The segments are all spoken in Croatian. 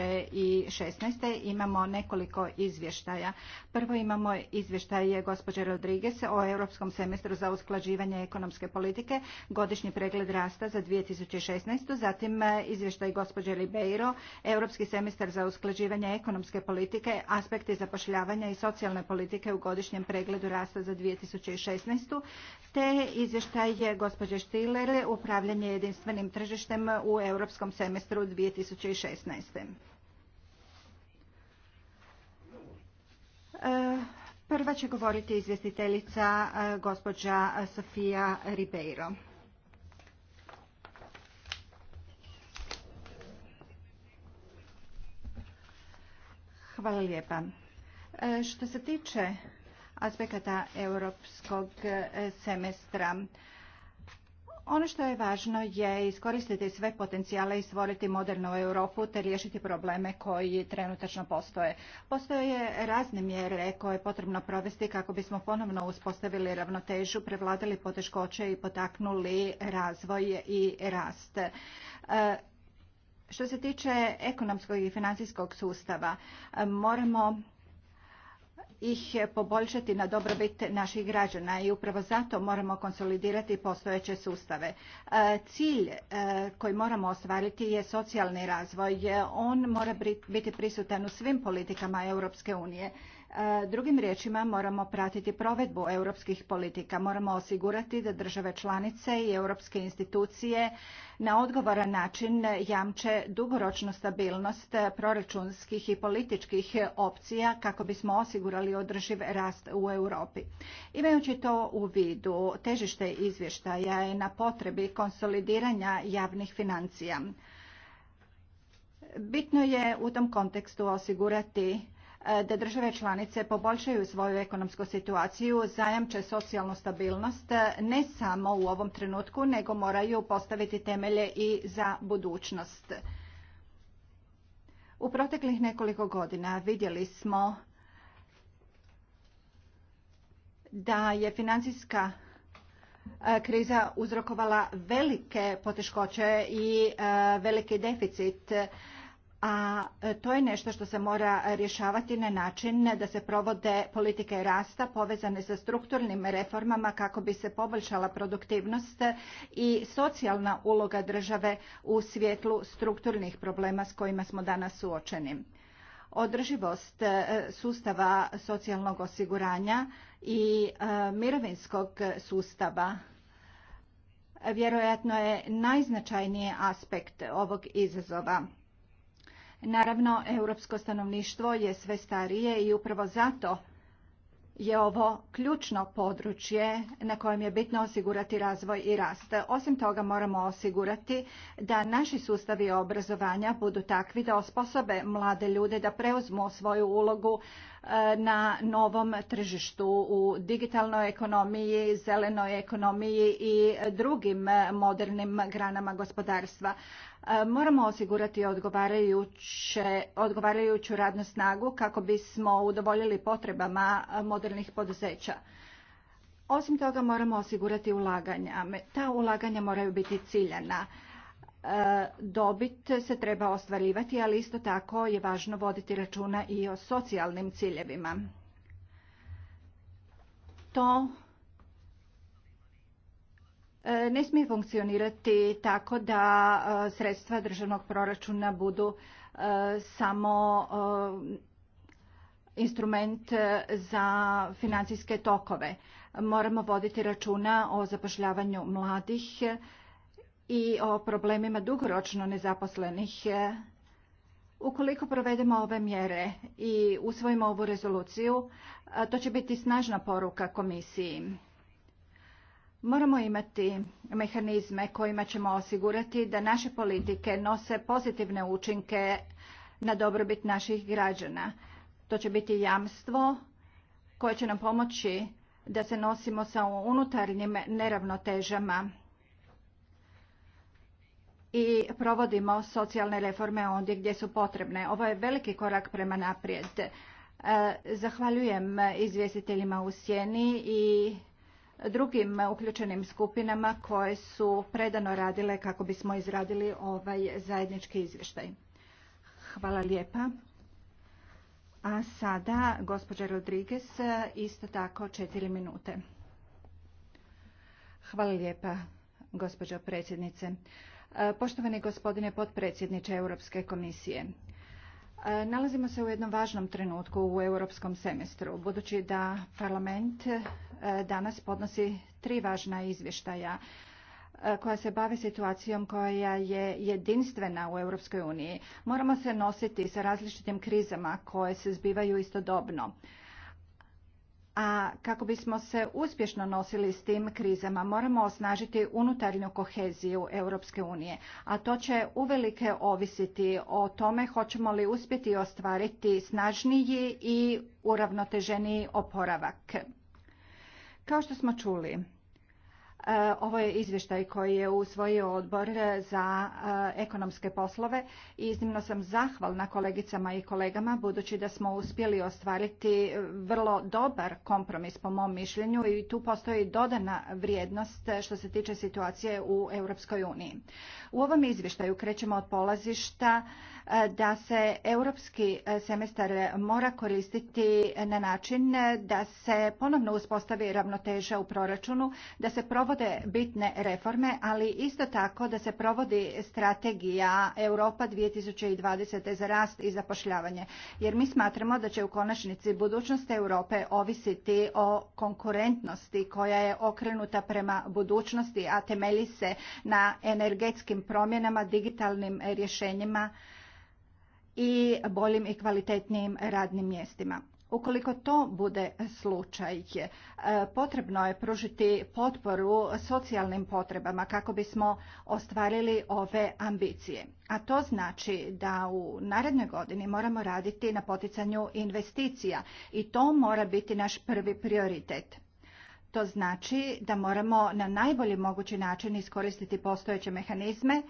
2016. imamo nekoliko izvještaja. Prvo imamo je gospođe Rodriguez o Europskom semestru za usklađivanje ekonomske politike, godišnji pregled rasta za 2016. Zatim e, izvještaj gospođe Ribeiro, Europski semestar za usklađivanje ekonomske politike, aspekti zapošljavanja i socijalne politike u godišnjem pregledu rasta za 2016. Te izvještaj je gospođe Štiler, upravljanje jedinstvenim tržištem u Europskom semestru 2016. Prva će govoriti izvjestiteljica e, gospođa Sofija Ribeiro. Hvala lijepa. E, što se tiče aspekata europskog e, semestra, ono što je važno je iskoristiti sve potencijale i stvoriti modernu Europu te riješiti probleme koji trenutačno postoje. Postoje razne mjere koje je potrebno provesti kako bismo ponovno uspostavili ravnotežu, prevladali poteškoće i potaknuli razvoj i rast. E, što se tiče ekonomskog i financijskog sustava, moramo ih poboljšati na dobrobit naših građana i upravo zato moramo konsolidirati postojeće sustave. E, cilj e, koji moramo ostvariti je socijalni razvoj. On mora biti prisutan u svim politikama Europske unije. E, drugim riječima moramo pratiti provedbu europskih politika, moramo osigurati da države članice i europske institucije na odgovoran način jamče dugoročnu stabilnost proračunskih i političkih opcija kako bismo osigurali održiv rast u Europi. Imajući to u vidu, težište izvještaja je na potrebi konsolidiranja javnih financija. Bitno je u tom kontekstu osigurati E, da države članice poboljšaju svoju ekonomsku situaciju, zajamče socijalnu stabilnost e, ne samo u ovom trenutku, nego moraju postaviti temelje i za budućnost. U proteklih nekoliko godina vidjeli smo da je financijska e, kriza uzrokovala velike poteškoće i veliki deficit a e, to je nešto što se mora rješavati na način da se provode politike rasta povezane sa strukturnim reformama kako bi se poboljšala produktivnost i socijalna uloga države u svjetlu strukturnih problema s kojima smo danas suočeni. Održivost e, sustava socijalnog osiguranja i e, mirovinskog sustava vjerojatno je najznačajniji aspekt ovog izazova. Naravno, europsko stanovništvo je sve starije i upravo zato je ovo ključno područje na kojem je bitno osigurati razvoj i rast. Osim toga moramo osigurati da naši sustavi obrazovanja budu takvi da osposobe mlade ljude da preuzmu svoju ulogu e, na novom tržištu u digitalnoj ekonomiji, zelenoj ekonomiji i drugim e, modernim granama gospodarstva. E, moramo osigurati odgovarajuću radnu snagu kako bismo udovoljili potrebama e, modernih poduzeća. Osim toga moramo osigurati ulaganja. Ta ulaganja moraju biti ciljena. E, dobit se treba ostvarivati, ali isto tako je važno voditi računa i o socijalnim ciljevima. To E, ne smije funkcionirati tako da e, sredstva državnog proračuna budu e, samo instrument za financijske tokove. Moramo voditi računa o zapošljavanju mladih i o problemima dugoročno nezaposlenih. Ukoliko provedemo ove mjere i usvojimo ovu rezoluciju, to će biti snažna poruka komisiji. Moramo imati mehanizme kojima ćemo osigurati da naše politike nose pozitivne učinke na dobrobit naših građana. To će biti jamstvo koje će nam pomoći da se nosimo sa unutarnjim neravnotežama i provodimo socijalne reforme ondje gdje su potrebne. Ovo je veliki korak prema naprijed. E, zahvaljujem izvjestiteljima u sjeni i drugim uključenim skupinama koje su predano radile kako bismo izradili ovaj zajednički izvještaj. Hvala lijepa. A sada gospođa Rodriguez, isto tako četiri minute. Hvala lijepa gospođo predsjednice. Poštovani gospodine potpredsjedniče Europske komisije, E, nalazimo se u jednom važnom trenutku u europskom semestru, budući da parlament e, danas podnosi tri važna izvještaja e, koja se bavi situacijom koja je jedinstvena u Europskoj uniji. Moramo se nositi sa različitim krizama koje se zbivaju istodobno a kako bismo se uspješno nosili s tim krizama moramo osnažiti unutarnju koheziju Europske unije, a to će uvelike ovisiti o tome hoćemo li uspjeti ostvariti snažniji i uravnoteženiji oporavak. Kao što smo čuli, E, ovo je izvještaj koji je usvojio odbor za e, ekonomske poslove i iznimno sam zahvalna kolegicama i kolegama budući da smo uspjeli ostvariti vrlo dobar kompromis po mom mišljenju i tu postoji dodana vrijednost što se tiče situacije u Europskoj uniji. U ovom izvještaju krećemo od polazišta E, da se europski e, semestar mora koristiti na način e, da se ponovno uspostavi ravnoteža u proračunu, da se provode bitne reforme, ali isto tako da se provodi strategija Europa 2020. za rast i zapošljavanje. Jer mi smatramo da će u konačnici budućnost Europe ovisiti o konkurentnosti koja je okrenuta prema budućnosti, a temelji se na energetskim promjenama, digitalnim rješenjima i boljim i kvalitetnijim radnim mjestima. Ukoliko to bude slučaj, e, potrebno je pružiti potporu socijalnim potrebama kako bismo ostvarili ove ambicije. A to znači da u narednoj godini moramo raditi na poticanju investicija i to mora biti naš prvi prioritet. To znači da moramo na najbolji mogući način iskoristiti postojeće mehanizme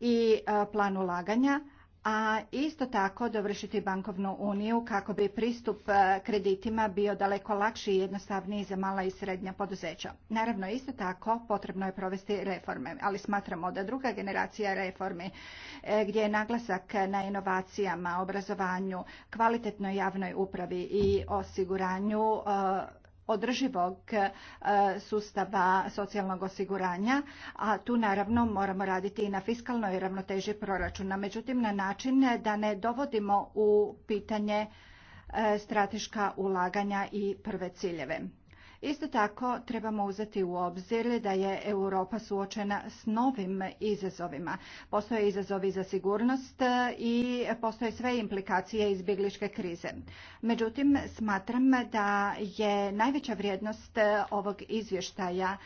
i e, plan ulaganja, a isto tako dovršiti bankovnu uniju kako bi pristup e, kreditima bio daleko lakši i jednostavniji za mala i srednja poduzeća. Naravno, isto tako potrebno je provesti reforme, ali smatramo da druga generacija reformi e, gdje je naglasak na inovacijama, obrazovanju, kvalitetnoj javnoj upravi i osiguranju e, održivog e, sustava socijalnog osiguranja, a tu naravno moramo raditi i na fiskalnoj ravnoteži proračuna, međutim na način da ne dovodimo u pitanje e, strateška ulaganja i prve ciljeve. Isto tako trebamo uzeti u obzir da je Europa suočena s novim izazovima. Postoje izazovi za sigurnost e, i postoje sve implikacije izbjegličke krize. Međutim, smatram da je najveća vrijednost e, ovog izvještaja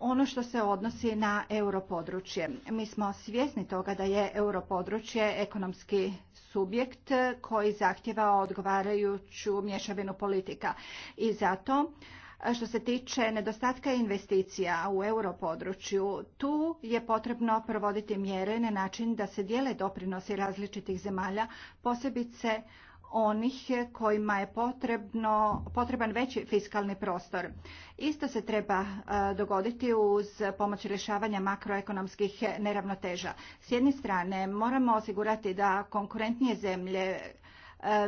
ono što se odnosi na europodručje. Mi smo svjesni toga da je europodručje ekonomski subjekt koji zahtjeva odgovarajuću mješavinu politika i zato što se tiče nedostatka investicija u europodručju, tu je potrebno provoditi mjere na način da se dijele doprinosi različitih zemalja, posebice onih kojima je potrebno, potreban veći fiskalni prostor. Isto se treba e, dogoditi uz pomoć rješavanja makroekonomskih neravnoteža. S jedne strane moramo osigurati da konkurentnije zemlje e,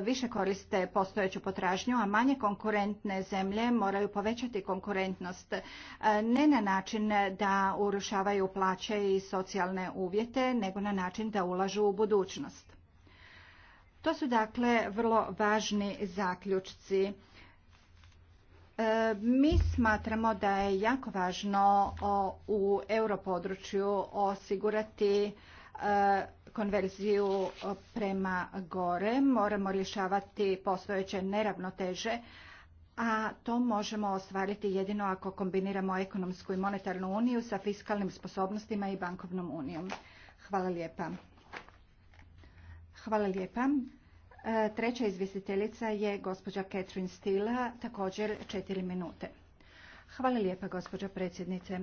više koriste postojeću potražnju, a manje konkurentne zemlje moraju povećati konkurentnost e, ne na način da urušavaju plaće i socijalne uvjete, nego na način da ulažu u budućnost. To su dakle vrlo važni zaključci. E, mi smatramo da je jako važno u europodručju osigurati e, konverziju prema gore. Moramo rješavati postojeće neravnoteže, a to možemo ostvariti jedino ako kombiniramo ekonomsku i monetarnu uniju sa fiskalnim sposobnostima i bankovnom unijom. Hvala lijepa. Hvala lijepa. E, treća izvjestiteljica je gospođa Catherine Stila, također četiri minute. Hvala lijepa gospođa predsjednice.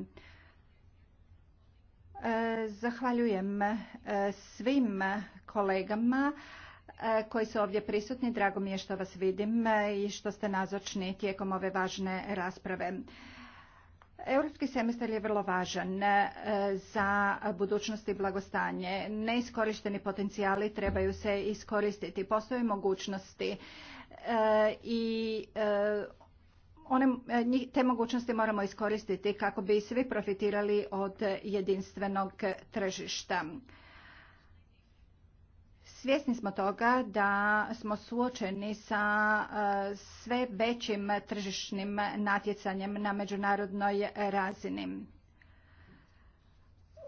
E, zahvaljujem e, svim kolegama koji su ovdje prisutni. Drago mi je što vas vidim i što ste nazočni tijekom ove važne rasprave. Europski semestar je vrlo važan e, za budućnost i blagostanje. Neiskorišteni potencijali trebaju se iskoristiti. Postoje mogućnosti e, i e, one, te mogućnosti moramo iskoristiti kako bi svi profitirali od jedinstvenog tržišta. Svjesni smo toga da smo suočeni sa e, sve većim tržišnim natjecanjem na međunarodnoj razini.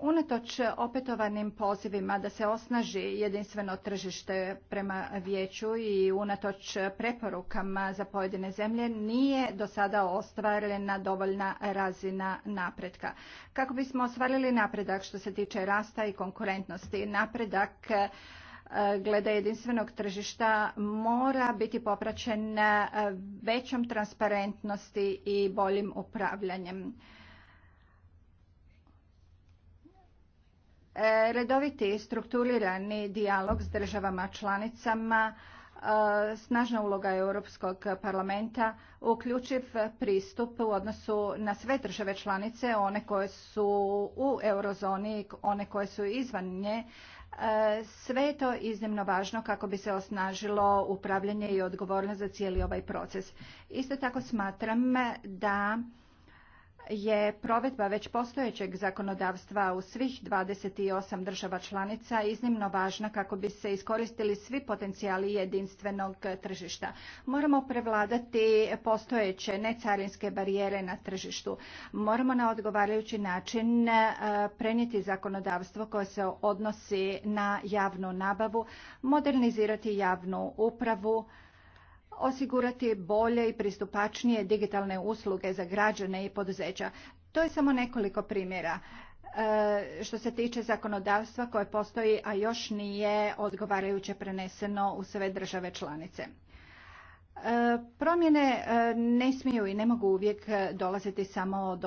Unatoč opetovanim pozivima da se osnaži jedinstveno tržište prema vijeću i unatoč preporukama za pojedine zemlje nije do sada ostvarena dovoljna razina napretka. Kako bismo ostvarili napredak što se tiče rasta i konkurentnosti, napredak glede jedinstvenog tržišta mora biti popraćen e, većom transparentnosti i boljim upravljanjem. E, redoviti strukturirani dijalog s državama članicama e, snažna uloga Europskog parlamenta, uključiv pristup u odnosu na sve države članice, one koje su u eurozoni, one koje su izvan nje, sve je to iznimno važno kako bi se osnažilo upravljanje i odgovornost za cijeli ovaj proces. Isto tako smatram da je provedba već postojećeg zakonodavstva u svih 28 država članica iznimno važna kako bi se iskoristili svi potencijali jedinstvenog tržišta. Moramo prevladati postojeće necarinske barijere na tržištu. Moramo na odgovarajući način e, prenijeti zakonodavstvo koje se odnosi na javnu nabavu, modernizirati javnu upravu, osigurati bolje i pristupačnije digitalne usluge za građane i poduzeća. To je samo nekoliko primjera e, što se tiče zakonodavstva koje postoji, a još nije odgovarajuće preneseno u sve države članice. Promjene e, ne smiju i ne mogu uvijek e, dolaziti samo od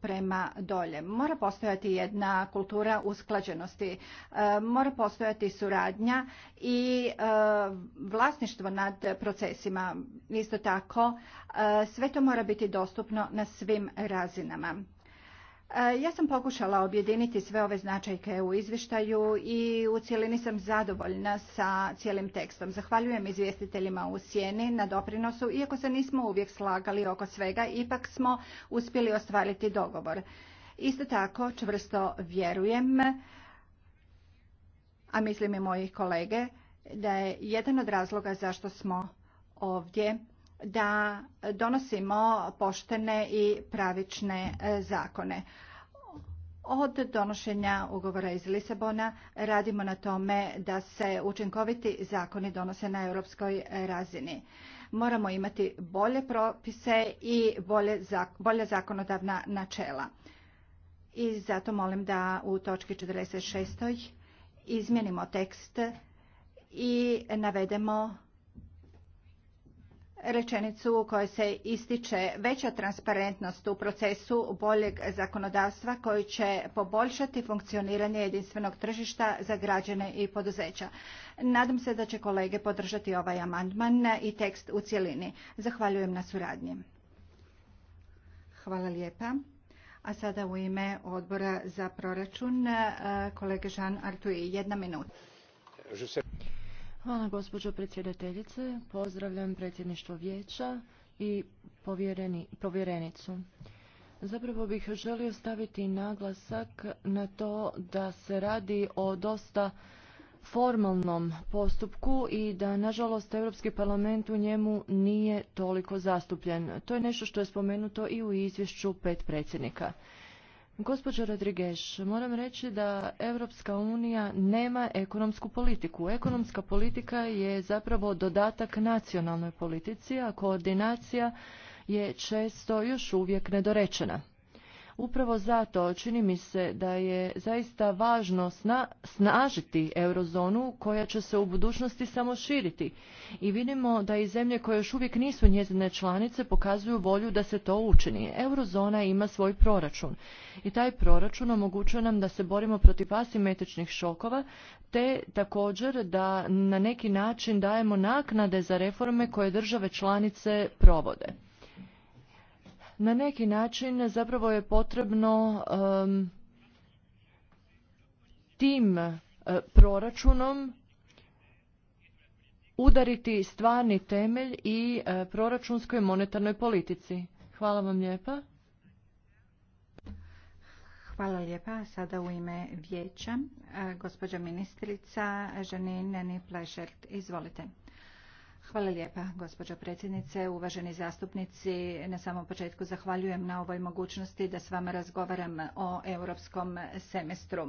prema dolje. Mora postojati jedna kultura usklađenosti, e, mora postojati suradnja i vlasništvo nad procesima. Isto tako, sve to mora biti dostupno na svim razinama. E, ja sam pokušala objediniti sve ove značajke u izvještaju i u cjelini sam zadovoljna sa cijelim tekstom. Zahvaljujem izvjestiteljima u sjeni na doprinosu, iako se nismo uvijek slagali oko svega, ipak smo uspjeli ostvariti dogovor. Isto tako čvrsto vjerujem, a mislim i moji kolege, da je jedan od razloga zašto smo ovdje da donosimo poštene i pravične e, zakone. Od donošenja ugovora iz Lisabona radimo na tome da se učinkoviti zakoni donose na europskoj razini. Moramo imati bolje propise i bolje, zakonodavna načela. I zato molim da u točki 46. izmjenimo tekst i navedemo rečenicu u kojoj se ističe veća transparentnost u procesu boljeg zakonodavstva koji će poboljšati funkcioniranje jedinstvenog tržišta za građane i poduzeća. Nadam se da će kolege podržati ovaj amandman i tekst u cjelini. Zahvaljujem na suradnji. Hvala lijepa. A sada u ime odbora za proračun e, kolege Jean Artui. Jedna minuta. Hvala gospođo predsjedateljice. Pozdravljam predsjedništvo vijeća i povjerenicu. Zapravo bih želio staviti naglasak na to da se radi o dosta formalnom postupku i da nažalost Europski parlament u njemu nije toliko zastupljen. To je nešto što je spomenuto i u izvješću pet predsjednika. Gospođo Rodriguez, moram reći da Europska unija nema ekonomsku politiku. Ekonomska politika je zapravo dodatak nacionalnoj politici, a koordinacija je često još uvijek nedorečena. Upravo zato čini mi se da je zaista važno snažiti eurozonu koja će se u budućnosti samo širiti. I vidimo da i zemlje koje još uvijek nisu njezine članice pokazuju volju da se to učini. Eurozona ima svoj proračun i taj proračun omogućuje nam da se borimo protiv asimetričnih šokova te također da na neki način dajemo naknade za reforme koje države članice provode. Na neki način zapravo je potrebno tim e, proračunom udariti stvarni temelj i e, proračunskoj monetarnoj politici. Hvala vam lijepa. Hvala lijepa. Sada u ime vijeća, e, gospođa ministrica Žanin Neni Plešert. Izvolite. Hvala lijepa, gospođo predsjednice. Uvaženi zastupnici, na samom početku zahvaljujem na ovoj mogućnosti da s vama razgovaram o europskom semestru.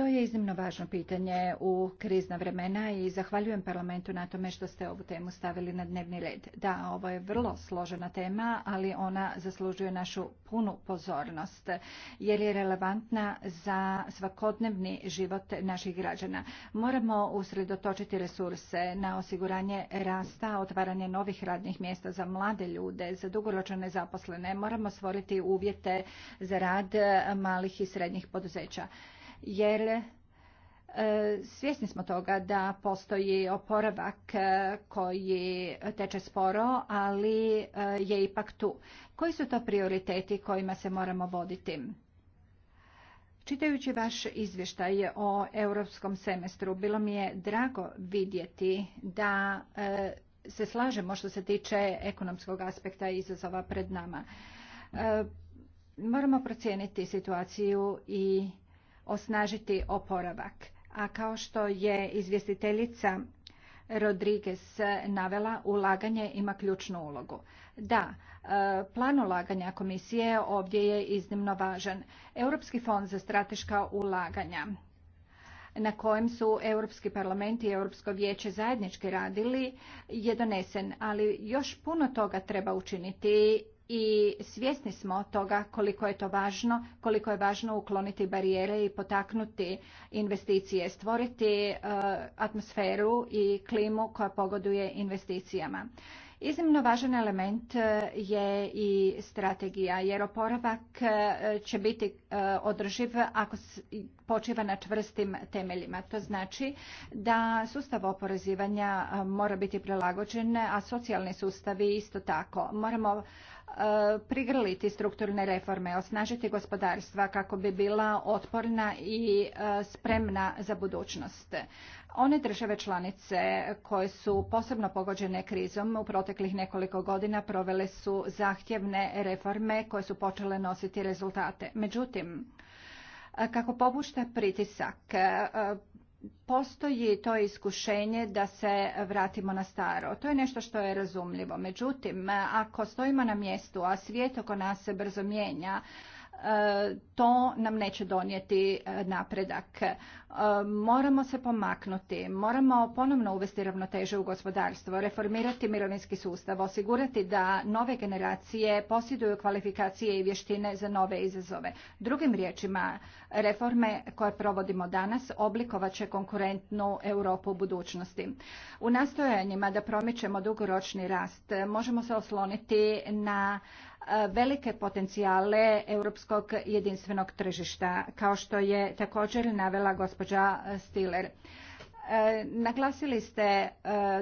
To je iznimno važno pitanje u krizna vremena i zahvaljujem parlamentu na tome što ste ovu temu stavili na dnevni red. Da, ovo je vrlo složena tema, ali ona zaslužuje našu punu pozornost jer je relevantna za svakodnevni život naših građana. Moramo usredotočiti resurse na osiguranje rasta, otvaranje novih radnih mjesta za mlade ljude, za dugoročno zaposlene. Moramo stvoriti uvjete za rad malih i srednjih poduzeća jer e, Svjesni smo toga da postoji oporavak e, koji teče sporo, ali e, je ipak tu. Koji su to prioriteti kojima se moramo voditi? Čitajući vaš izvještaj o europskom semestru, bilo mi je drago vidjeti da se slažemo što se tiče ekonomskog aspekta izazova pred nama. Moramo procijeniti situaciju i osnažiti oporavak. A kao što je izvjestiteljica Rodriguez navela, ulaganje ima ključnu ulogu. Da, e, plan ulaganja komisije ovdje je iznimno važan. Europski fond za strateška ulaganja na kojem su Europski parlament i Europsko vijeće zajednički radili je donesen, ali još puno toga treba učiniti i svjesni smo toga koliko je to važno, koliko je važno ukloniti barijere i potaknuti investicije, stvoriti e, atmosferu i klimu koja pogoduje investicijama. Iznimno važan element e, je i strategija, jer oporavak e, će biti održiv ako počiva na čvrstim temeljima. To znači da sustav oporezivanja mora biti prilagođen, a socijalni sustavi isto tako. Moramo E, prigrliti strukturne reforme, osnažiti gospodarstva kako bi bila otporna i e, spremna za budućnost. One države članice koje su posebno pogođene krizom u proteklih nekoliko godina provele su zahtjevne reforme koje su počele nositi rezultate. Međutim, e, kako popušta pritisak, postoji to iskušenje da se vratimo na staro. To je nešto što je razumljivo. Međutim, ako stojimo na mjestu, a svijet oko nas se brzo mijenja, E, to nam neće donijeti e, napredak. E, moramo se pomaknuti, moramo ponovno uvesti ravnoteže u gospodarstvo, reformirati mirovinski sustav, osigurati da nove generacije posjeduju kvalifikacije i vještine za nove izazove. Drugim riječima, reforme koje provodimo danas oblikovat će konkurentnu Europu u budućnosti. U nastojanjima da promičemo dugoročni rast možemo se osloniti na E, velike potencijale europskog jedinstvenog tržišta, kao što je također navela gospođa Stiller. E, naglasili ste e,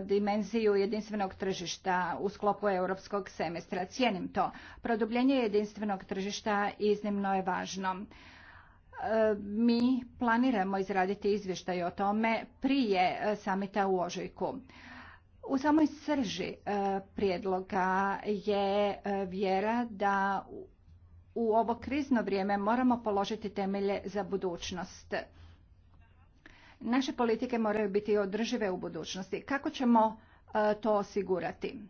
dimenziju jedinstvenog tržišta u sklopu europskog semestra. Cijenim to. Produbljenje jedinstvenog tržišta iznimno je važno. Mi planiramo izraditi izvještaj o tome prije samita u Ožujku. U samoj srži e, prijedloga je e, vjera da u ovo krizno vrijeme moramo položiti temelje za budućnost. Naše politike moraju biti održive u budućnosti. Kako ćemo e, to osigurati?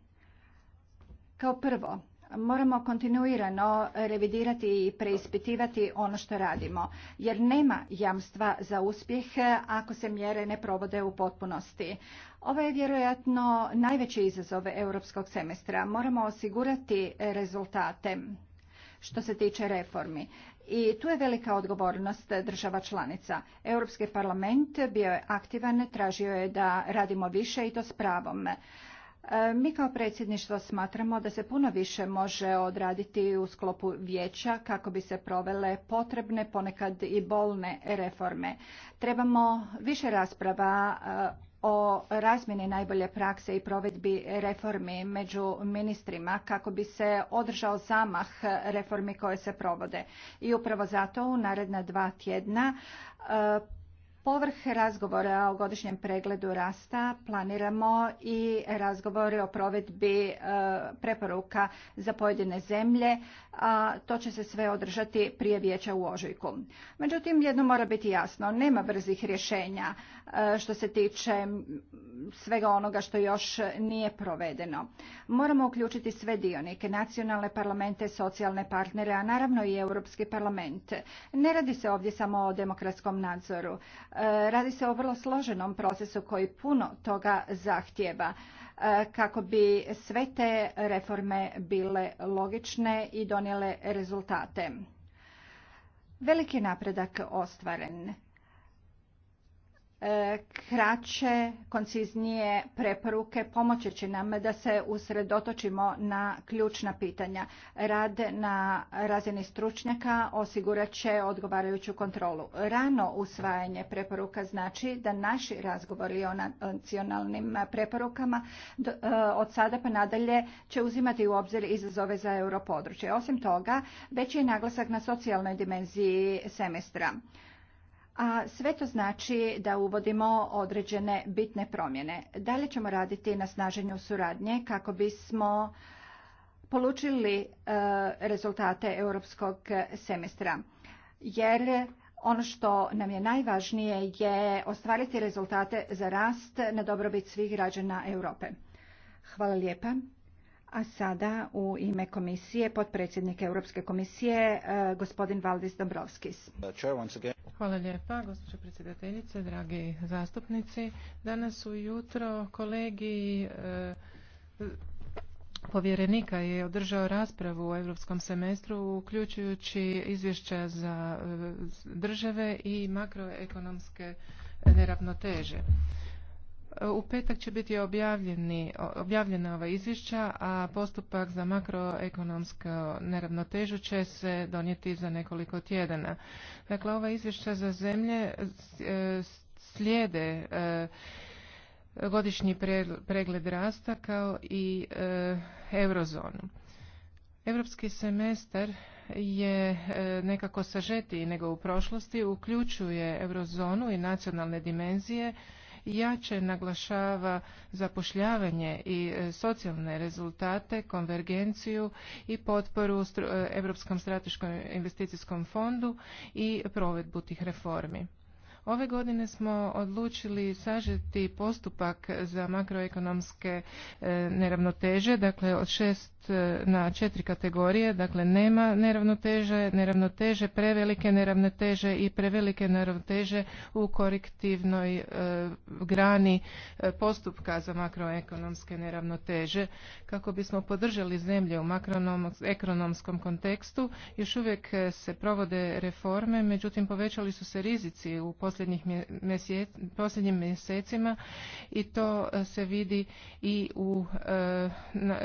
Kao prvo, moramo kontinuirano revidirati i preispitivati ono što radimo, jer nema jamstva za uspjeh ako se mjere ne provode u potpunosti. Ovo je vjerojatno najveći izazov europskog semestra. Moramo osigurati rezultate što se tiče reformi. I tu je velika odgovornost država članica. Europski parlament bio je aktivan, tražio je da radimo više i to s pravom. E, mi kao predsjedništvo smatramo da se puno više može odraditi u sklopu vijeća kako bi se provele potrebne, ponekad i bolne reforme. Trebamo više rasprava e, o razmjeni najbolje prakse i provedbi reformi među ministrima kako bi se održao zamah reformi koje se provode. I upravo zato u naredna dva tjedna e, Povrh razgovora o godišnjem pregledu rasta planiramo i razgovore o provedbi e, preporuka za pojedine zemlje, a to će se sve održati prije vijeća u ožujku. Međutim, jedno mora biti jasno, nema brzih rješenja e, što se tiče svega onoga što još nije provedeno. Moramo uključiti sve dionike, nacionalne parlamente, socijalne partnere, a naravno i Europski parlament. Ne radi se ovdje samo o demokratskom nadzoru e, E, radi se o vrlo složenom procesu koji puno toga zahtjeva e, kako bi sve te reforme bile logične i donijele rezultate. Veliki napredak ostvaren E, kraće, konciznije preporuke pomoći će nam da se usredotočimo na ključna pitanja. Rad na razini stručnjaka osigurat će odgovarajuću kontrolu. Rano usvajanje preporuka znači da naši razgovori o nacionalnim preporukama e, od sada pa nadalje će uzimati u obzir izazove za europodručje. Osim toga, veći je naglasak na socijalnoj dimenziji semestra a sve to znači da uvodimo određene bitne promjene. Dalje ćemo raditi na snaženju suradnje kako bismo polučili e, rezultate europskog semestra. Jer ono što nam je najvažnije je ostvariti rezultate za rast na dobrobit svih građana Europe. Hvala lijepa. A sada u ime komisije, potpredsjednik Europske komisije, e, gospodin Valdis Dombrovskis. Uh, Hvala lijepa, gospođo predsjedateljice, dragi zastupnici. Danas ujutro kolegi e, povjerenika je održao raspravu u europskom semestru uključujući izvješća za e, države i makroekonomske neravnoteže. U petak će biti objavljena ova izvješća, a postupak za makroekonomsko neravnotežu će se donijeti za nekoliko tjedana. Dakle, ova izvješća za zemlje e, slijede e, godišnji pregled rasta kao i e, eurozonu. Europski semestar je nekako sažetiji nego u prošlosti, uključuje eurozonu i nacionalne dimenzije, jače naglašava zapošljavanje i e, socijalne rezultate, konvergenciju i potporu e, Europskom strateškom investicijskom fondu i provedbu tih reformi. Ove godine smo odlučili sažeti postupak za makroekonomske e, neravnoteže, dakle od šest e, na četiri kategorije, dakle nema neravnoteže, neravnoteže prevelike, neravnoteže i prevelike neravnoteže u korektivnoj e, grani postupka za makroekonomske neravnoteže. Kako bismo podržali zemlje u makroekonomskom kontekstu, još uvijek se provode reforme, međutim povećali su se rizici u posljednjim mjesecima i to e, se vidi i u e,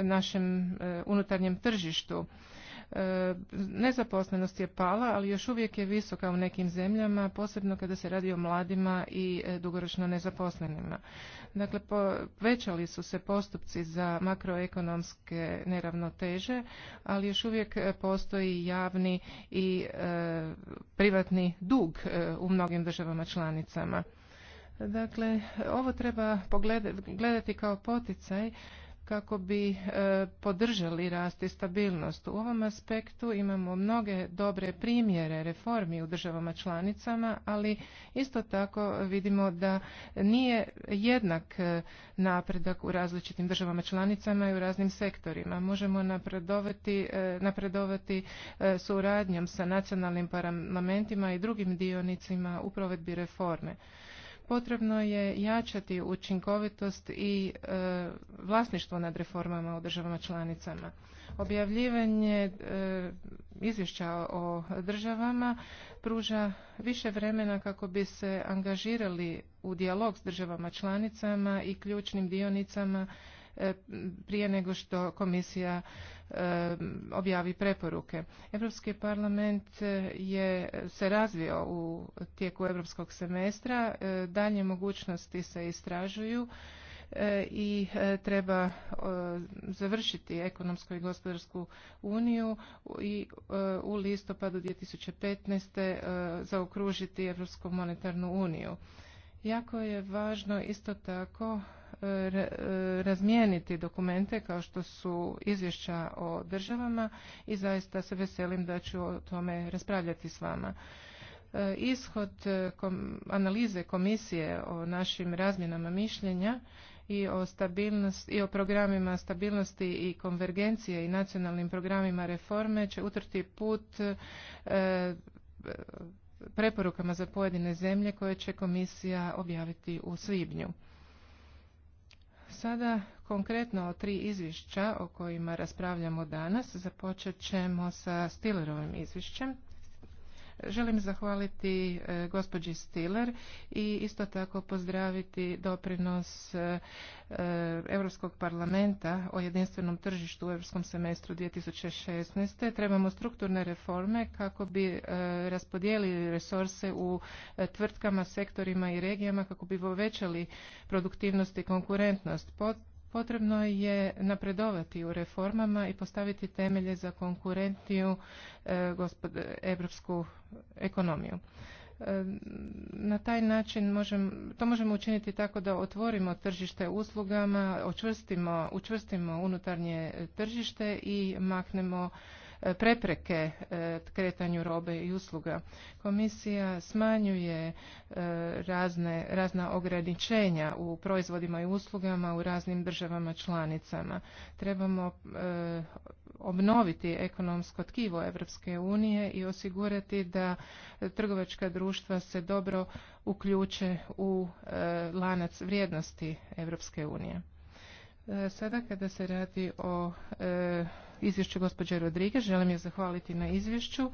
našem e, unutarnjem tržištu Nezaposlenost je pala, ali još uvijek je visoka u nekim zemljama, posebno kada se radi o mladima i e, dugoročno nezaposlenima. Dakle, povećali su se postupci za makroekonomske neravnoteže, ali još uvijek e, postoji javni i e, privatni dug u mnogim državama članicama. Dakle, ovo treba pogledati gledati kao poticaj kako bi e, podržali rast i stabilnost. U ovom aspektu imamo mnoge dobre primjere reformi u državama članicama, ali isto tako vidimo da nije jednak e, napredak u različitim državama članicama i u raznim sektorima. Možemo napredovati, e, napredovati suradnjom sa nacionalnim parlamentima i drugim dionicima u provedbi reforme potrebno je jačati učinkovitost i e, vlasništvo nad reformama u državama članicama. Objavljivanje e, izvješća o državama pruža više vremena kako bi se angažirali u dijalog s državama članicama i ključnim dionicama E, prije nego što komisija e, objavi preporuke. Europski parlament e, je se razvio u tijeku europskog semestra, dalje mogućnosti se istražuju i treba završiti ekonomsku i gospodarsku uniju i u listopadu 2015. zaokružiti Europsku monetarnu uniju. Jako je važno isto tako e, e, razmijeniti dokumente kao što su izvješća o državama i zaista se veselim da ću o tome raspravljati s vama. E, ishod analize komisije o našim razmjenama mišljenja i o, i o programima stabilnosti i konvergencije i nacionalnim programima reforme će utrti put preporukama za pojedine zemlje koje će komisija objaviti u svibnju. Sada konkretno o tri izvješća o kojima raspravljamo danas. Započet ćemo sa Stillerovim izvješćem. Želim zahvaliti e, gospođi Stiller i isto tako pozdraviti doprinos e, e, Europskog parlamenta o jedinstvenom tržištu u Europskom semestru 2016. Trebamo strukturne reforme kako bi raspodijelili resurse u tvrtkama, sektorima i regijama kako bi povećali produktivnost i konkurentnost. Potrebno je napredovati u reformama i postaviti temelje za e, gospod europsku ekonomiju. E, na taj način možem, to možemo učiniti tako da otvorimo tržište uslugama, učvrstimo, učvrstimo unutarnje tržište i maknemo prepreke e, kretanju robe i usluga. Komisija smanjuje e, razne, razna ograničenja u proizvodima i uslugama u raznim državama članicama. Trebamo e, obnoviti ekonomsko tkivo Europske unije i osigurati da trgovačka društva se dobro uključe u lanac vrijednosti Europske unije. Sada kada se radi o izvješću gospođe Rodrige. Želim je zahvaliti na izvješću.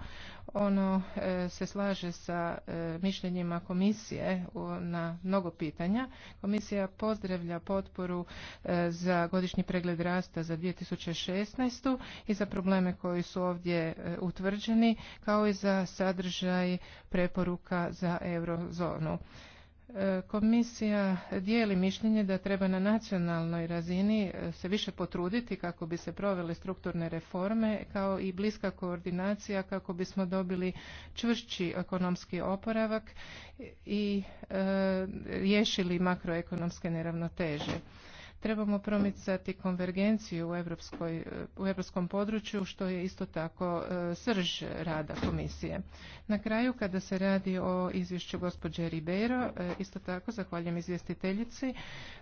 Ono e, se slaže sa e, mišljenjima komisije na mnogo pitanja. Komisija pozdravlja potporu e, za godišnji pregled rasta za 2016. i za probleme koji su ovdje utvrđeni, kao i za sadržaj preporuka za eurozonu. Komisija dijeli mišljenje da treba na nacionalnoj razini e, se više potruditi kako bi se provele strukturne reforme kao i bliska koordinacija kako bismo dobili čvršći ekonomski oporavak i e, riješili makroekonomske neravnoteže. Trebamo promicati konvergenciju u, europskom u evropskom području, što je isto tako e, srž rada komisije. Na kraju, kada se radi o izvješću gospođe Ribeiro, e, isto tako zahvaljujem izvjestiteljici,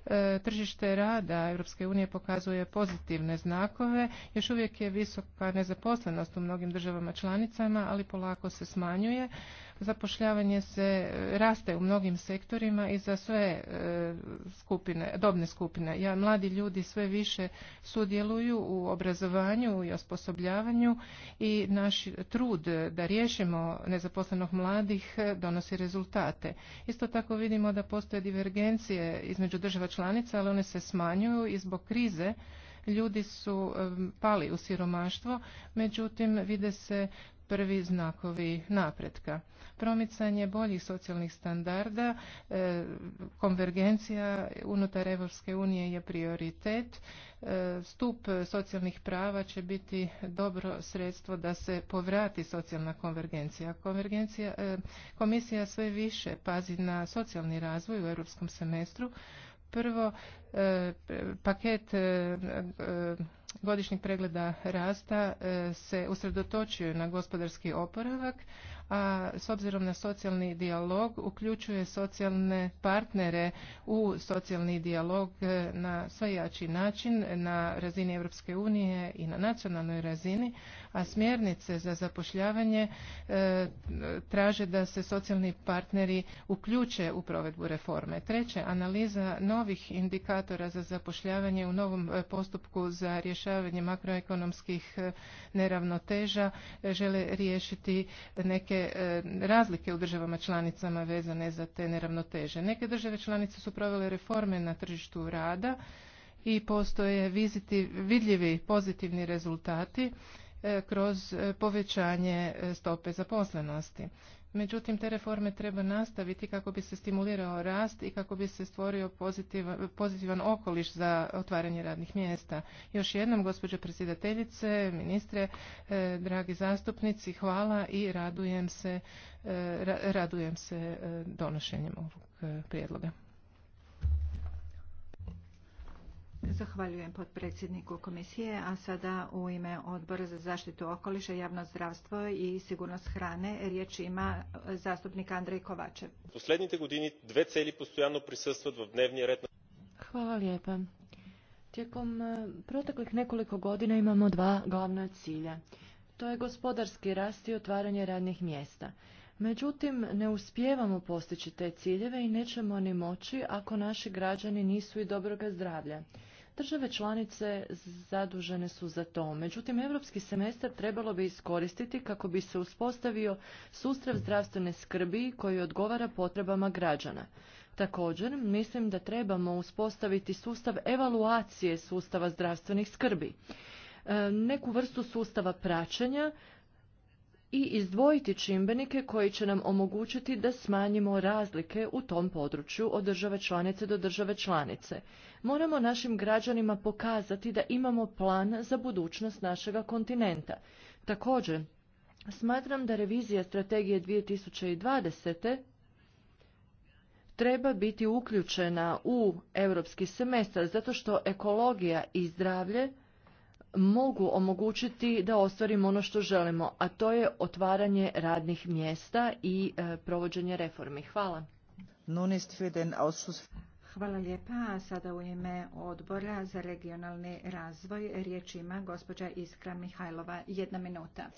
e, tržište rada Europske unije pokazuje pozitivne znakove, još uvijek je visoka nezaposlenost u mnogim državama članicama, ali polako se smanjuje zapošljavanje se raste u mnogim sektorima i za sve e, skupine, dobne skupine. Ja, mladi ljudi sve više sudjeluju u obrazovanju i osposobljavanju i naš trud da riješimo nezaposlenog mladih e, donosi rezultate. Isto tako vidimo da postoje divergencije između država članica, ali one se smanjuju i zbog krize ljudi su e, pali u siromaštvo, međutim vide se prvi znakovi napretka. Promicanje boljih socijalnih standarda, e, konvergencija unutar Evropske unije je prioritet. E, stup socijalnih prava će biti dobro sredstvo da se povrati socijalna konvergencija. konvergencija e, komisija sve više pazi na socijalni razvoj u europskom semestru. Prvo, paket godišnjeg pregleda rasta e, se usredotočio na gospodarski oporavak, a s obzirom na socijalni dijalog uključuje socijalne partnere u socijalni dijalog e, na sve jači način na razini Europske unije i na nacionalnoj razini, a smjernice za zapošljavanje e, traže da se socijalni partneri uključe u provedbu reforme. Treće, analiza novih indikatora za zapošljavanje u novom e, postupku za rješavanje makroekonomskih e, neravnoteža žele riješiti neke razlike u državama članicama vezane za te neravnoteže. Neke države članice su provele reforme na tržištu rada i postoje vidljivi pozitivni rezultati E, kroz e, povećanje e, stope zaposlenosti. Međutim, te reforme treba nastaviti kako bi se stimulirao rast i kako bi se stvorio pozitivan, okoliš za otvaranje radnih mjesta. Još jednom, gospođo predsjedateljice, ministre, dragi zastupnici, hvala i radujem se, radujem se donošenjem ovog prijedloga. Zahvaljujem potpredsjedniku komisije, a sada u ime Odbora za zaštitu okoliša, javno zdravstvo i sigurnost hrane riječ ima zastupnik Andrej Kovačev. Poslednjite godine dve celi postojano prisustvat v dnevni red. Hvala lijepa. Tijekom e, proteklih nekoliko godina imamo dva glavna cilja. To je gospodarski rast i otvaranje radnih mjesta. Međutim, ne uspijevamo postići te ciljeve i nećemo ni moći ako naši građani nisu i dobroga zdravlja. Države članice zadužene su za to. Međutim, europski semestar trebalo bi iskoristiti kako bi se uspostavio sustav zdravstvene skrbi koji odgovara potrebama građana. Također, mislim da trebamo uspostaviti sustav evaluacije sustava zdravstvenih skrbi e, neku vrstu sustava praćenja i izdvojiti čimbenike koji će nam omogućiti da smanjimo razlike u tom području od države članice do države članice. Moramo našim građanima pokazati da imamo plan za budućnost našega kontinenta. Također, smatram da revizija strategije 2020 treba biti uključena u europski semestar zato što ekologija i zdravlje mogu omogućiti da ostvarimo ono što želimo, a to je otvaranje radnih mjesta i e, provođenje reformi. Hvala. Hvala lijepa. Sada u ime odbora za regionalni razvoj riječ ima gospođa Iskra Mihajlova. Jedna minuta.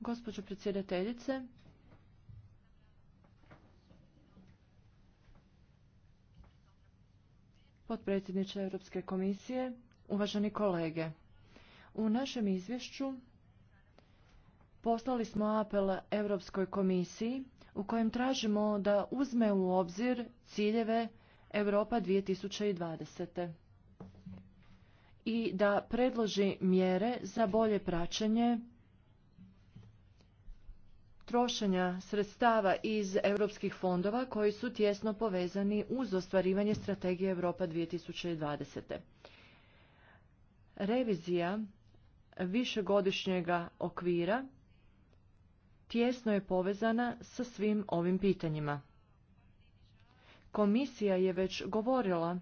Gospođo predsjedateljice, potpredsjedniče Europske komisije, Uvaženi kolege, u našem izvješću poslali smo apel Europskoj komisiji u kojem tražimo da uzme u obzir ciljeve Europa 2020. i da predloži mjere za bolje praćenje trošenja sredstava iz europskih fondova koji su tjesno povezani uz ostvarivanje strategije Europa 2020. Revizija višegodišnjega okvira tjesno je povezana sa svim ovim pitanjima. Komisija je već govorila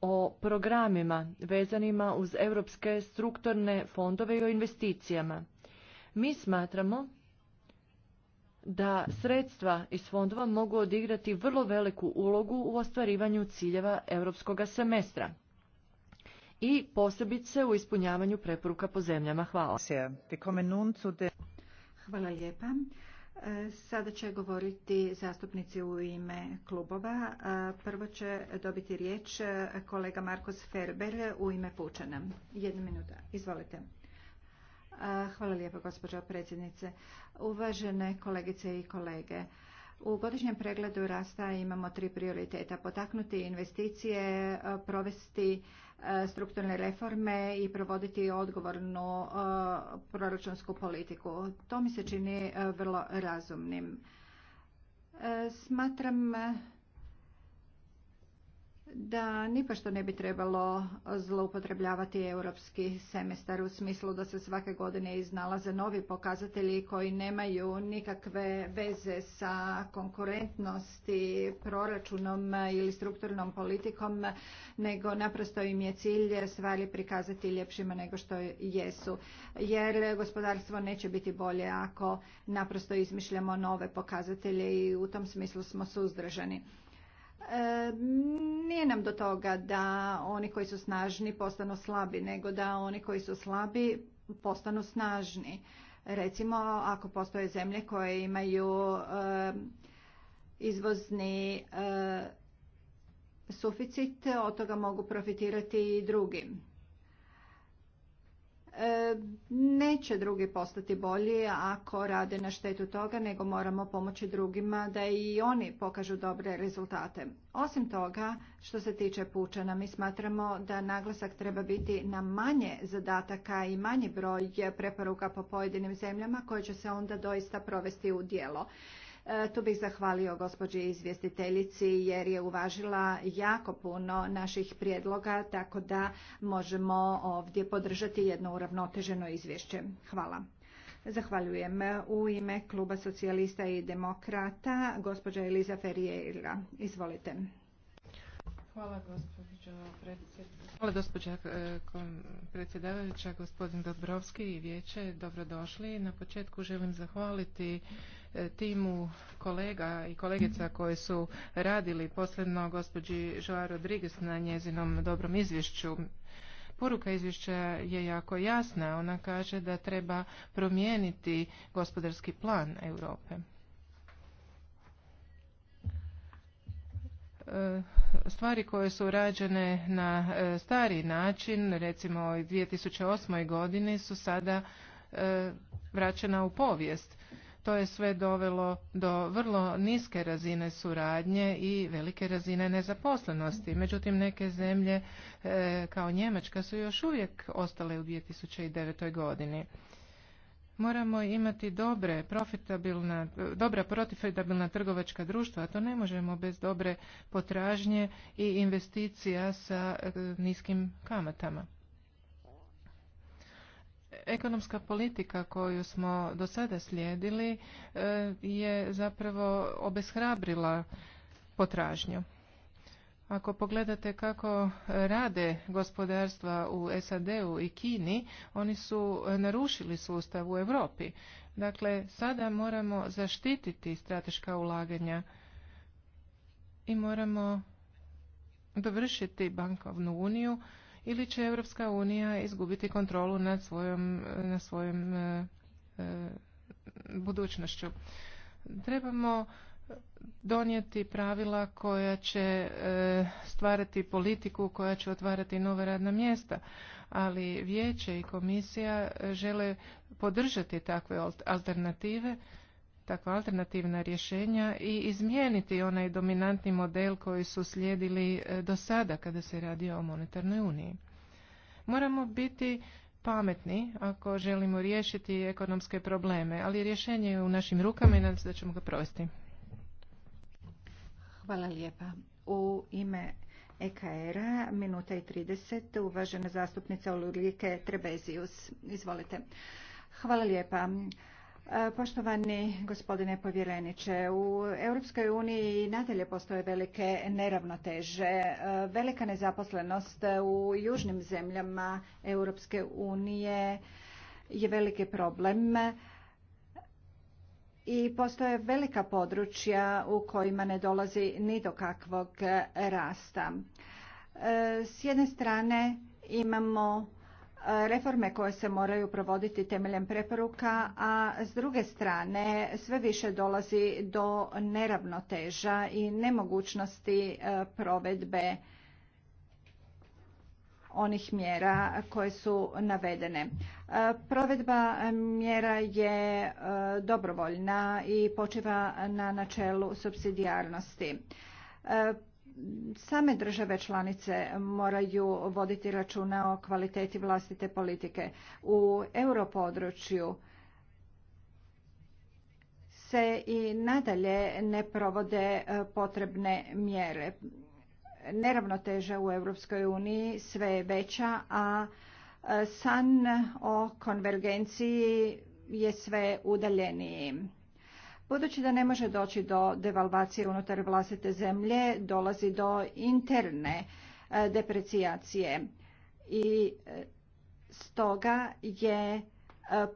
o programima vezanima uz europske strukturne fondove i o investicijama. Mi smatramo da sredstva iz fondova mogu odigrati vrlo veliku ulogu u ostvarivanju ciljeva evropskog semestra i posebice u ispunjavanju preporuka po zemljama. Hvala. Hvala lijepa. E, sada će govoriti zastupnici u ime klubova. E, prvo će dobiti riječ kolega Markus Ferber u ime Pučana. Jedna minuta. Izvolite. E, hvala lijepo, gospođo predsjednice. Uvažene kolegice i kolege, u godišnjem pregledu rasta imamo tri prioriteta. Potaknuti investicije, provesti E, strukturne reforme i provoditi odgovornu e, proračunsku politiku. To mi se čini e, vrlo razumnim. Smatram da nipošto ne bi trebalo zloupotrebljavati europski semestar u smislu da se svake godine iznalaze novi pokazatelji koji nemaju nikakve veze sa konkurentnosti, proračunom ili strukturnom politikom, nego naprosto im je cilj stvari prikazati ljepšima nego što jesu. Jer gospodarstvo neće biti bolje ako naprosto izmišljamo nove pokazatelje i u tom smislu smo suzdržani. E, nije nam do toga da oni koji su snažni postanu slabi, nego da oni koji su slabi postanu snažni. Recimo, ako postoje zemlje koje imaju e, izvozni e, suficit, od toga mogu profitirati i drugi. E, neće drugi postati bolji ako rade na štetu toga, nego moramo pomoći drugima da i oni pokažu dobre rezultate. Osim toga, što se tiče pučana, mi smatramo da naglasak treba biti na manje zadataka i manji broj preporuka po pojedinim zemljama koje će se onda doista provesti u dijelo. E, tu bih zahvalio gospođi izvjestiteljici jer je uvažila jako puno naših prijedloga, tako da možemo ovdje podržati jedno uravnoteženo izvješće. Hvala. Zahvaljujem. U ime Kluba socijalista i demokrata, gospođa Eliza Izvolite. Hvala gospođo Hvala gospođa e, predsjedavajuća, gospodin Dobrovski i vijeće, dobrodošli. Na početku želim zahvaliti timu kolega i kolegica koje su radili posljedno gospođi Joa Rodriguez na njezinom dobrom izvješću. Poruka izvješća je jako jasna. Ona kaže da treba promijeniti gospodarski plan Europe. E, stvari koje su rađene na e, stari način, recimo u 2008. godini, su sada e, vraćena u povijest. To je sve dovelo do vrlo niske razine suradnje i velike razine nezaposlenosti. Međutim, neke zemlje e, kao Njemačka su još uvijek ostale u 2009. godini moramo imati dobre profitabilna dobra profitabilna trgovačka društva a to ne možemo bez dobre potražnje i investicija sa e, niskim kamatama Ekonomska politika koju smo do sada slijedili e, je zapravo obeshrabrila potražnju. Ako pogledate kako rade gospodarstva u SAD-u i Kini, oni su narušili sustav u Europi. Dakle, sada moramo zaštititi strateška ulaganja i moramo dovršiti bankovnu uniju ili će Europska unija izgubiti kontrolu nad svojom, na svojom e, e, budućnošću. Trebamo donijeti pravila koja će e, stvarati politiku koja će otvarati nova radna mjesta, ali vijeće i komisija žele podržati takve alternative takva alternativna rješenja i izmijeniti onaj dominantni model koji su slijedili e, do sada kada se radi o monetarnoj uniji. Moramo biti pametni ako želimo riješiti ekonomske probleme, ali rješenje je u našim rukama i nadam se da ćemo ga provesti. Hvala lijepa. U ime EKR-a, minuta i 30, uvažena zastupnica Ulrike Trebezius. Izvolite. Hvala lijepa. E, poštovani gospodine povjereniče, u Europskoj uniji nadalje postoje velike neravnoteže. E, velika nezaposlenost u južnim zemljama Europske unije je veliki problem i postoje velika područja u kojima ne dolazi ni do kakvog rasta. E, s jedne strane imamo reforme koje se moraju provoditi temeljem preporuka, a s druge strane sve više dolazi do neravnoteža i nemogućnosti e, provedbe onih mjera koje su navedene. E, provedba mjera je e, dobrovoljna i počiva na načelu subsidijarnosti same države članice moraju voditi računa o kvaliteti vlastite politike. U europodručju se i nadalje ne provode e, potrebne mjere. Neravnoteža u Europskoj uniji sve je veća, a e, san o konvergenciji je sve udaljeniji. Budući da ne može doći do devalvacije unutar vlastite zemlje, dolazi do interne e, deprecijacije i e, stoga je e,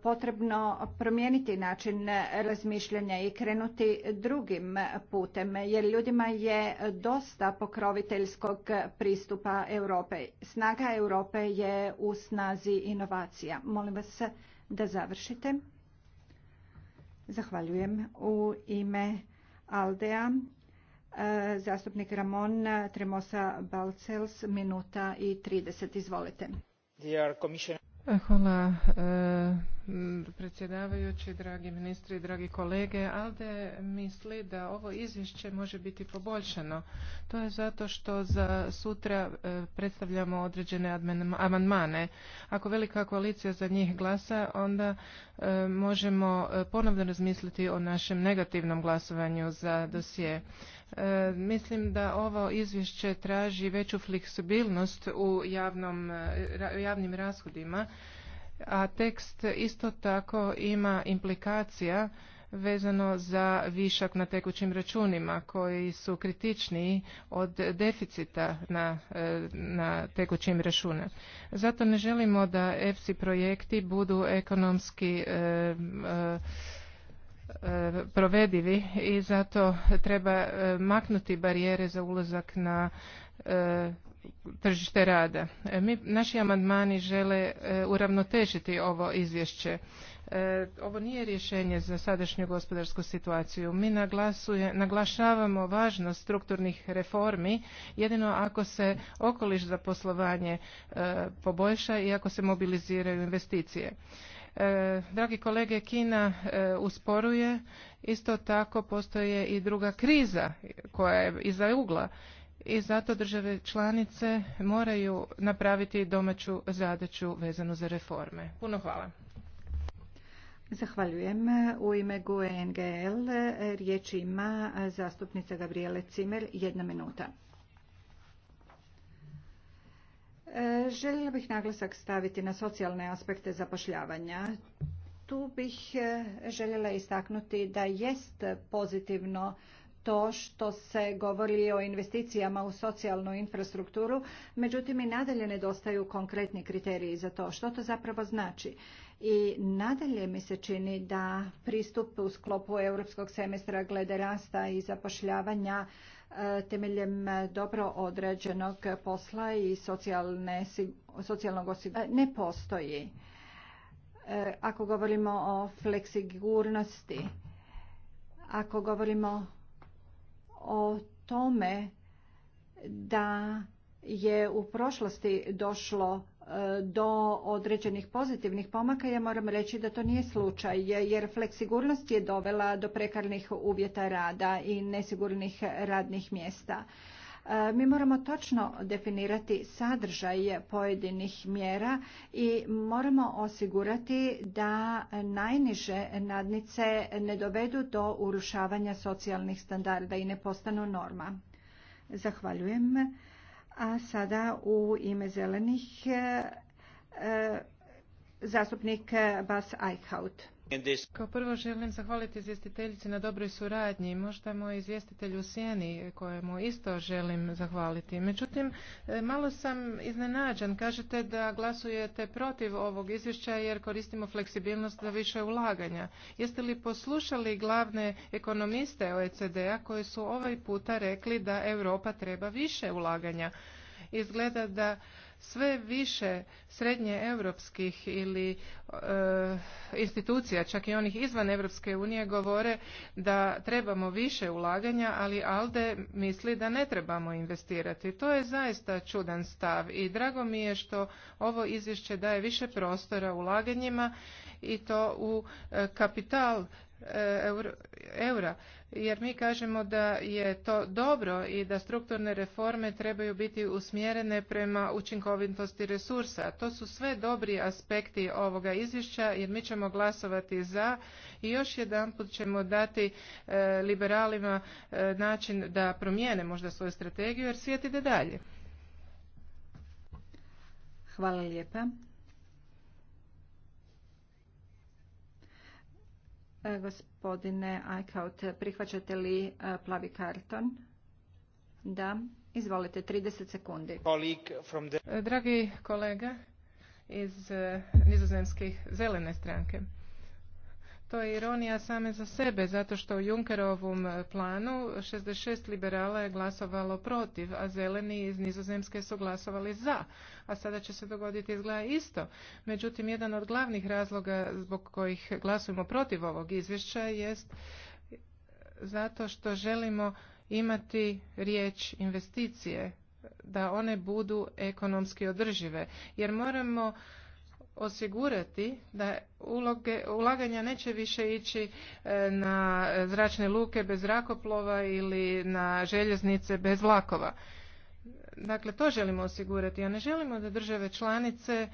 potrebno promijeniti način razmišljanja i krenuti drugim putem, jer ljudima je dosta pokroviteljskog pristupa Europe. Snaga Europe je u snazi inovacija. Molim vas da završite. Zahvaljujem. U ime Aldea, e, zastupnik Ramon Tremosa Balcels, minuta i 30. Izvolite. Hvala e, Mm, predsjedavajući, dragi ministri, dragi kolege. Alde misli da ovo izvješće može biti poboljšano. To je zato što za sutra e, predstavljamo određene amandmane. Ako velika koalicija za njih glasa, onda e, možemo e, ponovno razmisliti o našem negativnom glasovanju za dosije. Mislim da ovo izvješće traži veću fleksibilnost u javnim rashodima a tekst isto tako ima implikacija vezano za višak na tekućim računima koji su kritičniji od deficita na, e, na tekućim računima. Zato ne želimo da EFSI projekti budu ekonomski e, e, e, provedivi i zato treba maknuti barijere za ulazak na tržište rada. E, mi, naši amandmani žele e, uravnotežiti ovo izvješće. E, ovo nije rješenje za sadašnju gospodarsku situaciju. Mi naglašavamo važnost strukturnih reformi jedino ako se okoliš za poslovanje poboljša i ako se mobiliziraju investicije. Dragi kolege, Kina usporuje, isto tako postoje i druga kriza koja je iza ugla i zato države članice moraju napraviti domaću zadaću vezanu za reforme. Puno hvala. Zahvaljujem. U ime GUE NGL riječ ima zastupnica Gabriele Cimer. Jedna minuta. E, željela bih naglasak staviti na socijalne aspekte zapošljavanja. Tu bih e, željela istaknuti da jest pozitivno to što se govori o investicijama u socijalnu infrastrukturu, međutim i nadalje nedostaju konkretni kriteriji za to. Što to zapravo znači? I nadalje mi se čini da pristup u sklopu europskog semestra glede rasta i zapošljavanja e, temeljem dobro određenog posla i socijalnog osiguranja ne postoji. E, ako govorimo o fleksigurnosti, ako govorimo o tome da je u prošlosti došlo e, do određenih pozitivnih pomaka, ja moram reći da to nije slučaj, jer fleksigurnost je dovela do prekarnih uvjeta rada i nesigurnih radnih mjesta. Mi moramo točno definirati sadržaj pojedinih mjera i moramo osigurati da najniže nadnice ne dovedu do urušavanja socijalnih standarda i ne postanu norma. Zahvaljujem. A sada u ime zelenih e, zastupnik Bas Eichhout. Kao prvo želim zahvaliti izvjestiteljici na dobroj suradnji. Možda moj izvjestitelj u Sjeni kojemu isto želim zahvaliti. Međutim, e, malo sam iznenađen. Kažete da glasujete protiv ovog izvješća jer koristimo fleksibilnost za više ulaganja. Jeste li poslušali glavne ekonomiste OECD-a koji su ovaj puta rekli da Europa treba više ulaganja? Izgleda da sve više srednje europskih ili e, institucija, čak i onih izvan Europske unije govore da trebamo više ulaganja, ali ALDE misli da ne trebamo investirati. To je zaista čudan stav i drago mi je što ovo izvješće daje više prostora ulaganjima i to u e, kapital E, eura jer mi kažemo da je to dobro i da strukturne reforme trebaju biti usmjerene prema učinkovitosti resursa. To su sve dobri aspekti ovoga izvješća jer mi ćemo glasovati za i još jedanput ćemo dati e, liberalima e, način da promijene možda svoju strategiju jer svijet ide dalje. Hvala lijepa. E, gospodine Eichhout, prihvaćate li e, plavi karton? Da. Izvolite, 30 sekundi. Dragi kolega iz e, nizozemskih zelene stranke, to je ironija same za sebe, zato što u Junkerovom e, planu 66 liberala je glasovalo protiv, a zeleni iz Nizozemske su glasovali za, a sada će se dogoditi izgleda isto. Međutim, jedan od glavnih razloga zbog kojih glasujemo protiv ovog izvješća jest zato što želimo imati riječ investicije, da one budu ekonomski održive, jer moramo osigurati da ulaganja neće više ići e, na zračne luke bez zrakoplova ili na željeznice bez vlakova. Dakle, to želimo osigurati, a ne želimo da države članice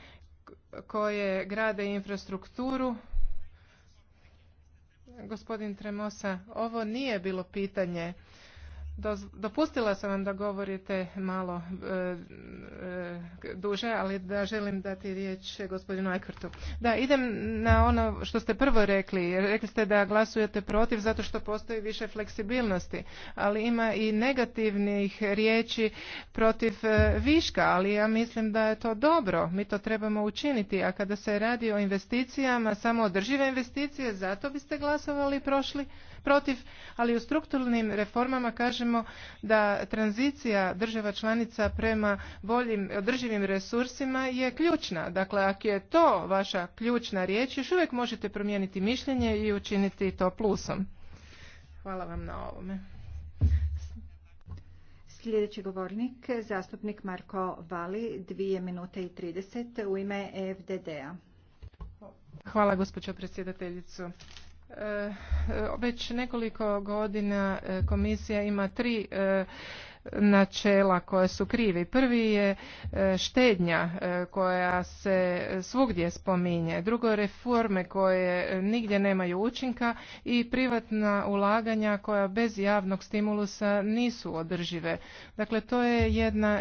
koje grade infrastrukturu Gospodin Tremosa, ovo nije bilo pitanje Dopustila sam vam da govorite malo e, e, duže, ali da želim dati riječ gospodinu Ajkvrtu. Da, idem na ono što ste prvo rekli. Rekli ste da glasujete protiv zato što postoji više fleksibilnosti, ali ima i negativnih riječi protiv e, viška, ali ja mislim da je to dobro. Mi to trebamo učiniti, a kada se radi o investicijama, samo održive investicije, zato biste glasovali prošli protiv, ali u strukturnim reformama kaže kažemo da tranzicija država članica prema boljim održivim resursima je ključna. Dakle, ako je to vaša ključna riječ, još uvijek možete promijeniti mišljenje i učiniti to plusom. Hvala vam na ovome. Sljedeći govornik, zastupnik Marko Vali, dvije minute i 30 u ime e fdd a Hvala gospođo predsjedateljicu. Eh, već nekoliko godina eh, komisija ima tri eh, načela koje su krivi. Prvi je e, štednja e, koja se svugdje spominje, drugo je reforme koje nigdje nemaju učinka i privatna ulaganja koja bez javnog stimulusa nisu održive. Dakle, to je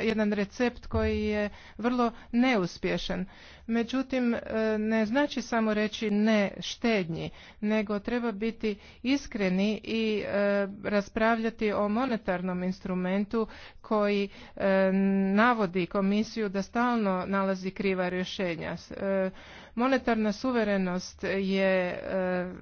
jedan recept koji je vrlo neuspješan. Međutim, e, ne znači samo reći ne štednji, nego treba biti iskreni i raspravljati o monetarnom instrumentu dokumentu koji navodi komisiju da stalno nalazi kriva rješenja. E, monetarna suverenost je e,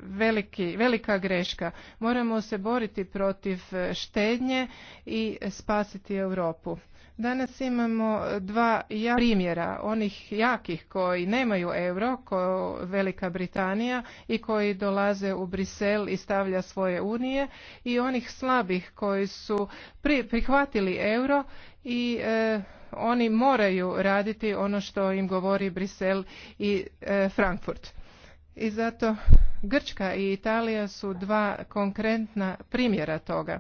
veliki, velika greška. Moramo se boriti protiv e, štednje i spasiti Europu. Danas imamo e, dva ja primjera, onih jakih koji nemaju euro, kao Velika Britanija i koji dolaze u Brisel i stavlja svoje unije i onih slabih koji su prihvatili euro i e, oni moraju raditi ono što im govori Brisel i e, Frankfurt. I zato Grčka i Italija su dva konkretna primjera toga.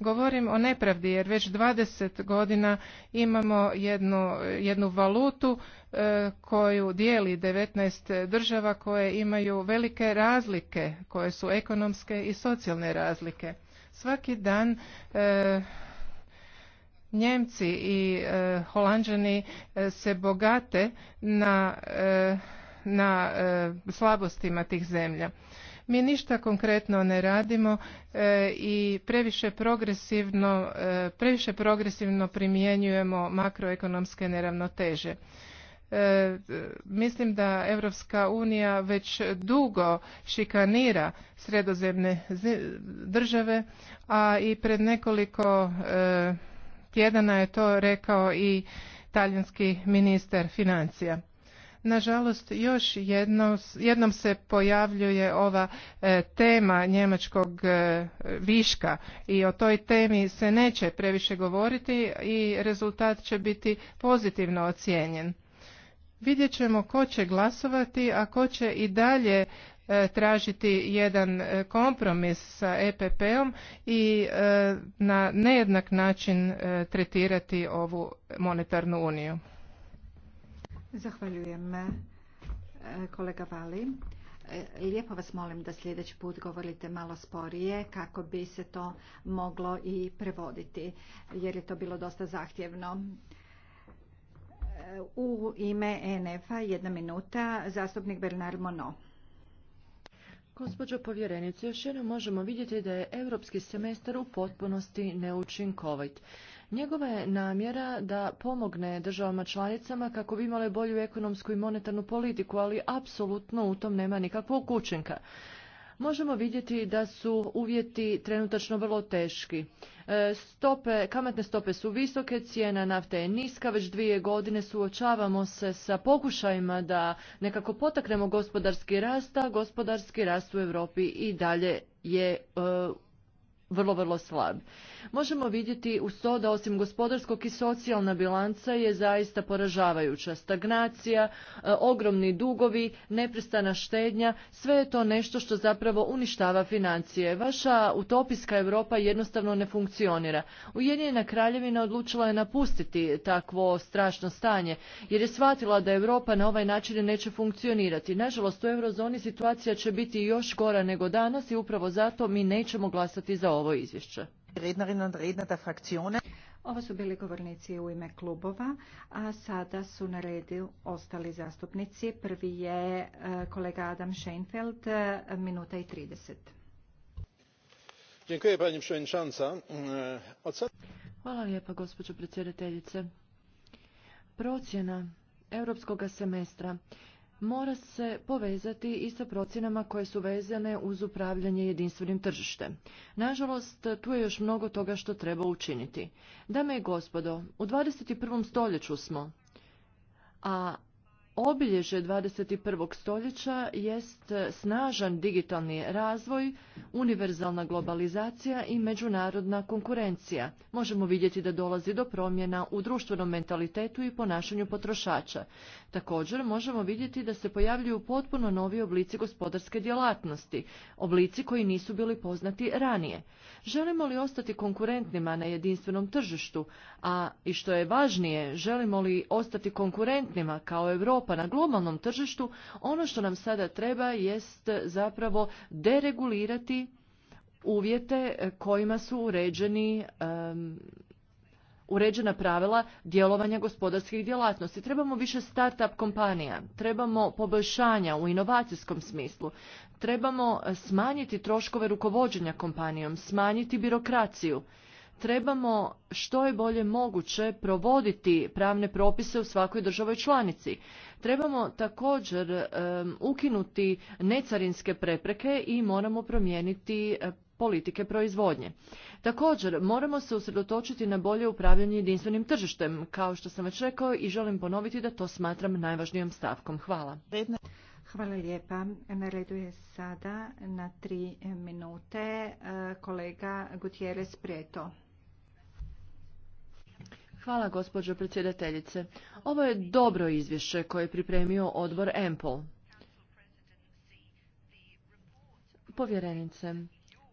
Govorim o nepravdi jer već 20 godina imamo jednu, jednu valutu e, koju dijeli 19 država koje imaju velike razlike, koje su ekonomske i socijalne razlike. Svaki dan e, Njemci i e, Holanđani e, se bogate na e, na slabostima tih zemlja mi ništa konkretno ne radimo e, i previše progresivno, e, previše progresivno primjenjujemo makroekonomske neravnoteže. E, mislim da Europska unija već dugo šikanira sredozemne države, a i pred nekoliko tjedana je to rekao i talijanski ministar financija. Nažalost, još jedno, jednom se pojavljuje ova e, tema njemačkog e, viška i o toj temi se neće previše govoriti i rezultat će biti pozitivno ocijenjen. Vidjet ćemo ko će glasovati, a ko će i dalje e, tražiti jedan kompromis sa EPP-om i na nejednak način tretirati ovu monetarnu uniju. Zahvaljujem e, kolega Vali. E, lijepo vas molim da sljedeći put govorite malo sporije kako bi se to moglo i prevoditi jer je to bilo dosta zahtjevno. E, u ime ENF-a jedna minuta zastupnik Bernard Monod. Gospođo povjerenice, još jednom možemo vidjeti da je europski semestar u potpunosti neučinkovit. Njegova je namjera da pomogne državama članicama kako bi imale bolju ekonomsku i monetarnu politiku, ali apsolutno u tom nema nikakvog učinka. Možemo vidjeti da su uvjeti trenutačno vrlo teški. E, stope, kamatne stope su visoke, cijena nafte je niska, već dvije godine suočavamo se sa pokušajima da nekako potaknemo gospodarski rast, a gospodarski rast u Europi i dalje je e, vrlo, vrlo slab. Možemo vidjeti uz to da osim gospodarskog i socijalna bilanca je zaista poražavajuća. Stagnacija, e, ogromni dugovi, neprestana štednja, sve je to nešto što zapravo uništava financije. Vaša utopijska Europa jednostavno ne funkcionira. Ujedinjena kraljevina odlučila je napustiti takvo strašno stanje, jer je shvatila da Europa na ovaj način neće funkcionirati. Nažalost, u eurozoni situacija će biti još gora nego danas i upravo zato mi nećemo glasati za ovo ovo izvješće. Ovo su bili govornici u ime klubova, a sada su na redu ostali zastupnici. Prvi je e, kolega Adam Scheinfeld, e, minuta i 30. Dziękuję pani przewodnicząca. E, Hvala lijepa gospođo predsjedateljice. Procjena europskog semestra mora se povezati i sa procjenama koje su vezane uz upravljanje jedinstvenim tržištem. Nažalost, tu je još mnogo toga što treba učiniti. Dame i gospodo, u 21. stoljeću smo, a Obilježje 21. stoljeća jest snažan digitalni razvoj, univerzalna globalizacija i međunarodna konkurencija. Možemo vidjeti da dolazi do promjena u društvenom mentalitetu i ponašanju potrošača. Također možemo vidjeti da se pojavljuju potpuno novi oblici gospodarske djelatnosti, oblici koji nisu bili poznati ranije. Želimo li ostati konkurentnima na jedinstvenom tržištu, a i što je važnije, želimo li ostati konkurentnima kao Evropa pa na globalnom tržištu, ono što nam sada treba jest zapravo deregulirati uvjete kojima su uređeni uređena pravila djelovanja gospodarskih djelatnosti. Trebamo više start-up kompanija, trebamo poboljšanja u inovacijskom smislu, trebamo smanjiti troškove rukovođenja kompanijom, smanjiti birokraciju trebamo što je bolje moguće provoditi pravne propise u svakoj državoj članici. Trebamo također ukinuti necarinske prepreke i moramo promijeniti e, politike proizvodnje. Također, moramo se usredotočiti na bolje upravljanje jedinstvenim tržištem, kao što sam već rekao i želim ponoviti da to smatram najvažnijom stavkom. Hvala. Hvala lijepa. Na redu je sada na tri minute e, kolega Gutierrez Prijeto. Hvala gospođo predsjedateljice. Ovo je dobro izvješće koje je pripremio odbor EMPOL. Povjerenice,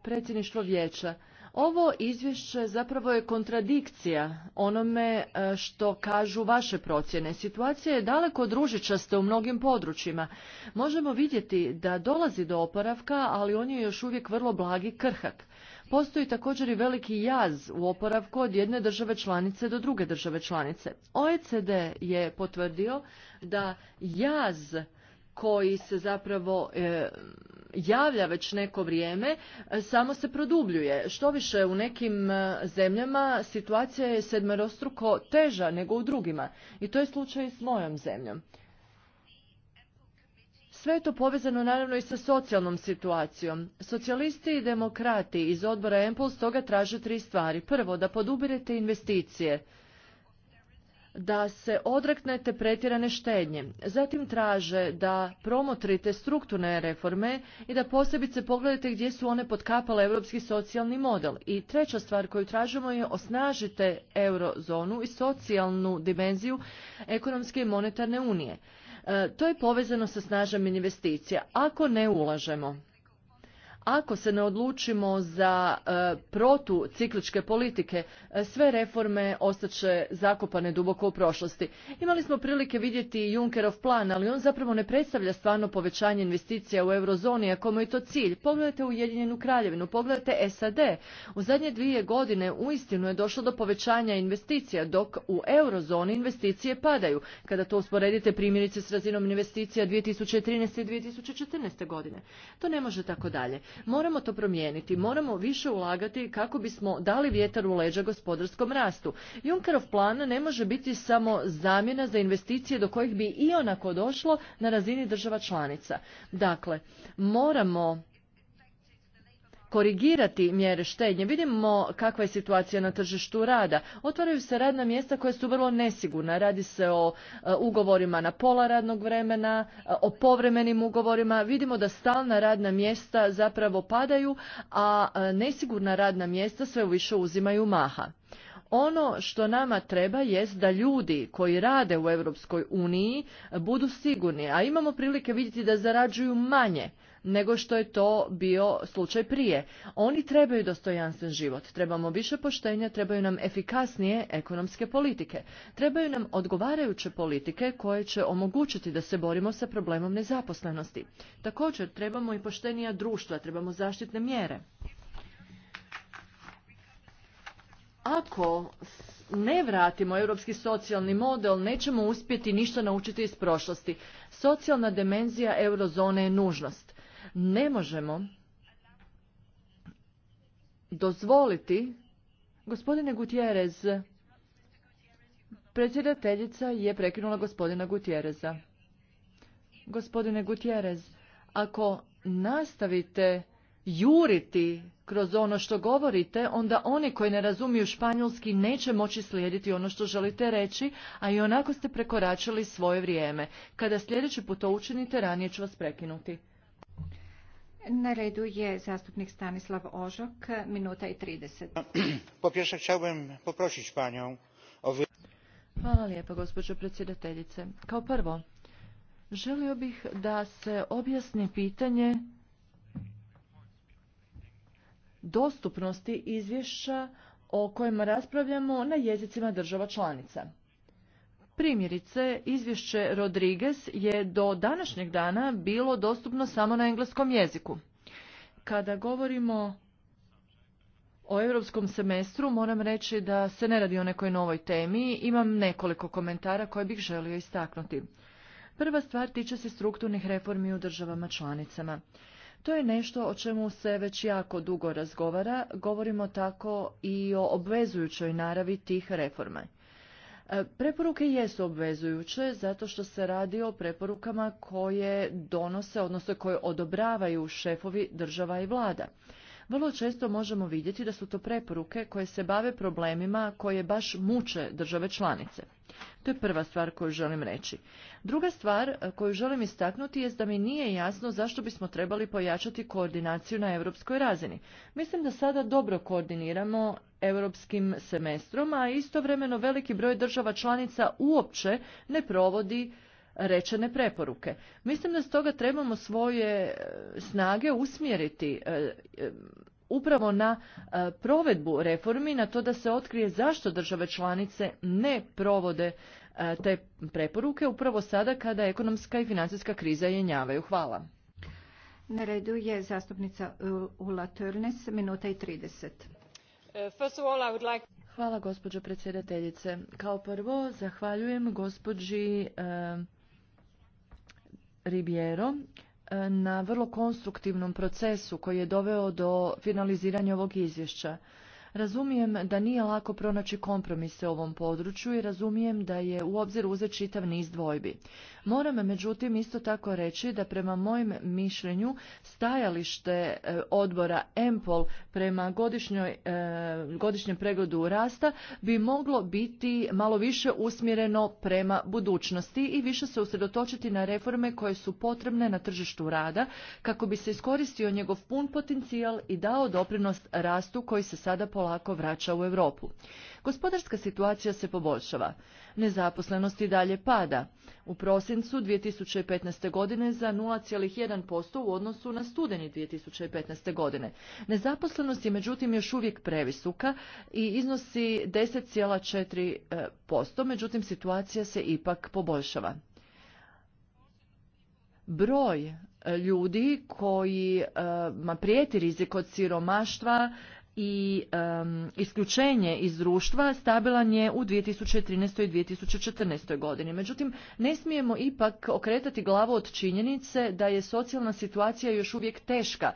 predsjedništvo vijeća, ovo izvješće zapravo je kontradikcija onome e, što kažu vaše procjene. Situacija je daleko družičasta u mnogim područjima. Možemo vidjeti da dolazi do oporavka, ali on je još uvijek vrlo blagi krhak. Postoji također i veliki jaz u oporavku od jedne države članice do druge države članice. OECD je potvrdio da jaz koji se zapravo e, javlja već neko vrijeme e, samo se produbljuje. Što više u nekim e, zemljama situacija je sedmerostruko teža nego u drugima i to je slučaj s mojom zemljom. Sve je to povezano naravno i sa socijalnom situacijom. Socijalisti i demokrati iz odbora empol stoga traže tri stvari. Prvo, da podubirete investicije da se odreknete pretjerane štednje. Zatim traže da promotrite strukturne reforme i da posebice pogledate gdje su one potkapale europski socijalni model. I treća stvar koju tražimo je osnažite eurozonu i socijalnu dimenziju ekonomske i monetarne unije. E, to je povezano sa snažem investicija. Ako ne ulažemo, ako se ne odlučimo za e, cikličke politike, e, sve reforme ostaće zakopane duboko u prošlosti. Imali smo prilike vidjeti Junckerov plan, ali on zapravo ne predstavlja stvarno povećanje investicija u eurozoni, a mu je to cilj. Pogledajte Ujedinjenu kraljevinu, pogledajte SAD. U zadnje dvije godine uistinu je došlo do povećanja investicija, dok u eurozoni investicije padaju. Kada to usporedite primjerice s razinom investicija 2013. i 2014. godine. To ne može tako dalje. Moramo to promijeniti, moramo više ulagati kako bismo dali vjetar u leđa gospodarskom rastu. Junkerov plan ne može biti samo zamjena za investicije do kojih bi i onako došlo na razini država članica. Dakle, moramo korigirati mjere štednje. Vidimo kakva je situacija na tržištu rada. Otvaraju se radna mjesta koja su vrlo nesigurna. Radi se o e, ugovorima na pola radnog vremena, e, o povremenim ugovorima. Vidimo da stalna radna mjesta zapravo padaju, a e, nesigurna radna mjesta sve više uzimaju maha. Ono što nama treba jest da ljudi koji rade u Europskoj uniji budu sigurni, a imamo prilike vidjeti da zarađuju manje nego što je to bio slučaj prije. Oni trebaju dostojanstven život, trebamo više poštenja, trebaju nam efikasnije ekonomske politike, trebaju nam odgovarajuće politike koje će omogućiti da se borimo sa problemom nezaposlenosti. Također trebamo i poštenija društva, trebamo zaštitne mjere. Ako ne vratimo europski socijalni model, nećemo uspjeti ništa naučiti iz prošlosti. Socijalna demenzija eurozone je nužnost. Ne možemo dozvoliti, gospodine Gutjerez, predsjedateljica je prekinula gospodina Gutjereza. Gospodine Gutjerez, ako nastavite juriti kroz ono što govorite, onda oni koji ne razumiju španjolski neće moći slijediti ono što želite reći, a i onako ste prekoračili svoje vrijeme. Kada sljedeći put to učinite, ranije ću vas prekinuti. Na redu je zastupnik Stanislav Ožok, minuta i 30. Po pierwsze chciałbym poprosić panią Hvala lijepa, gospođo predsjedateljice. Kao prvo, želio bih da se objasni pitanje dostupnosti izvješća o kojima raspravljamo na jezicima država članica. Primjerice, izvješće Rodriguez je do današnjeg dana bilo dostupno samo na engleskom jeziku. Kada govorimo o europskom semestru moram reći da se ne radi o nekoj novoj temi. Imam nekoliko komentara koje bih želio istaknuti. Prva stvar tiče se strukturnih reformi u državama članicama. To je nešto o čemu se već jako dugo razgovara, govorimo tako i o obvezujućoj naravi tih reforma. E, preporuke jesu obvezujuće zato što se radi o preporukama koje donose, odnosno koje odobravaju šefovi država i vlada. Vrlo često možemo vidjeti da su to preporuke koje se bave problemima koje baš muče države članice. To je prva stvar koju želim reći. Druga stvar e, koju želim istaknuti je da mi nije jasno zašto bismo trebali pojačati koordinaciju na europskoj razini. Mislim da sada dobro koordiniramo europskim semestrom, a istovremeno veliki broj država članica uopće ne provodi rečene preporuke. Mislim da stoga trebamo svoje e, snage usmjeriti e, e, upravo na provedbu reformi, na to da se otkrije zašto države članice ne provode te preporuke upravo sada kada ekonomska i financijska kriza jenjavaju. Hvala. Na redu je zastupnica Ula Törnes, minuta i 30. Hvala gospođo predsjedateljice. Kao prvo zahvaljujem gospođi Ribiero e, na vrlo konstruktivnom procesu koji je doveo do finaliziranja ovog izvješća. Razumijem da nije lako pronaći kompromise u ovom području i razumijem da je u obzir uzet čitav niz dvojbi. Moram međutim isto tako reći da prema mojem mišljenju stajalište e, odbora EMPOL prema e, godišnjem pregledu rasta bi moglo biti malo više usmjereno prema budućnosti i više se usredotočiti na reforme koje su potrebne na tržištu rada kako bi se iskoristio njegov pun potencijal i dao doprinos rastu koji se sada polako vraća u Europu. Gospodarska situacija se poboljšava. Nezaposlenost i dalje pada. U prosincu 2015. godine za 0,1% u odnosu na studeni 2015. godine. Nezaposlenost je međutim još uvijek previsuka i iznosi 10,4%, međutim situacija se ipak poboljšava. Broj ljudi koji eh, prijeti rizik od siromaštva i isključenje iz društva stabilan je u 2013. i 2014. godini. Međutim, ne smijemo ipak okretati glavu od činjenice da je socijalna situacija još uvijek teška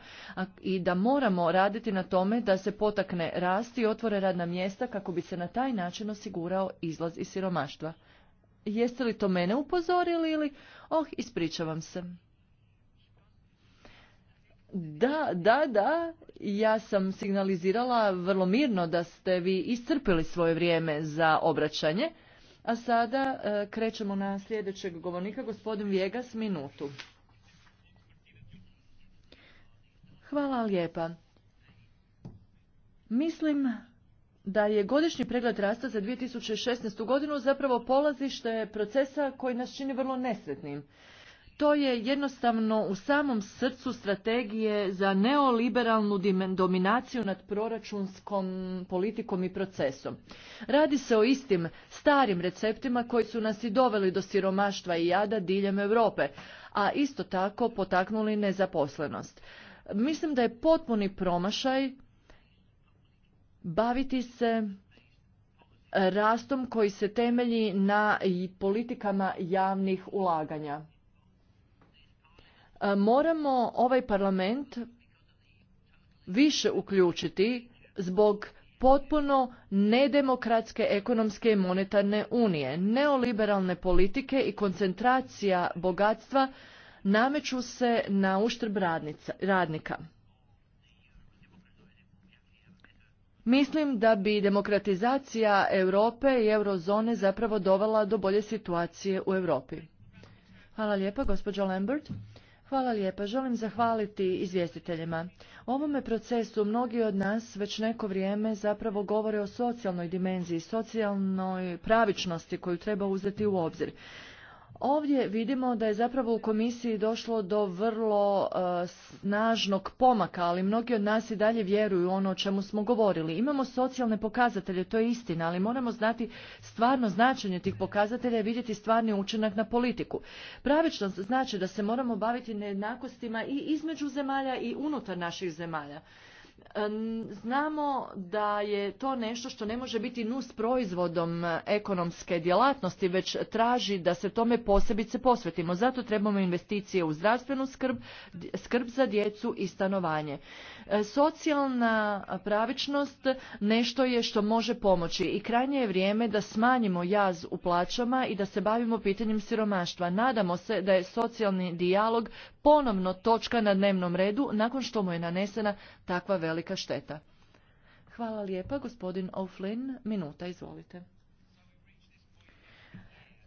i da moramo raditi na tome da se potakne rast i otvore radna mjesta kako bi se na taj način osigurao izlaz iz siromaštva. Jeste li to mene upozorili ili... Oh, ispričavam se. Da, da, da, ja sam signalizirala vrlo mirno da ste vi iscrpili svoje vrijeme za obraćanje, a sada e, krećemo na sljedećeg govornika, gospodin Vjegas, minutu. Hvala lijepa. Mislim da je godišnji pregled rasta za 2016. godinu zapravo polazište procesa koji nas čini vrlo nesretnim to je jednostavno u samom srcu strategije za neoliberalnu dominaciju nad proračunskom politikom i procesom. Radi se o istim starim receptima koji su nas i doveli do siromaštva i jada diljem Europe, a isto tako potaknuli nezaposlenost. Mislim da je potpuni promašaj baviti se rastom koji se temelji na politikama javnih ulaganja. E, moramo ovaj parlament više uključiti zbog potpuno nedemokratske ekonomske i monetarne unije. Neoliberalne politike i koncentracija bogatstva nameću se na uštrb radnika. Mislim da bi demokratizacija Europe i eurozone zapravo dovela do bolje situacije u Europi. Hvala lijepa, gospođo Lambert. Hvala lijepa. Želim zahvaliti izvjestiteljima. U ovome procesu mnogi od nas već neko vrijeme zapravo govore o socijalnoj dimenziji, socijalnoj pravičnosti koju treba uzeti u obzir. Ovdje vidimo da je zapravo u komisiji došlo do vrlo e, snažnog pomaka, ali mnogi od nas i dalje vjeruju ono o čemu smo govorili. Imamo socijalne pokazatelje, to je istina, ali moramo znati stvarno značenje tih pokazatelja i vidjeti stvarni učinak na politiku. Pravično znači da se moramo baviti nejednakostima i između zemalja i unutar naših zemalja. Znamo da je to nešto što ne može biti nus proizvodom e, ekonomske djelatnosti, već traži da se tome posebice posvetimo. Zato trebamo investicije u zdravstvenu skrb, skrb za djecu i stanovanje. E, socijalna pravičnost nešto je što može pomoći i krajnje je vrijeme da smanjimo jaz u plaćama i da se bavimo pitanjem siromaštva. Nadamo se da je socijalni dijalog ponovno točka na dnevnom redu nakon što mu je nanesena takva velika šteta. Hvala lijepa, gospodin O'Flynn. Minuta, izvolite.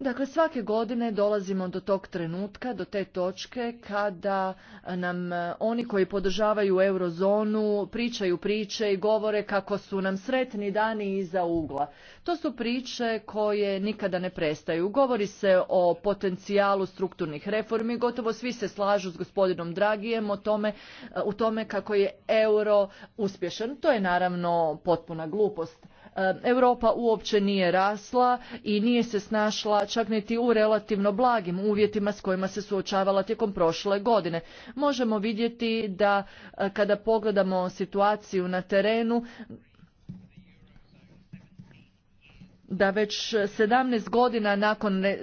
Dakle, svake godine dolazimo do tog trenutka, do te točke kada nam e, oni koji podržavaju eurozonu pričaju priče i govore kako su nam sretni dani iza ugla. To su priče koje nikada ne prestaju. Govori se o potencijalu strukturnih reformi, gotovo svi se slažu s gospodinom Dragijem o tome, e, u tome kako je euro uspješan. To je naravno potpuna glupost Europa uopće nije rasla i nije se snašla čak niti u relativno blagim uvjetima s kojima se suočavala tijekom prošle godine. Možemo vidjeti da e, kada pogledamo situaciju na terenu da već 17 godina nakon e,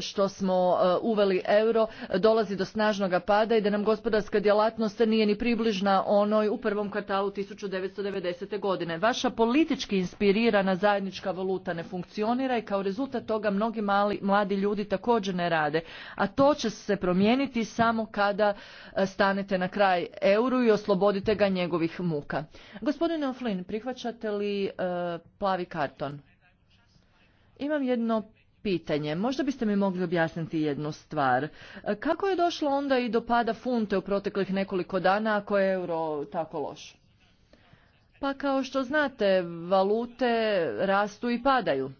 što smo e, uveli euro dolazi do snažnog pada i da nam gospodarska djelatnost nije ni približna onoj u prvom kvartalu 1990. godine. Vaša politički inspirirana zajednička valuta ne funkcionira i kao rezultat toga mnogi mali, mladi ljudi također ne rade. A to će se promijeniti samo kada e, stanete na kraj euru i oslobodite ga njegovih muka. Gospodine O'Flynn, prihvaćate li plavi karton? Imam jedno pitanje. Možda biste mi mogli objasniti jednu stvar. Kako je došlo onda i do pada funte u proteklih nekoliko dana ako je euro tako loš? Pa kao što znate, valute rastu i padaju.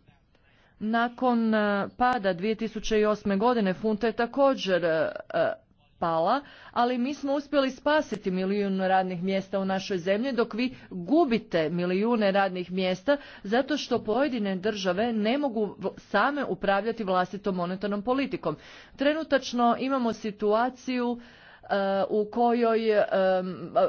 Nakon eh, pada 2008. godine funta je također eh, pala, ali mi smo uspjeli spasiti milijun radnih mjesta u našoj zemlji, dok vi gubite milijune radnih mjesta zato što pojedine države ne mogu same upravljati vlastitom monetarnom politikom. Trenutačno imamo situaciju u kojoj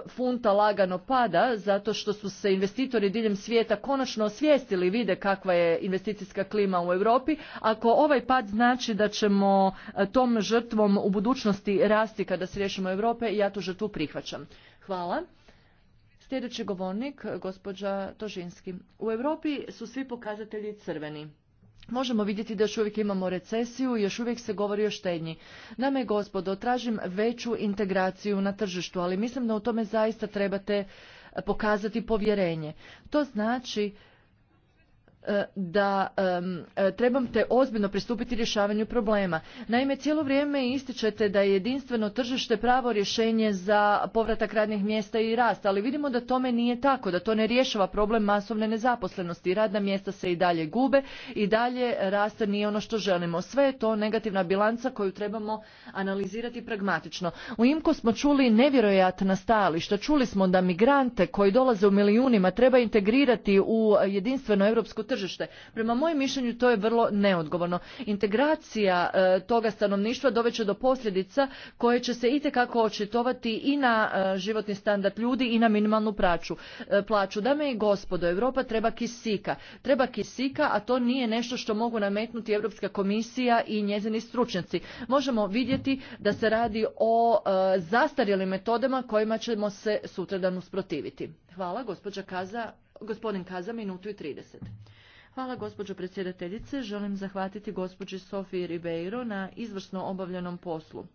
funta lagano pada zato što su se investitori diljem svijeta konačno osvijestili vide kakva je investicijska klima u Europi. Ako ovaj pad znači da ćemo e, tom žrtvom u budućnosti rasti kada se riješimo Europe, ja tu žrtvu prihvaćam. Hvala. Sljedeći govornik, gospođa Tožinski. U Europi su svi pokazatelji crveni. Možemo vidjeti da još uvijek imamo recesiju i još uvijek se govori o štednji. Dame i gospodo, tražim veću integraciju na tržištu, ali mislim da u tome zaista trebate pokazati povjerenje. To znači E, da um, te ozbiljno pristupiti rješavanju problema. Naime, cijelo vrijeme ističete da je jedinstveno tržište pravo rješenje za povratak radnih mjesta i rast, ali vidimo da tome nije tako, da to ne rješava problem masovne nezaposlenosti. Radna mjesta se i dalje gube i dalje raste nije ono što želimo. Sve je to negativna bilanca koju trebamo analizirati pragmatično. U IMKO smo čuli nevjerojatna stajališta. Čuli smo da migrante koji dolaze u milijunima treba integrirati u jedinstveno europsko tržište. Prema mojem mišljenju to je vrlo neodgovorno. Integracija e, toga stanovništva doveće do posljedica koje će se itekako očitovati i na e, životni standard ljudi i na minimalnu e, plaću. Dame i gospodo, Europa treba kisika. Treba kisika, a to nije nešto što mogu nametnuti Europska komisija i njezini stručnjaci. Možemo vidjeti da se radi o zastarjelim metodama kojima ćemo se sutradan usprotiviti. Hvala, gospođa Kaza, gospodin Kaza, minutu i 30. Hvala gospođo predsjedateljice. Želim zahvatiti gospođi Sofiji Ribeiro na izvrsno obavljenom poslu.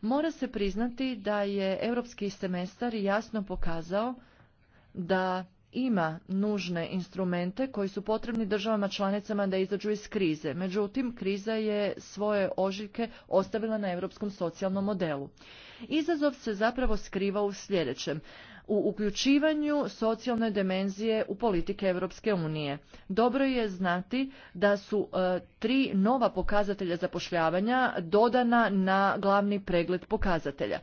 Mora se priznati da je europski semestar jasno pokazao da ima nužne instrumente koji su potrebni državama članicama da izađu iz krize. Međutim, kriza je svoje ožiljke ostavila na europskom socijalnom modelu. Izazov se zapravo skriva u sljedećem u uključivanju socijalne demenzije u politike Europske unije. Dobro je znati da su e, tri nova pokazatelja zapošljavanja dodana na glavni pregled pokazatelja.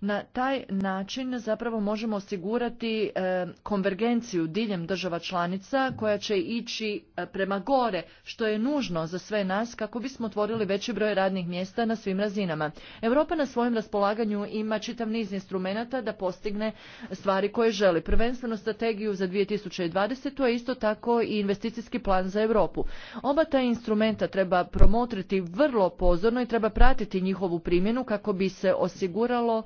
Na taj način zapravo možemo osigurati e, konvergenciju diljem država članica koja će ići e, prema gore, što je nužno za sve nas kako bismo otvorili veći broj radnih mjesta na svim razinama. Europa na svojem raspolaganju ima čitav niz instrumenata da postigne stvari koje želi. Prvenstveno strategiju za 2020. je isto tako i investicijski plan za Europu. Oba ta instrumenta treba promotriti vrlo pozorno i treba pratiti njihovu primjenu kako bi se osiguralo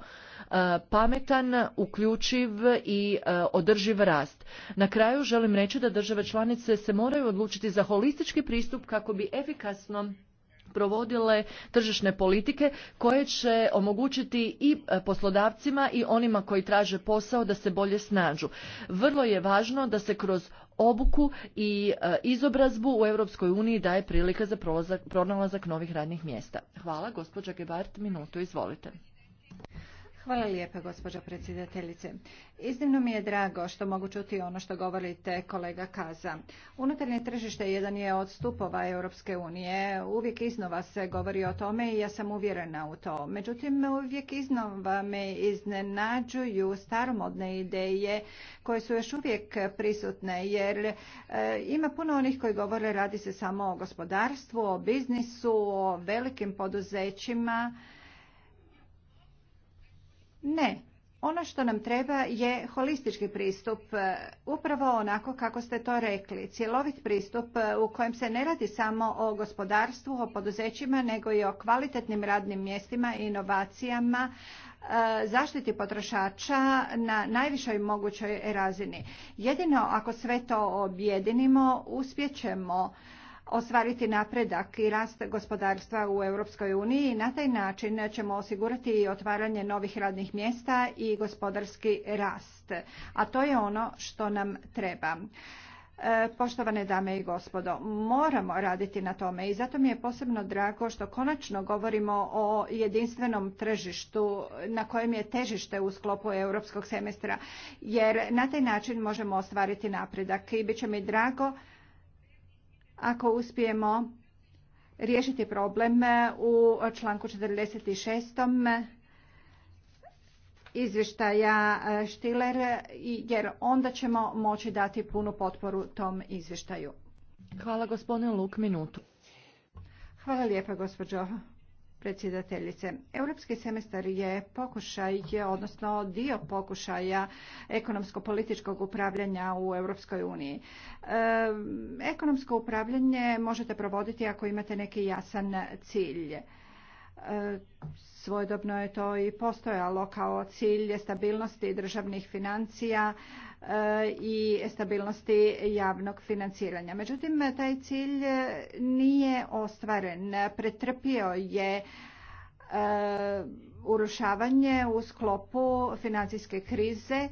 E, pametan, uključiv i e, održiv rast. Na kraju želim reći da države članice se moraju odlučiti za holistički pristup kako bi efikasno provodile tržišne politike koje će omogućiti i e, poslodavcima i onima koji traže posao da se bolje snađu. Vrlo je važno da se kroz obuku i izobrazbu u Europskoj uniji daje prilika za pronalazak novih radnih mjesta. Hvala, gospođa Gebart, minutu, izvolite. Hvala lijepa, gospođo predsjedateljice. Iznimno mi je drago što mogu čuti ono što govorite kolega Kaza. Unutarnje tržište jedan je od stupova Europske unije. Uvijek iznova se govori o tome i ja sam uvjerena u to. Međutim, uvijek iznova me iznenađuju staromodne ideje koje su još uvijek prisutne, jer e, ima puno onih koji govore radi se samo o gospodarstvu, o biznisu, o velikim poduzećima, ne. Ono što nam treba je holistički pristup, e, upravo onako kako ste to rekli, cjelovit pristup e, u kojem se ne radi samo o gospodarstvu, o poduzećima, nego i o kvalitetnim radnim mjestima, i inovacijama, e, zaštiti potrošača na najvišoj mogućoj razini. Jedino ako sve to objedinimo, uspjećemo ostvariti napredak i rast gospodarstva u Europskoj uniji i na taj način ćemo osigurati i otvaranje novih radnih mjesta i gospodarski rast. A to je ono što nam treba. E, poštovane dame i gospodo, moramo raditi na tome i zato mi je posebno drago što konačno govorimo o jedinstvenom tržištu na kojem je težište u sklopu europskog semestra, jer na taj način možemo ostvariti napredak i bit će mi drago ako uspijemo riješiti problem u članku 46. izvještaja Štiler, jer onda ćemo moći dati punu potporu tom izvještaju. Hvala gospodine Luk, minutu. Hvala lijepa gospođo predsjedateljice. Europski semestar je pokušaj, odnosno dio pokušaja ekonomsko-političkog upravljanja u Europskoj uniji. E, ekonomsko upravljanje možete provoditi ako imate neki jasan cilj e, Svojedobno je to i postojalo kao cilj stabilnosti državnih financija e, i stabilnosti javnog financiranja. Međutim, taj cilj nije ostvaren. Pretrpio je Eh, urušavanje u sklopu financijske krize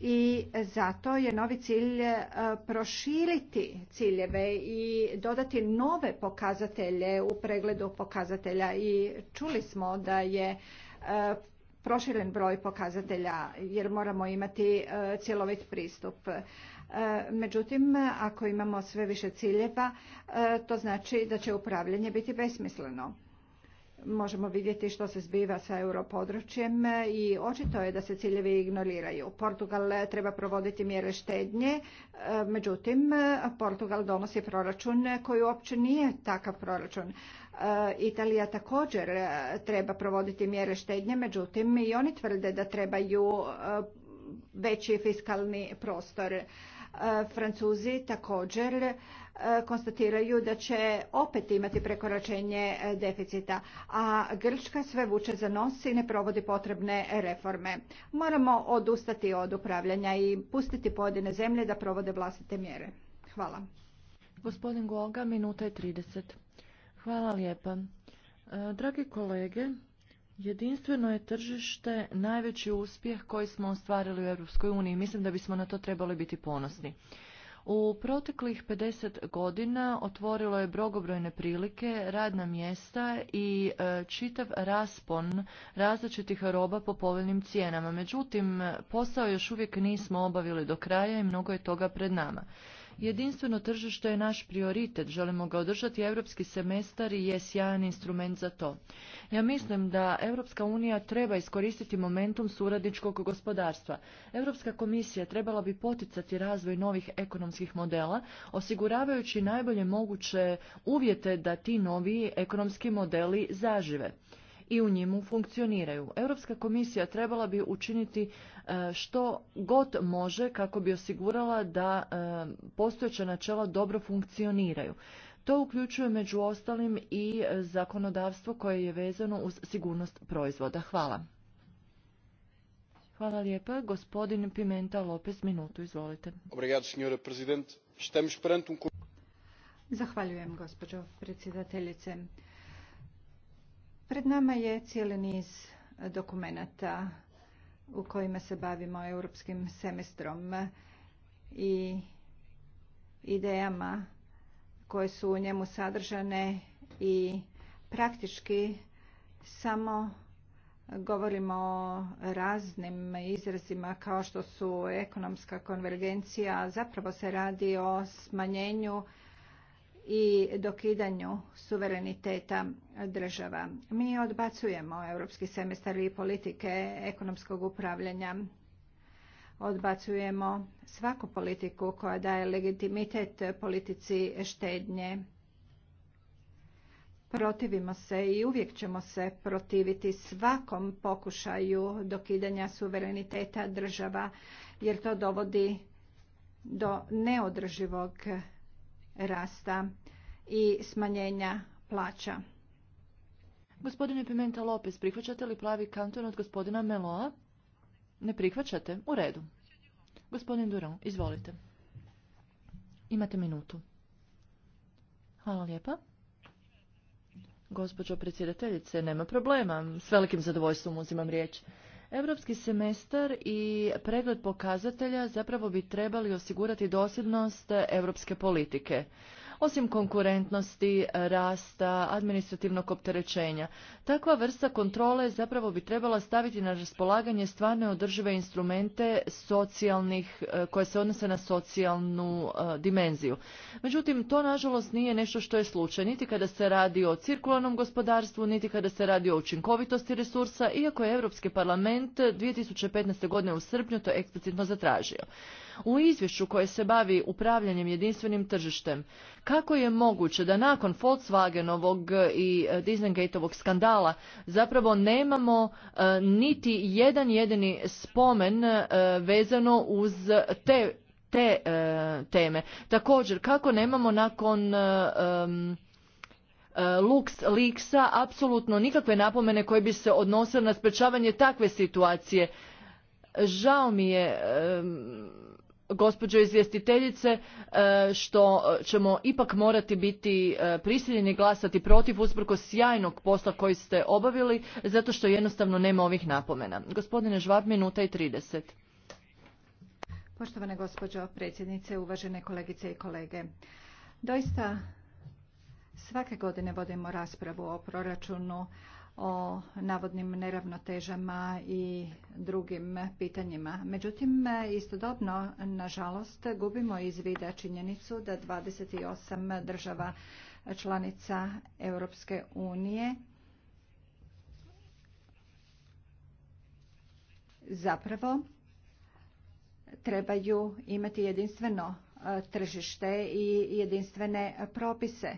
i zato je novi cilj eh, proširiti ciljeve i dodati nove pokazatelje u pregledu pokazatelja i čuli smo da je eh, proširen broj pokazatelja jer moramo imati cjelovit pristup. Međutim, ako imamo sve više ciljeva, to znači da će upravljanje biti besmisleno možemo vidjeti što se zbiva sa europodručjem e, i očito je da se ciljevi ignoriraju. Portugal e, treba provoditi mjere štednje, e, međutim Portugal donosi proračun koji uopće nije takav proračun. Italija također treba provoditi mjere štednje, međutim i oni tvrde da trebaju veći fiskalni prostor. Francuzi također konstatiraju da će opet imati prekoračenje e, deficita, a Grčka sve vuče za nos i ne provodi potrebne reforme. Moramo odustati od upravljanja i pustiti pojedine zemlje da provode vlastite mjere. Hvala. Gospodin Golga, minuta je 30. Hvala lijepa. E, dragi kolege, Jedinstveno je tržište najveći uspjeh koji smo ostvarili u Europskoj uniji. Mislim da bismo na to trebali biti ponosni. U proteklih 50 godina otvorilo je brogobrojne prilike, radna mjesta i e, čitav raspon različitih roba po povoljnim cijenama. Međutim, posao još uvijek nismo obavili do kraja i mnogo je toga pred nama. Jedinstveno tržište je naš prioritet, želimo ga održati, europski semestar je sjajan instrument za to. Ja mislim da Europska unija treba iskoristiti momentum suradničkog gospodarstva. Europska komisija trebala bi poticati razvoj novih ekonomskih modela, osiguravajući najbolje moguće uvjete da ti novi ekonomski modeli zažive i u njemu funkcioniraju. Europska komisija trebala bi učiniti e, što god može kako bi osigurala da e, postojeća načela dobro funkcioniraju. To uključuje među ostalim i zakonodavstvo koje je vezano uz sigurnost proizvoda. Hvala. Hvala lijepa. Gospodin Pimenta Lopez, minutu, izvolite. Obrigado, prezident. Um Zahvaljujem, gospođo predsjedateljice. Pred nama je cijeli niz dokumenata u kojima se bavimo europskim semestrom i idejama koje su u njemu sadržane i praktički samo govorimo o raznim izrazima kao što su ekonomska konvergencija, zapravo se radi o smanjenju i dokidanju suvereniteta država. Mi odbacujemo europski semestar i politike ekonomskog upravljanja. Odbacujemo svaku politiku koja daje legitimitet politici štednje. Protivimo se i uvijek ćemo se protiviti svakom pokušaju dokidanja suvereniteta država jer to dovodi do neodrživog rasta i smanjenja plaća. Gospodine Pimenta Lopez, prihvaćate li plavi kanton od gospodina Meloa? Ne prihvaćate? U redu. Gospodin Duran, izvolite. Imate minutu. Hvala lijepa. Gospođo predsjedateljice, nema problema. S velikim zadovoljstvom uzimam riječ. Europski semestar i pregled pokazatelja zapravo bi trebali osigurati dosljednost europske politike osim konkurentnosti, e, rasta, administrativnog opterećenja. Takva vrsta kontrole zapravo bi trebala staviti na raspolaganje stvarne održive instrumente socijalnih, e, koje se odnose na socijalnu e, dimenziju. Međutim, to nažalost nije nešto što je slučaj, niti kada se radi o cirkularnom gospodarstvu, niti kada se radi o učinkovitosti resursa, iako je Europski parlament 2015. godine u srpnju to eksplicitno zatražio u izvješću koje se bavi upravljanjem jedinstvenim tržištem. Kako je moguće da nakon Volkswagenovog i e, Disneygateovog skandala zapravo nemamo e, niti jedan jedini spomen e, vezano uz te te teme. Također, kako nemamo nakon Lux Leaksa apsolutno nikakve napomene koje bi se odnosile na sprečavanje takve situacije. Žao mi je gospođo izvjestiteljice e, što ćemo ipak morati biti e, prisiljeni glasati protiv usprkos sjajnog posla koji ste obavili zato što jednostavno nema ovih napomena. Gospodine Žvab, minuta i 30. Poštovane gospođo predsjednice, uvažene kolegice i kolege. Doista svake godine vodimo raspravu o proračunu o navodnim neravnotežama i drugim pitanjima. Međutim, istodobno, nažalost, gubimo iz vida činjenicu da 28 država članica Europske unije zapravo trebaju imati jedinstveno e, tržište i jedinstvene propise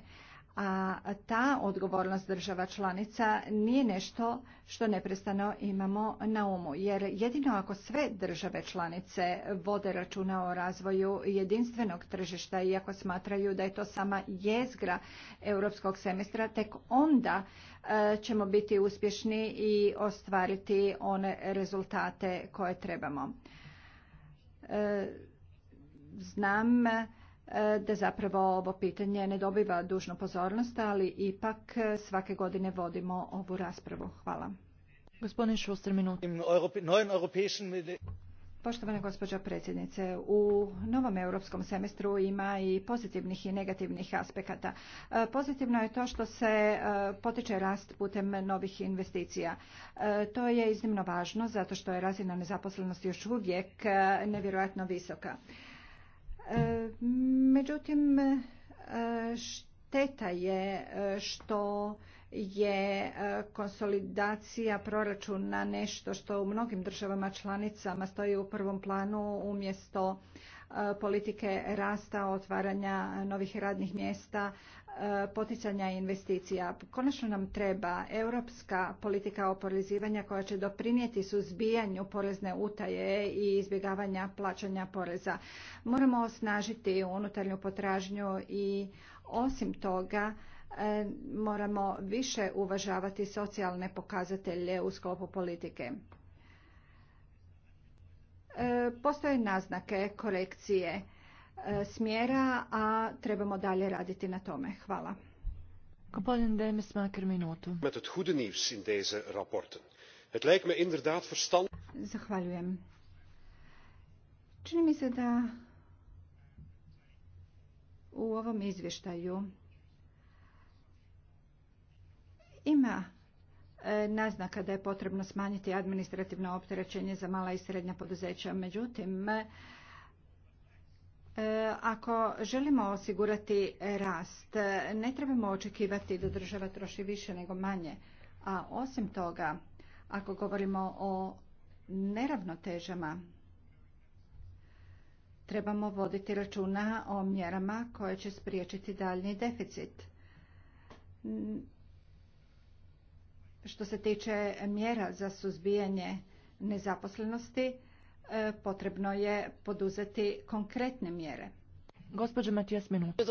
a ta odgovornost država članica nije nešto što neprestano imamo na umu. Jer jedino ako sve države članice vode računa o razvoju jedinstvenog tržišta i ako smatraju da je to sama jezgra europskog semestra, tek onda e, ćemo biti uspješni i ostvariti one rezultate koje trebamo. E, znam E, da zapravo ovo pitanje ne dobiva dužnu pozornost, ali ipak svake godine vodimo ovu raspravu. Hvala. Gospodin Šuster, minut. Poštovana gospođo predsjednice, u novom europskom semestru ima i pozitivnih i negativnih aspekata. E, pozitivno je to što se e, potiče rast putem novih investicija. To je iznimno važno zato što je razina nezaposlenosti još uvijek nevjerojatno visoka. Međutim, šteta je e, što je e, konsolidacija proračuna nešto što u mnogim državama članicama stoji u prvom planu umjesto e, politike rasta, otvaranja novih radnih mjesta, poticanja investicija. Konačno nam treba europska politika oporezivanja koja će doprinijeti suzbijanju porezne utaje i izbjegavanja plaćanja poreza. Moramo osnažiti unutarnju potražnju i osim toga e, moramo više uvažavati socijalne pokazatelje u sklopu politike. E, postoje naznake korekcije E, smjera, a trebamo dalje raditi na tome. Hvala. Gospodin Demis maker minutu. Met het goede nieuws in deze rapporten. Het lijkt me inderdaad verstand... Zahvaljujem. Čini mi se da u ovom izvještaju ima e, naznaka da je potrebno smanjiti administrativno opterećenje za mala i srednja poduzeća. Međutim, E, ako želimo osigurati rast, ne trebamo očekivati da država troši više nego manje. A osim toga, ako govorimo o neravnotežama, trebamo voditi računa o mjerama koje će spriječiti daljnji deficit. Što se tiče mjera za suzbijanje nezaposlenosti, E, potrebno je poduzeti konkretne mjere. Gospođo Matijas, minuta.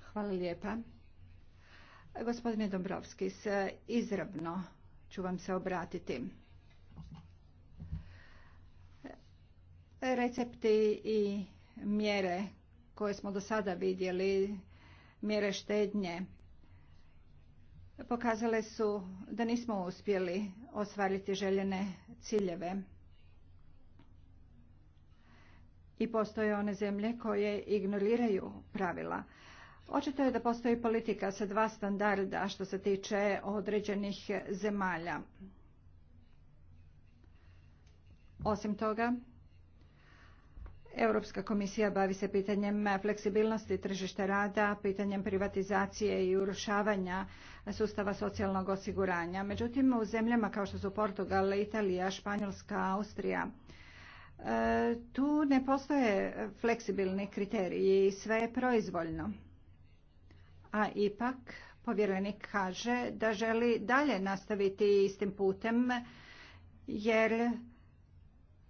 Hvala lijepa. Gospodine Dombrovski, izravno ću vam se obratiti. Recepti i mjere koje smo do sada vidjeli, mjere štednje, pokazale su da nismo uspjeli ostvariti željene ciljeve i postoje one zemlje koje ignoriraju pravila. Očito je da postoji politika sa dva standarda što se tiče određenih zemalja. Osim toga, Europska komisija bavi se pitanjem fleksibilnosti tržišta rada, pitanjem privatizacije i urušavanja sustava socijalnog osiguranja. Međutim, u zemljama kao što su Portugal, Italija, Španjolska, Austrija, e, tu ne postoje fleksibilni kriteriji i sve je proizvoljno. A ipak povjerenik kaže da želi dalje nastaviti istim putem jer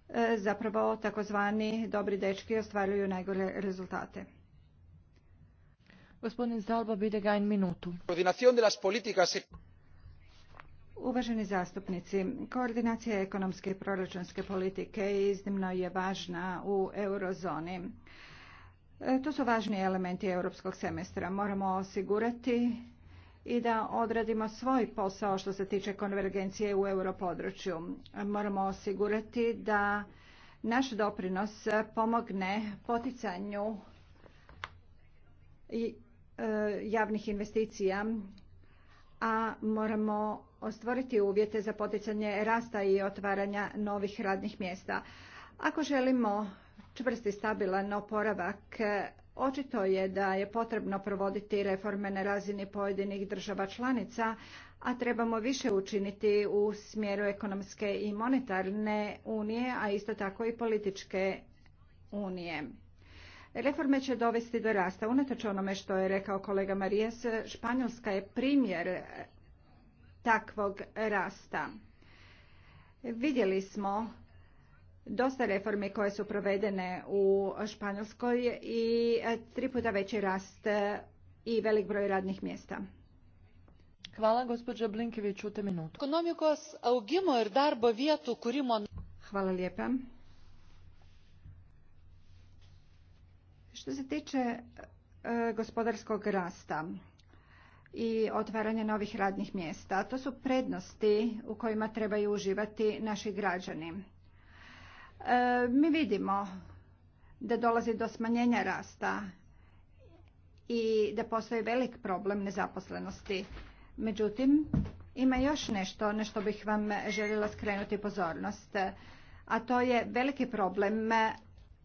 E, zapravo takozvani dobri dečki ostvaruju najgore rezultate. Gospodin Zalba minutu. E- Uvaženi zastupnici, koordinacija ekonomske i proračunske politike iznimno je važna u eurozoni. E, to su važni elementi europskog semestra. Moramo osigurati i da odradimo svoj posao što se tiče konvergencije u europodručju. Moramo osigurati da naš doprinos pomogne poticanju e, javnih investicija, a moramo ostvoriti uvjete za poticanje rasta i otvaranja novih radnih mjesta. Ako želimo čvrsti stabilan oporavak Očito je da je potrebno provoditi reforme na razini pojedinih država članica, a trebamo više učiniti u smjeru ekonomske i monetarne unije, a isto tako i političke unije. Reforme će dovesti do rasta. Unatoč onome što je rekao kolega Marijes, Španjolska je primjer takvog rasta. Vidjeli smo dosta reformi koje su provedene u Španjolskoj i e, tri puta veći rast e, i velik broj radnih mjesta. Hvala, gospođo Blinkević, u te minutu. Ekonomikos augimo darbo kurimo Hvala lijepa. Što se tiče e, gospodarskog rasta i otvaranja novih radnih mjesta, to su prednosti u kojima trebaju uživati naši građani. E, mi vidimo da dolazi do smanjenja rasta i da postoji velik problem nezaposlenosti. Međutim, ima još nešto na što bih vam željela skrenuti pozornost, a to je veliki problem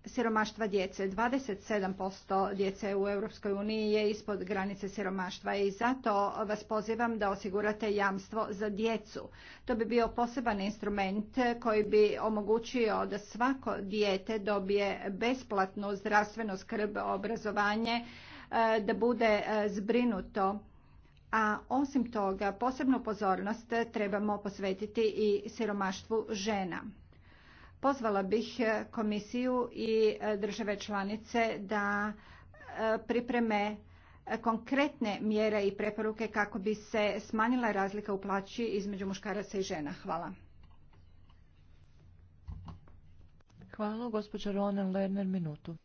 siromaštva djece. 27% djece u Europskoj je ispod granice siromaštva i zato vas pozivam da osigurate jamstvo za djecu. To bi bio poseban instrument koji bi omogućio da svako dijete dobije besplatnu zdravstvenu skrb, obrazovanje, e, da bude e, zbrinuto. A osim toga, posebnu pozornost trebamo posvetiti i siromaštvu žena. Pozvala bih e, komisiju i e, države članice da e, pripreme konkretne mjere i preporuke kako bi se smanjila razlika u plaći između muškaraca i žena. Hvala. Hvala, gospođa Rona Lerner, minutu.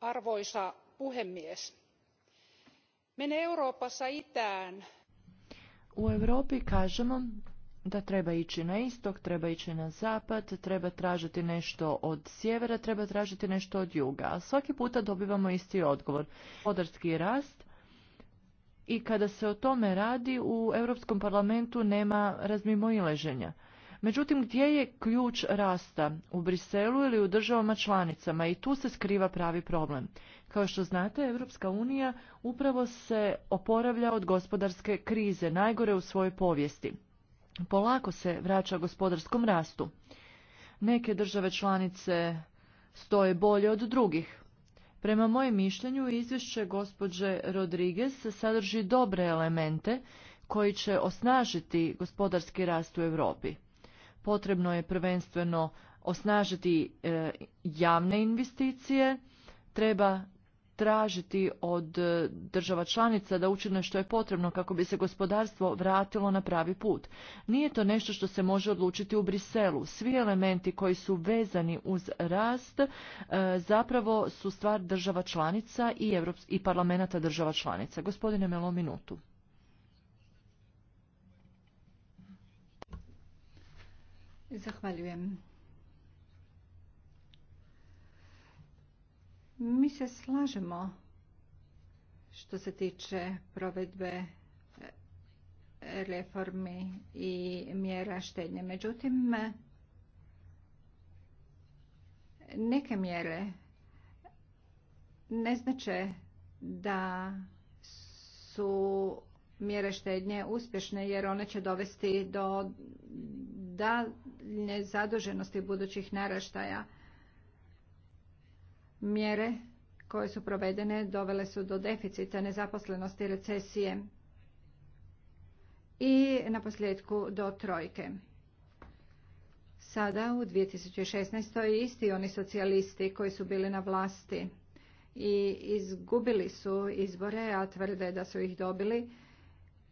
Arvoisa puhemies. Mene U Europi kažemo da treba ići na istok, treba ići na zapad, treba tražiti nešto od sjevera, treba tražiti nešto od juga. A svaki puta dobivamo isti odgovor. Podarski rast i kada se o tome radi u Europskom parlamentu nema razmimoileženja. Međutim, gdje je ključ rasta? U Briselu ili u državama članicama? I tu se skriva pravi problem. Kao što znate, Europska unija upravo se oporavlja od gospodarske krize, najgore u svojoj povijesti polako se vraća gospodarskom rastu. Neke države članice stoje bolje od drugih. Prema mojem mišljenju, izvješće gospođe Rodriguez sadrži dobre elemente koji će osnažiti gospodarski rast u Europi. Potrebno je prvenstveno osnažiti e, javne investicije, treba tražiti od država članica da učine što je potrebno kako bi se gospodarstvo vratilo na pravi put. Nije to nešto što se može odlučiti u Briselu. Svi elementi koji su vezani uz rast e, zapravo su stvar država članica i, Evrops i parlamenta država članica. Gospodine Melo, minutu. Zahvaljujem. Mi se slažemo što se tiče provedbe e, reformi i mjera štednje. Međutim, neke mjere ne znače da su mjere štednje uspješne jer one će dovesti do daljnje zaduženosti budućih naraštaja. Mjere koje su provedene dovele su do deficita nezaposlenosti recesije i na posljedku do trojke. Sada u 2016. isti oni socijalisti koji su bili na vlasti i izgubili su izbore, a tvrde da su ih dobili,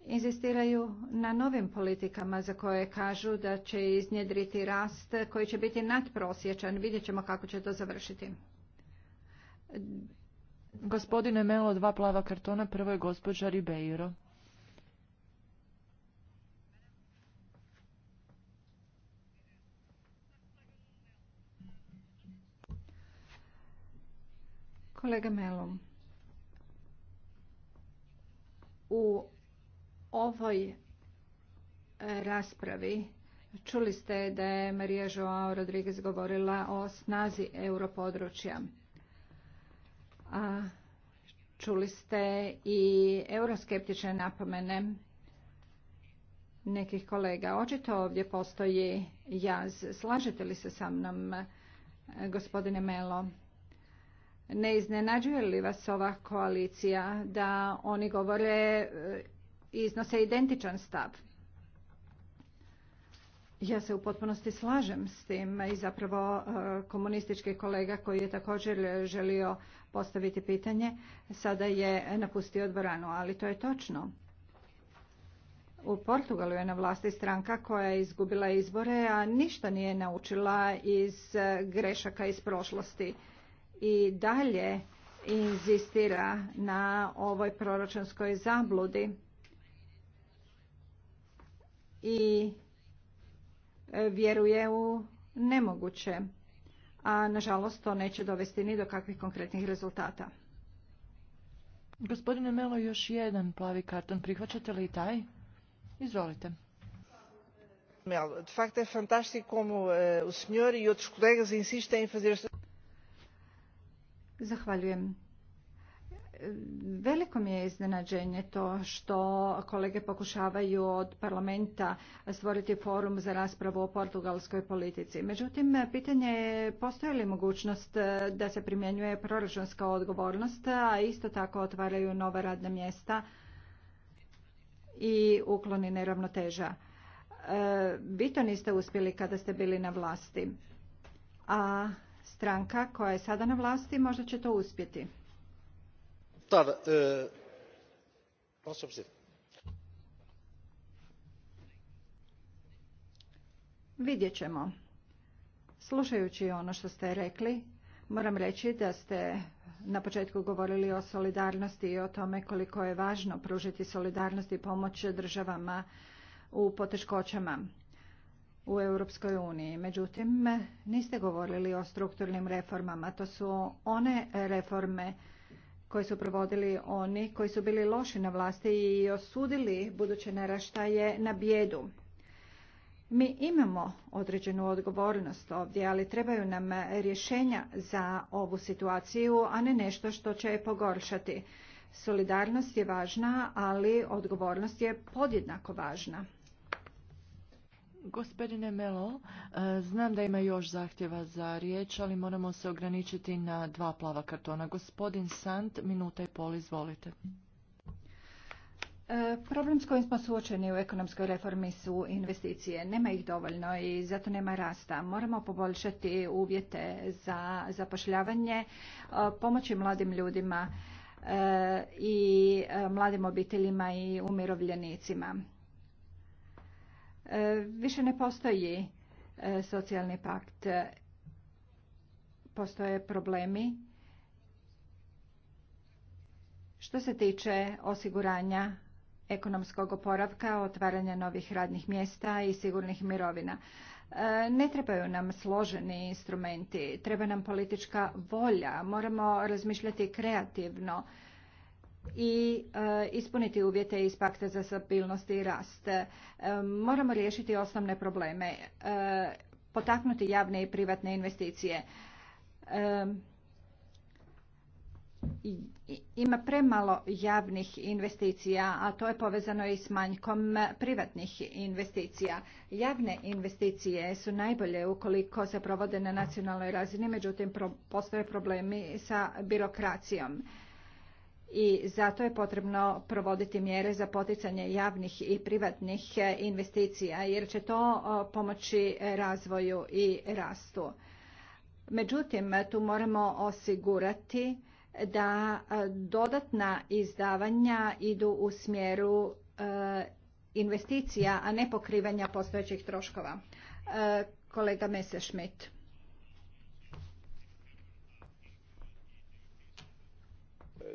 inzistiraju na novim politikama za koje kažu da će iznjedriti rast koji će biti nadprosječan. Vidjet ćemo kako će to završiti. Gospodine Melo, dva plava kartona, prvo je gospođa Ribeiro. Kolega Melo, u ovoj raspravi čuli ste da je Marija Joao Rodriguez govorila o snazi europodručja. A čuli ste i euroskeptične napomene nekih kolega. Očito ovdje postoji jaz. Slažete li se sa mnom, gospodine Melo? Ne iznenađuje li vas ova koalicija da oni govore i e, iznose identičan stav? Ja se u potpunosti slažem s tim i zapravo e, komunistički kolega koji je također želio postaviti pitanje. Sada je napustio dvoranu, ali to je točno. U Portugalu je na vlasti stranka koja je izgubila izbore, a ništa nije naučila iz grešaka iz prošlosti. I dalje inzistira na ovoj proračunskoj zabludi. I vjeruje u nemoguće a nažalost to neće dovesti ni do kakvih konkretnih rezultata. Gospodine Melo, još jedan plavi karton. Prihvaćate li i taj? Izvolite. Melo, de facto je fantástico como eh, o senhor e outros colegas insiste em fazer... Zahvaljujem. Veliko mi je iznenađenje to što kolege pokušavaju od parlamenta stvoriti forum za raspravu o portugalskoj politici. Međutim, pitanje je postoji li mogućnost da se primjenjuje proračunska odgovornost, a isto tako otvaraju nova radna mjesta i ukloni neravnoteža. E, vi to niste uspjeli kada ste bili na vlasti, a stranka koja je sada na vlasti možda će to uspjeti. E, Vidjet ćemo. Slušajući ono što ste rekli, moram reći da ste na početku govorili o solidarnosti i o tome koliko je važno pružiti solidarnost i pomoć državama u poteškoćama u Europskoj uniji. Međutim, niste govorili o strukturnim reformama. To su one reforme koje su provodili oni koji su bili loši na vlasti i osudili buduće naraštaje na bijedu. Mi imamo određenu odgovornost ovdje, ali trebaju nam rješenja za ovu situaciju, a ne nešto što će je pogoršati. Solidarnost je važna, ali odgovornost je podjednako važna. Gospodine Melo, e, znam da ima još zahtjeva za riječ, ali moramo se ograničiti na dva plava kartona. Gospodin Sant, minuta i pol, izvolite. E, problem s kojim smo suočeni u ekonomskoj reformi su investicije. Nema ih dovoljno i zato nema rasta. Moramo poboljšati uvjete za zapošljavanje, e, pomoći mladim ljudima i mladim obiteljima i umirovljenicima. E, više ne postoji e, socijalni pakt. E, postoje problemi što se tiče osiguranja ekonomskog oporavka, otvaranja novih radnih mjesta i sigurnih mirovina. Ne trebaju nam složeni instrumenti, treba nam politička volja, moramo razmišljati kreativno i e, ispuniti uvjete iz pakta za stabilnost i rast. E, moramo riješiti osnovne probleme, e, potaknuti javne i privatne investicije. Ima premalo javnih investicija, a to je povezano i s manjkom privatnih investicija. Javne investicije su najbolje ukoliko se provode na nacionalnoj razini, međutim postoje problemi sa birokracijom i zato je potrebno provoditi mjere za poticanje javnih i privatnih e, investicija jer će to pomoći razvoju i rastu. Međutim, tu moramo osigurati da e, dodatna izdavanja idu u smjeru e, investicija, a ne pokrivanja postojećih troškova. Kolega Messerschmidt.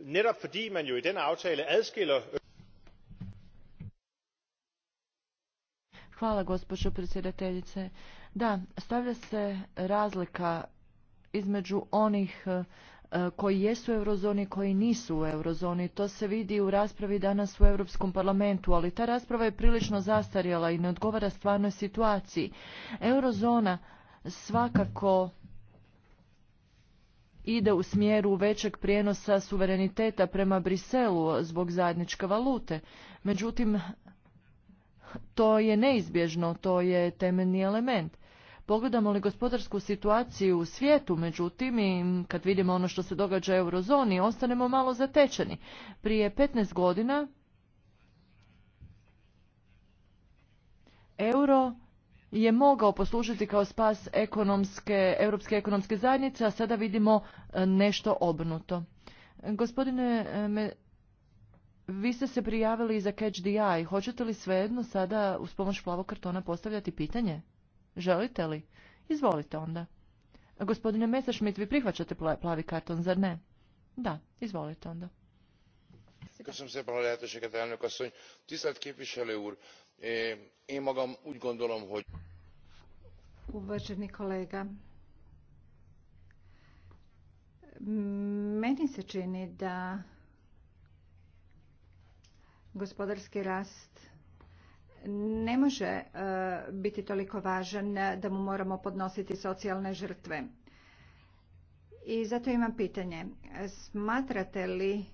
netop fordi man jo i den aftale adskiller Hvala gospođo predsjedateljice. Da, stavlja se razlika između onih e, koji jesu u eurozoni i koji nisu u eurozoni. To se vidi u raspravi danas u Europskom parlamentu, ali ta rasprava je prilično zastarjela i ne odgovara stvarnoj situaciji. Eurozona svakako ide u smjeru većeg prijenosa suvereniteta prema Briselu zbog zajedničke valute. Međutim, to je neizbježno, to je temeljni element. Pogledamo li gospodarsku situaciju u svijetu, međutim, kad vidimo ono što se događa u eurozoni, ostanemo malo zatečeni. Prije 15 godina euro je mogao poslužiti kao spas ekonomske, Europske ekonomske zajednice, a sada vidimo e, nešto obrnuto. Gospodine, e, vi ste se prijavili za Catch the Eye. Hoćete li svejedno sada uz pomoć plavog kartona postavljati pitanje? Želite li? Izvolite onda. Gospodine Messerschmidt, vi prihvaćate plavi karton, zar ne? Da, izvolite onda. Köszönöm szépen a lehetőséget, elnök asszony. Tisztelt képviselő én e, Uvaženi kolega, meni se čini da gospodarski rast ne može e, biti toliko važan da mu moramo podnositi socijalne žrtve. I zato imam pitanje. Smatrate li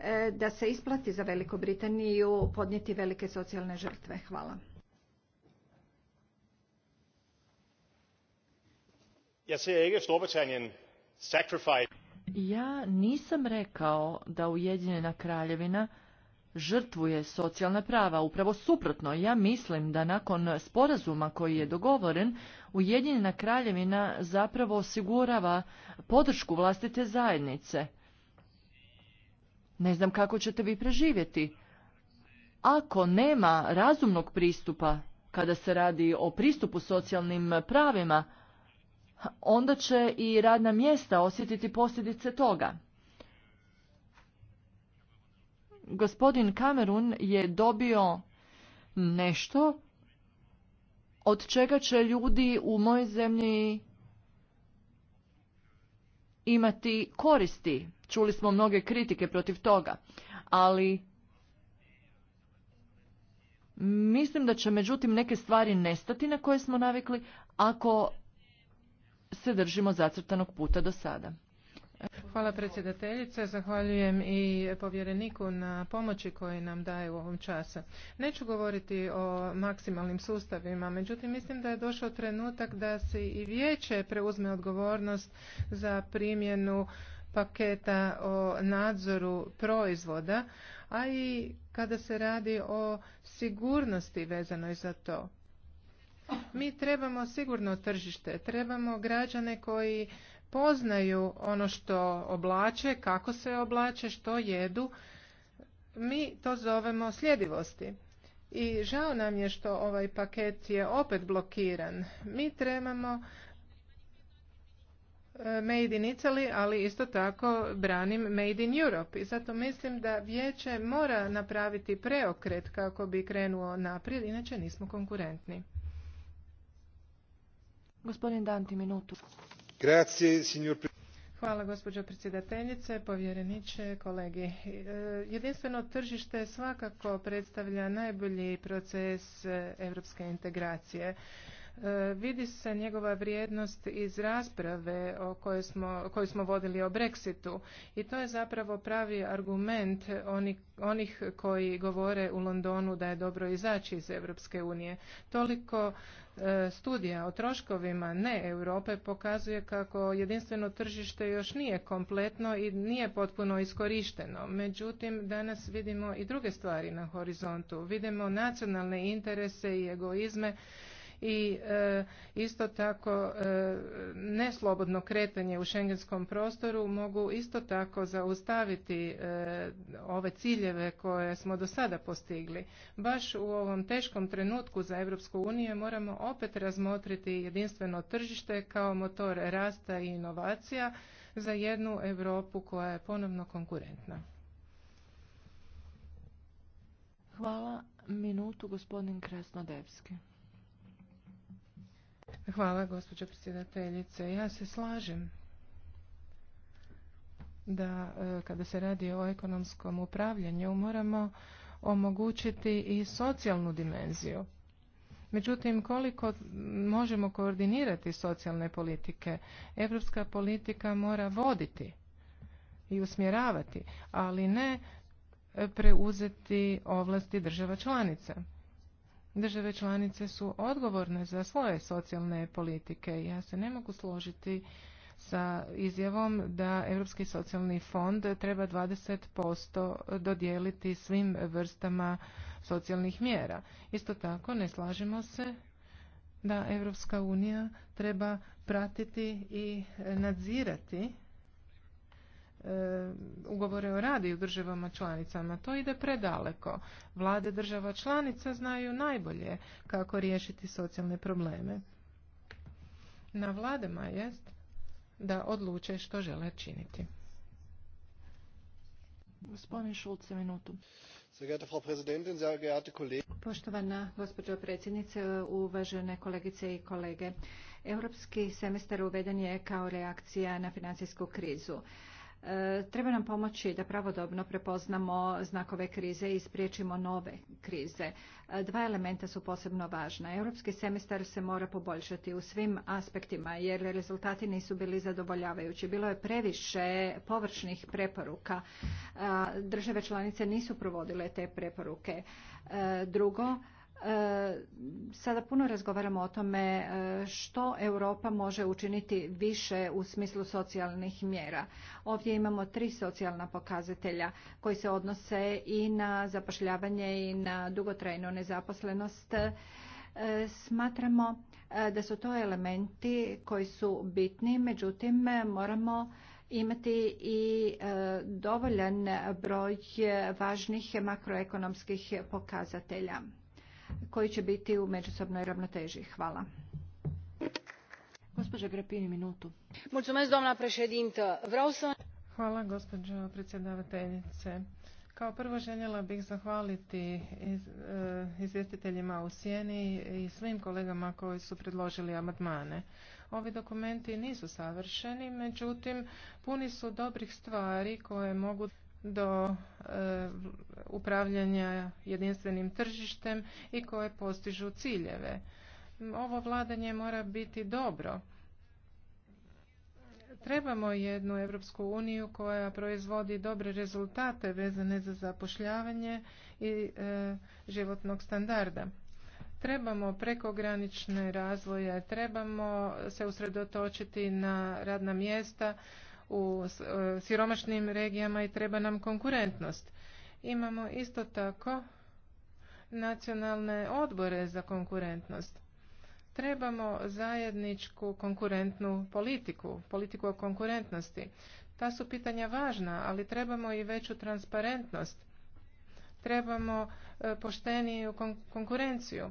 E, da se isplati za Veliku Britaniju podnijeti velike socijalne žrtve. Hvala. Ja nisam rekao da Ujedinjena kraljevina žrtvuje socijalna prava. Upravo suprotno, ja mislim da nakon sporazuma koji je dogovoren, Ujedinjena kraljevina zapravo osigurava podršku vlastite zajednice ne znam kako ćete vi preživjeti. Ako nema razumnog pristupa kada se radi o pristupu socijalnim pravima, onda će i radna mjesta osjetiti posljedice toga. Gospodin Kamerun je dobio nešto od čega će ljudi u mojoj zemlji imati koristi. Čuli smo mnoge kritike protiv toga, ali mislim da će međutim neke stvari nestati na koje smo navikli ako se držimo zacrtanog puta do sada. Hvala predsjedateljice, zahvaljujem i povjereniku na pomoći koji nam daje u ovom času. Neću govoriti o maksimalnim sustavima, međutim mislim da je došao trenutak da se i vijeće preuzme odgovornost za primjenu paketa o nadzoru proizvoda, a i kada se radi o sigurnosti vezanoj za to. Mi trebamo sigurno tržište, trebamo građane koji poznaju ono što oblače, kako se oblače, što jedu. Mi to zovemo sljedivosti. I žao nam je što ovaj paket je opet blokiran. Mi trebamo e, Made in Italy, ali isto tako branim Made in Europe. I zato mislim da vijeće mora napraviti preokret kako bi krenuo naprijed, inače nismo konkurentni. Gospodin Danti, minutu. Hvala gospođo predsjedateljice, povjereniče, kolegi. E, jedinstveno tržište svakako predstavlja najbolji proces europske integracije. E, vidi se njegova vrijednost iz rasprave o kojoj smo, koju smo vodili o Brexitu i to je zapravo pravi argument onih, onih koji govore u Londonu da je dobro izaći iz Europske unije. Toliko e, studija o troškovima ne Europe pokazuje kako jedinstveno tržište još nije kompletno i nije potpuno iskorišteno. Međutim, danas vidimo i druge stvari na horizontu. Vidimo nacionalne interese i egoizme i e, isto tako e, neslobodno kretanje u šengenskom prostoru mogu isto tako zaustaviti e, ove ciljeve koje smo do sada postigli. Baš u ovom teškom trenutku za Europsku uniju moramo opet razmotriti jedinstveno tržište kao motor rasta i inovacija za jednu Europu koja je ponovno konkurentna. Hvala. Minutu gospodin Krasnodevski. Hvala, gospođo predsjedateljice. Ja se slažem da e, kada se radi o ekonomskom upravljanju moramo omogućiti i socijalnu dimenziju. Međutim, koliko možemo koordinirati socijalne politike? Evropska politika mora voditi i usmjeravati, ali ne preuzeti ovlasti država članica. Države članice su odgovorne za svoje socijalne politike. Ja se ne mogu složiti sa izjavom da Europski socijalni fond treba 20% dodijeliti svim vrstama socijalnih mjera. Isto tako ne slažemo se da Europska unija treba pratiti i nadzirati E, ugovore o radi u državama članicama. To ide predaleko. Vlade država članica znaju najbolje kako riješiti socijalne probleme. Na vladama jest da odluče što žele činiti. Gospodin Šulce, minutu. Poštovana gospođo predsjednice, uvažene kolegice i kolege. Europski semestar uveden je kao reakcija na financijsku krizu. E, treba nam pomoći da pravodobno prepoznamo znakove krize i spriječimo nove krize. E, dva elementa su posebno važna. Europski semestar se mora poboljšati u svim aspektima jer rezultati nisu bili zadovoljavajući. Bilo je previše površnih preporuka. E, države članice nisu provodile te preporuke. Drugo, E, sada puno razgovaramo o tome e, što Europa može učiniti više u smislu socijalnih mjera. Ovdje imamo tri socijalna pokazatelja koji se odnose i na zapošljavanje i na dugotrajnu nezaposlenost. E, smatramo da su to elementi koji su bitni, međutim moramo imati i dovoljan broj važnih makroekonomskih pokazatelja koji će biti u međusobnoj ravnoteži. Hvala. Gospođa Grepini, minutu. Mulțumesc, doamna președintă. Vreau să... Hvala, gospođo predsjedavateljice. Kao prvo željela bih zahvaliti eh, izvjestiteljima u Sjeni i svim kolegama koji su predložili amandmane. Ovi dokumenti nisu savršeni, međutim, puni su dobrih stvari koje mogu do e, upravljanja jedinstvenim tržištem i koje postižu ciljeve. Ovo vladanje mora biti dobro. Trebamo jednu Europsku uniju koja proizvodi dobre rezultate vezane za zapošljavanje i e, životnog standarda trebamo prekogranične razvoje, trebamo se usredotočiti na radna mjesta u e, siromašnim regijama i treba nam konkurentnost. Imamo isto tako nacionalne odbore za konkurentnost. Trebamo zajedničku konkurentnu politiku, politiku o konkurentnosti. Ta su pitanja važna, ali trebamo i veću transparentnost. Trebamo e, pošteniju konkurenciju.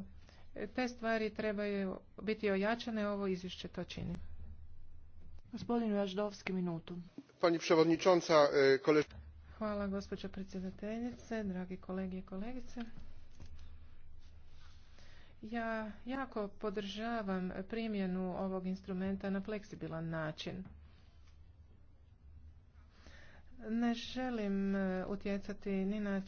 E, te stvari trebaju biti ojačane, ovo izvješće to čini. Gospodinu minutu. E, Hvala gospođo predsjedateljice, dragi kolege i kolegice. Ja jako podržavam primjenu ovog instrumenta na fleksibilan način. Ne želim e, utjecati ni na,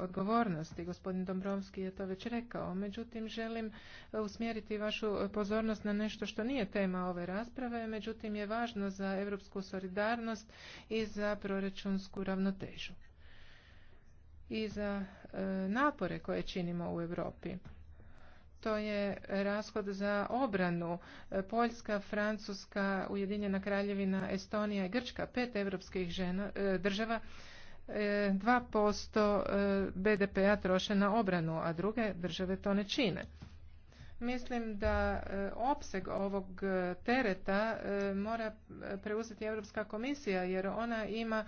odgovornosti, gospodin Dombrovski je to već rekao, međutim želim e, usmjeriti vašu pozornost na nešto što nije tema ove rasprave, međutim je važno za europsku solidarnost i za proračunsku ravnotežu i za e, napore koje činimo u Europi to je rashod za obranu. Poljska, Francuska, Ujedinjena kraljevina, Estonija i Grčka, pet europskih žena, e, država, 2% e, e, BDP-a troše na obranu, a druge države to ne čine. Mislim da e, opseg ovog e, tereta e, mora preuzeti Europska komisija jer ona ima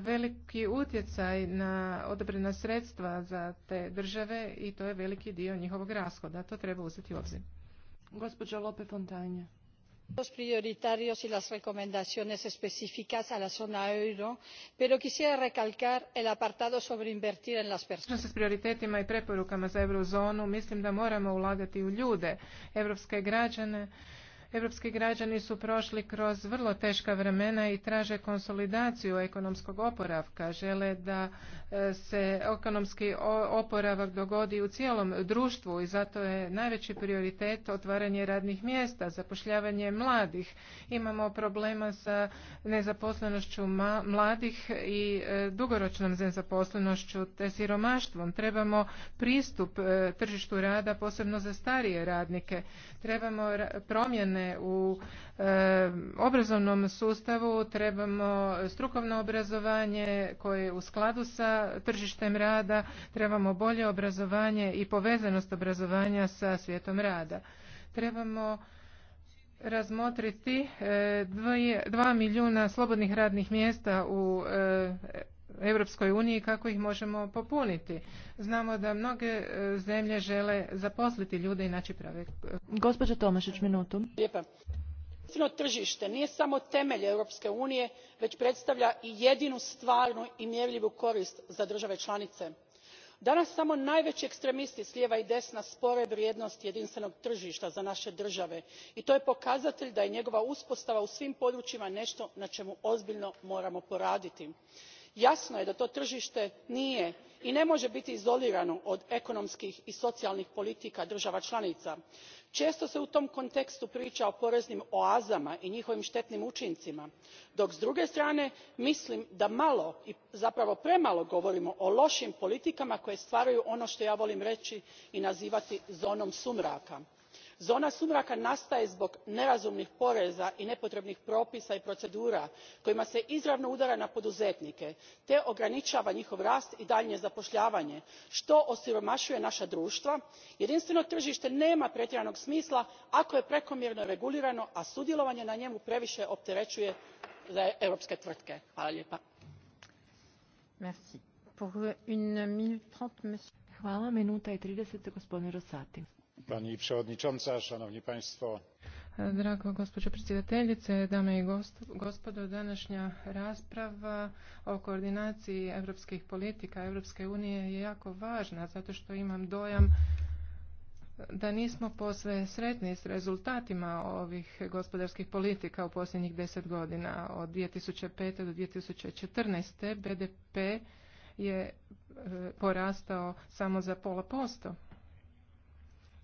veliki utjecaj na odobrena sredstva za te države i to je veliki dio njihovog rashoda. To treba uzeti u obzir. Gospođa Lope Fontanje los prioritarios y las recomendaciones específicas a la zona del euro pero quisiera recalcar el apartado sobre invertir en las personas. s prioritetima i preporukama za eurozonu mislim da moramo ulagati u ljude europske građane Europski građani su prošli kroz vrlo teška vremena i traže konsolidaciju ekonomskog oporavka. Žele da e, se ekonomski oporavak dogodi u cijelom društvu i zato je najveći prioritet otvaranje radnih mjesta, zapošljavanje mladih. Imamo problema sa nezaposlenošću mladih i e, dugoročnom nezaposlenošću te siromaštvom. Trebamo pristup e, tržištu rada posebno za starije radnike. Trebamo promjene Dakle, u obrazovnom sustavu trebamo strukovno obrazovanje koje je u skladu sa tržištem rada, trebamo bolje obrazovanje i povezanost obrazovanja sa svijetom rada. Trebamo razmotriti e, dva milijuna slobodnih radnih mjesta u e, Europskoj uniji kako ih možemo popuniti. Znamo da mnoge e, zemlje žele zaposliti ljude i naći prave. E, Gospođa Tomašić, minutu. Lijepa. Jedinstveno tržište nije samo temelj Europske unije, već predstavlja i jedinu stvarnu i mjerljivu korist za države članice. Danas samo najveći ekstremisti s lijeva i desna spore vrijednost jedinstvenog tržišta za naše države i to je pokazatelj da je njegova uspostava u svim područjima nešto na čemu ozbiljno moramo poraditi jasno je da to tržište nije i ne može biti izolirano od ekonomskih i socijalnih politika država članica. često se u tom kontekstu priča o poreznim oazama i njihovim štetnim učincima dok s druge strane mislim da malo i zapravo premalo govorimo o lošim politikama koje stvaraju ono što ja volim reći i nazivati zonom sumraka zona sumraka nastaje zbog nerazumnih poreza i nepotrebnih propisa i procedura kojima se izravno udara na poduzetnike te ograničava njihov rast i daljnje zapošljavanje što osiromašuje naša društva. jedinstveno tržište nema pretjeranog smisla ako je prekomjerno regulirano a sudjelovanje na njemu previše opterećuje europske tvrtke. Hvala pani przewodnicząca! szanowni państwo! gospođo predsjedateljice dame i gospodo današnja rasprava o koordinaciji europskih politika europske unije je jako važna zato što imam dojam da nismo posve sretni s rezultatima ovih gospodarskih politika u posljednjih deset godina od 2005. do 2014. BDP je e, porastao samo za pola posto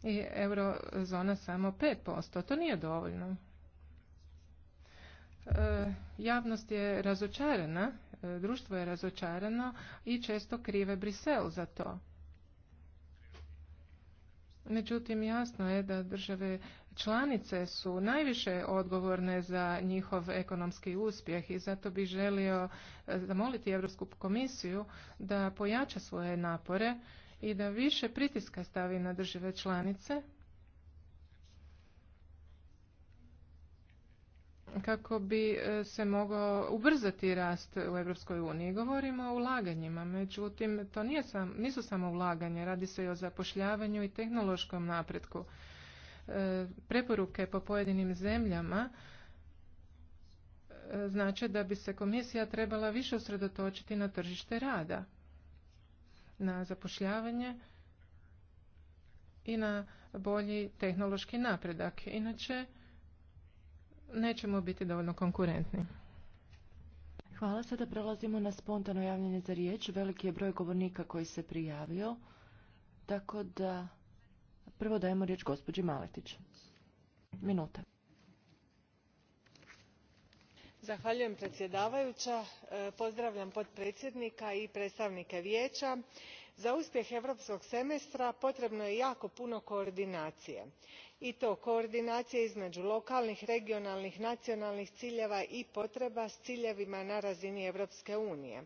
i eurozona samo 5%. To nije dovoljno. E, javnost je razočarana, e, društvo je razočarano i često krive Brisel za to. Međutim, jasno je da države članice su najviše odgovorne za njihov ekonomski uspjeh i zato bi želio e, zamoliti Europsku komisiju da pojača svoje napore i da više pritiska stavi na države članice kako bi e, se mogao ubrzati rast u Europskoj uniji. Govorimo o ulaganjima, međutim to nije nisu samo ulaganje, radi se i o zapošljavanju i tehnološkom napretku. E, preporuke po pojedinim zemljama e, znače da bi se komisija trebala više usredotočiti na tržište rada na zapošljavanje i na bolji tehnološki napredak. Inače, nećemo biti dovoljno konkurentni. Hvala. Sada prelazimo na spontano javljanje za riječ. Veliki je broj govornika koji se prijavio. Tako da prvo dajemo riječ gospođi Maletić. Minuta gospođo predsjedavajuća e, pozdravljam potpredsjednika i predstavnike vijeća. za uspjeh europskog semestra potrebno je jako puno koordinacije i to koordinacije između lokalnih regionalnih nacionalnih ciljeva i potreba s ciljevima na razini europske unije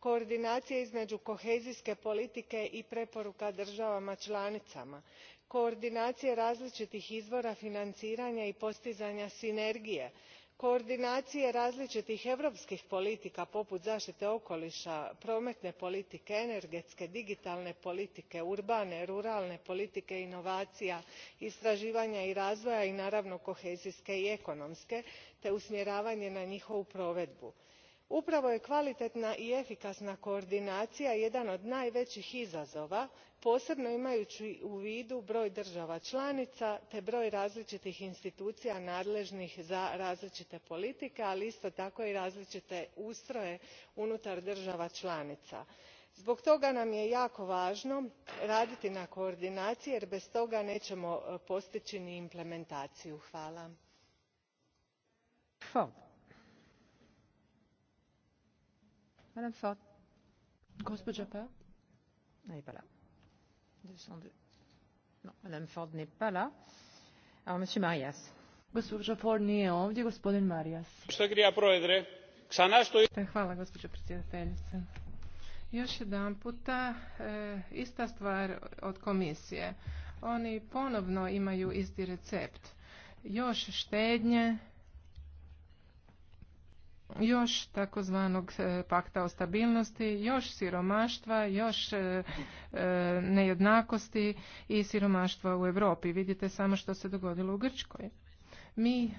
koordinacije između kohezijske politike i preporuka državama članicama koordinacije različitih izvora financiranja i postizanja sinergije koordinacije različitih europskih politika poput zaštite okoliša prometne politike energetske digitalne politike urbane ruralne politike inovacija istraživanja i razvoja i naravno kohezijske i ekonomske te usmjeravanje na njihovu provedbu upravo je kvalitetna i efikasna koordinacija jedan od najvećih izazova posebno imajući u vidu broj država članica te broj različitih institucija nadležnih za različite politike ali isto tako i različite ustroje unutar država članica. zbog toga nam je jako važno raditi na koordinaciji jer bez toga nećemo postići ni implementaciju. hvala. Madame Ford. Gospođa Pa. Elle pas là. 202. Non, Madame Ford n'est pas là. Alors, Monsieur Marias. Gospodin Ford nije ovdje, gospodin Marijas. Što grija projedre? Ksana što... E, hvala, gospođo predsjedateljice. Još jedan puta, e, ista stvar od komisije. Oni ponovno imaju isti recept. Još štednje, još takozvanog e, pakta o stabilnosti, još siromaštva, još e, e, nejednakosti i siromaštva u Europi. Vidite samo što se dogodilo u Grčkoj. Mi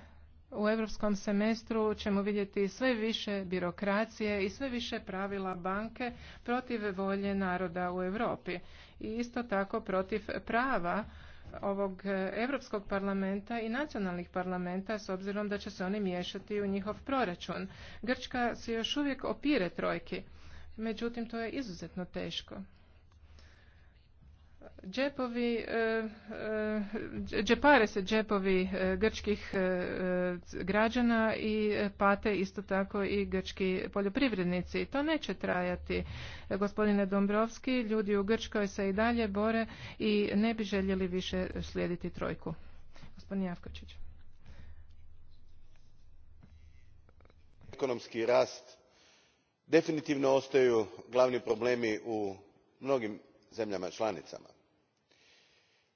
u europskom semestru ćemo vidjeti sve više birokracije i sve više pravila banke protiv volje naroda u Europi i isto tako protiv prava ovog e, Europskog parlamenta i nacionalnih parlamenta s obzirom da će se oni miješati u njihov proračun. Grčka se još uvijek opire trojki, međutim to je izuzetno teško. Džepovi, e, e, džepare se džepovi e, grčkih građana i pate isto tako i grčki poljoprivrednici. To neće trajati, gospodine Dombrovski. Ljudi u Grčkoj se i dalje bore i ne bi željeli više slijediti trojku. Gospodin Javkočić. Ekonomski rast definitivno ostaju glavni problemi u mnogim zemljama članicama?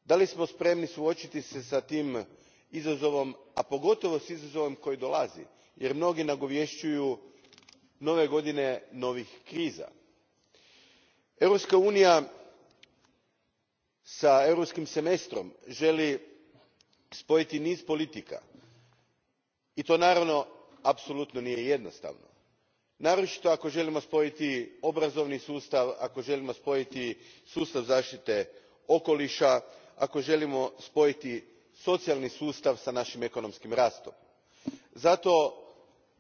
Da li spremni suočiti se s tim izazovom a pogotovo s izazovom koji dolazi jer mnogi nagovješćuju nove godine novih kriza? europska unija s europskim semestrom želi spojiti niz politika i to naravno apsolutno nije jednostavno naročito ako želimo spojiti obrazovni sustav ako želimo spojiti sustav zaštite okoliša ako želimo spojiti socijalni sustav s našim ekonomskim rastom. zato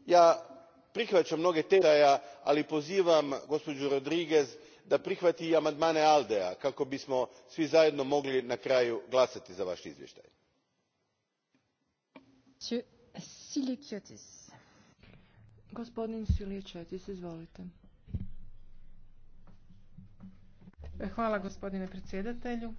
ja prihvaćam mnoge teze ali pozivam gospođu rodriguez da prihvati i amandmane alde kako bismo svi zajedno mogli na kraju glasati za vaš izvještaj. Gospodin Silije Četis, izvolite. Hvala gospodine predsjedatelju.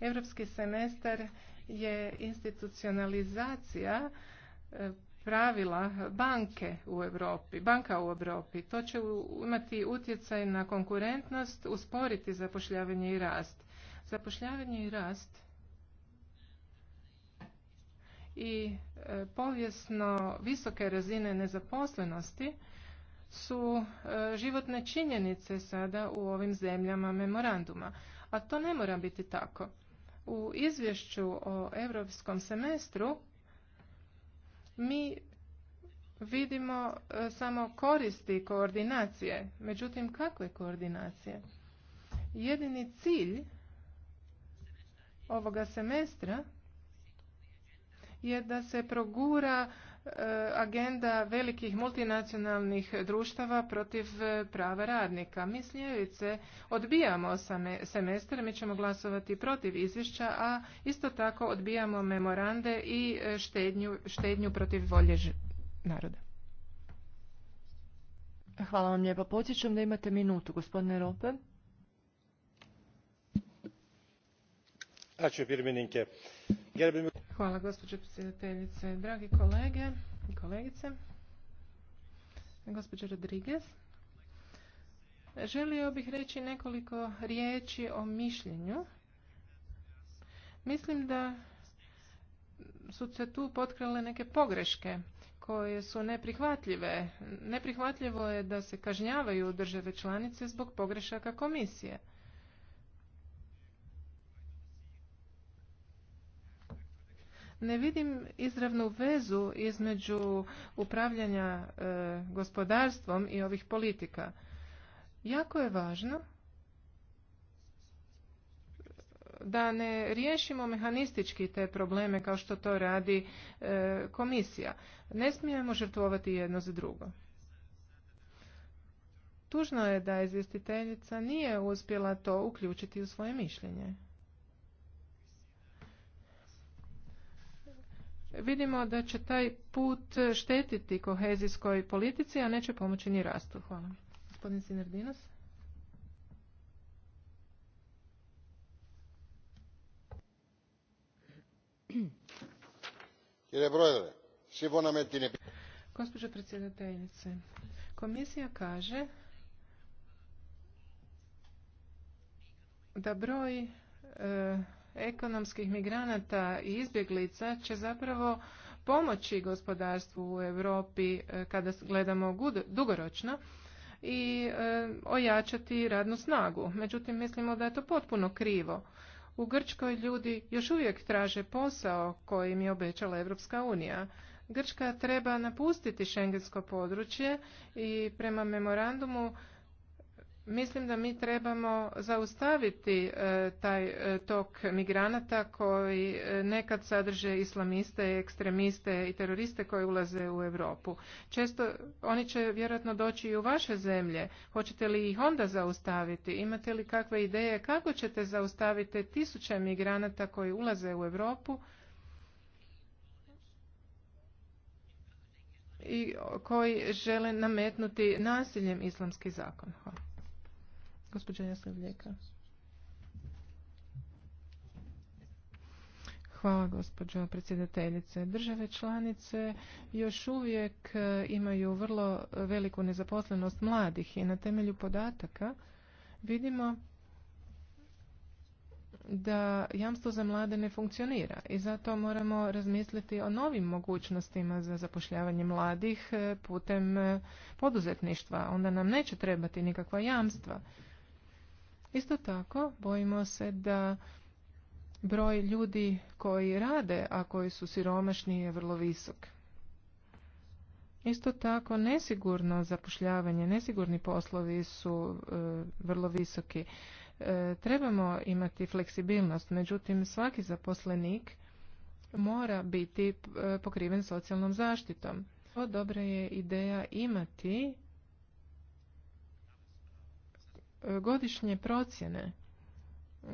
Europski semestar je institucionalizacija e, pravila banke u Europi, banka u Europi. To će imati utjecaj na konkurentnost, usporiti zapošljavanje i rast. Zapošljavanje i rast i e, povijesno visoke razine nezaposlenosti su e, životne činjenice sada u ovim zemljama memoranduma, a to ne mora biti tako. U izvješću o europskom semestru mi vidimo e, samo koristi koordinacije. Međutim, kakve koordinacije? Jedini cilj ovoga semestra je da se progura e, agenda velikih multinacionalnih društava protiv e, prava radnika. Mi sljedeće odbijamo semestar, mi ćemo glasovati protiv izvješća, a isto tako odbijamo memorande i e, štednju, štednju protiv volje naroda. Hvala vam lijepa. Podsjećam da imate minutu, gospodine Rope. Hvala gospođo predsjedateljice. Dragi kolege i kolegice, gospođo Rodriguez, želio bih reći nekoliko riječi o mišljenju. Mislim da su se tu potkrale neke pogreške koje su neprihvatljive. Neprihvatljivo je da se kažnjavaju države članice zbog pogrešaka komisije. ne vidim izravnu vezu između upravljanja e, gospodarstvom i ovih politika jako je važno da ne riješimo mehanistički te probleme kao što to radi e, komisija ne smijemo žrtvovati jedno za drugo tužno je da izvjestiteljica nije uspjela to uključiti u svoje mišljenje vidimo da će taj put štetiti kohezijskoj politici, a neće pomoći ni rastu. Hvala. Gospodin Sinardinos. Gospođo predsjedateljice, komisija kaže da broj e, ekonomskih migranata i izbjeglica će zapravo pomoći gospodarstvu u Europi e, kada gledamo dugoročno i e, ojačati radnu snagu. Međutim, mislimo da je to potpuno krivo. U Grčkoj ljudi još uvijek traže posao koji im je obećala Europska unija. Grčka treba napustiti šengensko područje i prema memorandumu Mislim da mi trebamo zaustaviti e, taj e, tok migranata koji e, nekad sadrže islamiste, ekstremiste i teroriste koji ulaze u Europu. Često oni će vjerojatno doći i u vaše zemlje. Hoćete li ih onda zaustaviti? Imate li kakve ideje kako ćete zaustaviti tisuće migranata koji ulaze u Europu? i koji žele nametnuti nasiljem islamski zakon. Hvala. Gospođa Hvala gospođo predsjedateljice. Države članice još uvijek eh, imaju vrlo veliku nezaposlenost mladih i na temelju podataka vidimo da jamstvo za mlade ne funkcionira i zato moramo razmisliti o novim mogućnostima za zapošljavanje mladih eh, putem eh, poduzetništva. Onda nam neće trebati nikakva jamstva Isto tako, bojimo se da broj ljudi koji rade, a koji su siromašni je vrlo visok. Isto tako, nesigurno zapošljavanje, nesigurni poslovi su e, vrlo visoki. E, trebamo imati fleksibilnost, međutim svaki zaposlenik mora biti e, pokriven socijalnom zaštitom. dobra je ideja imati godišnje procjene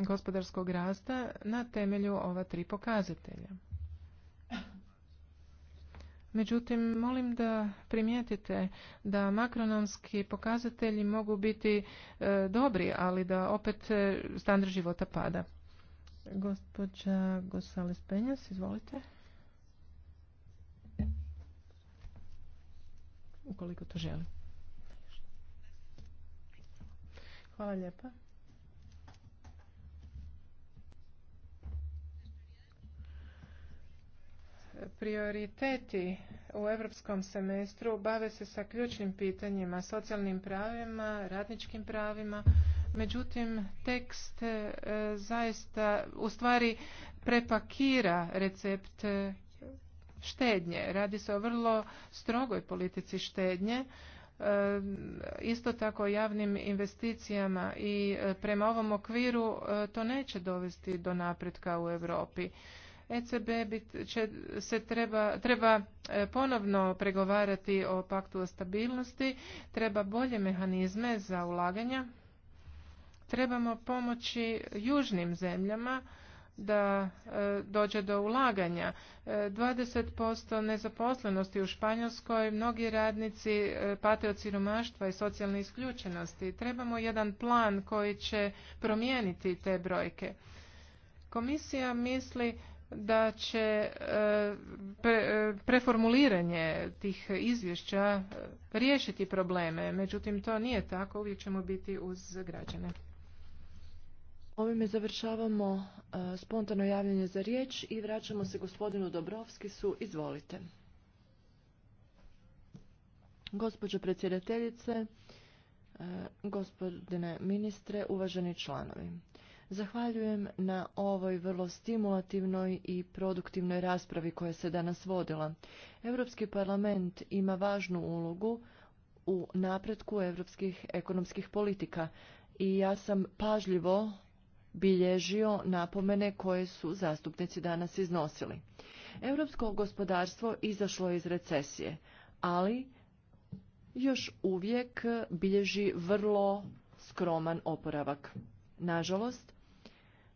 gospodarskog rasta na temelju ova tri pokazatelja. Međutim, molim da primijetite da makronomski pokazatelji mogu biti e, dobri, ali da opet e, standard života pada. Gospođa Gosales Penjas, izvolite. Ukoliko to želite. Hvala lijepa. prioriteti u europskom semestru bave se sa ključnim pitanjima socijalnim pravima radničkim pravima međutim tekst e, zaista u stvari prepakira recept e, štednje radi se o vrlo strogoj politici štednje isto tako javnim investicijama i e, prema ovom okviru e, to neće dovesti do napretka u Europi. ECB će, se treba, treba e, ponovno pregovarati o paktu o stabilnosti, treba bolje mehanizme za ulaganja, trebamo pomoći južnim zemljama da e, dođe do ulaganja. 20% e, nezaposlenosti u Španjolskoj, mnogi radnici e, pate od siromaštva i socijalne isključenosti. Trebamo jedan plan koji će promijeniti te brojke. Komisija misli da će preformuliranje tih izvješća riješiti probleme. Međutim, to nije tako. Uvijek ćemo biti uz građane. Ovime završavamo e, spontano javljanje za riječ i vraćamo se gospodinu Dobrovskisu. Izvolite. Gospođo predsjedateljice, e, gospodine ministre, uvaženi članovi. Zahvaljujem na ovoj vrlo stimulativnoj i produktivnoj raspravi koja se danas vodila. Europski parlament ima važnu ulogu u napretku europskih ekonomskih politika i ja sam pažljivo bilježio napomene koje su zastupnici danas iznosili. Europsko gospodarstvo izašlo iz recesije, ali još uvijek bilježi vrlo skroman oporavak. Nažalost,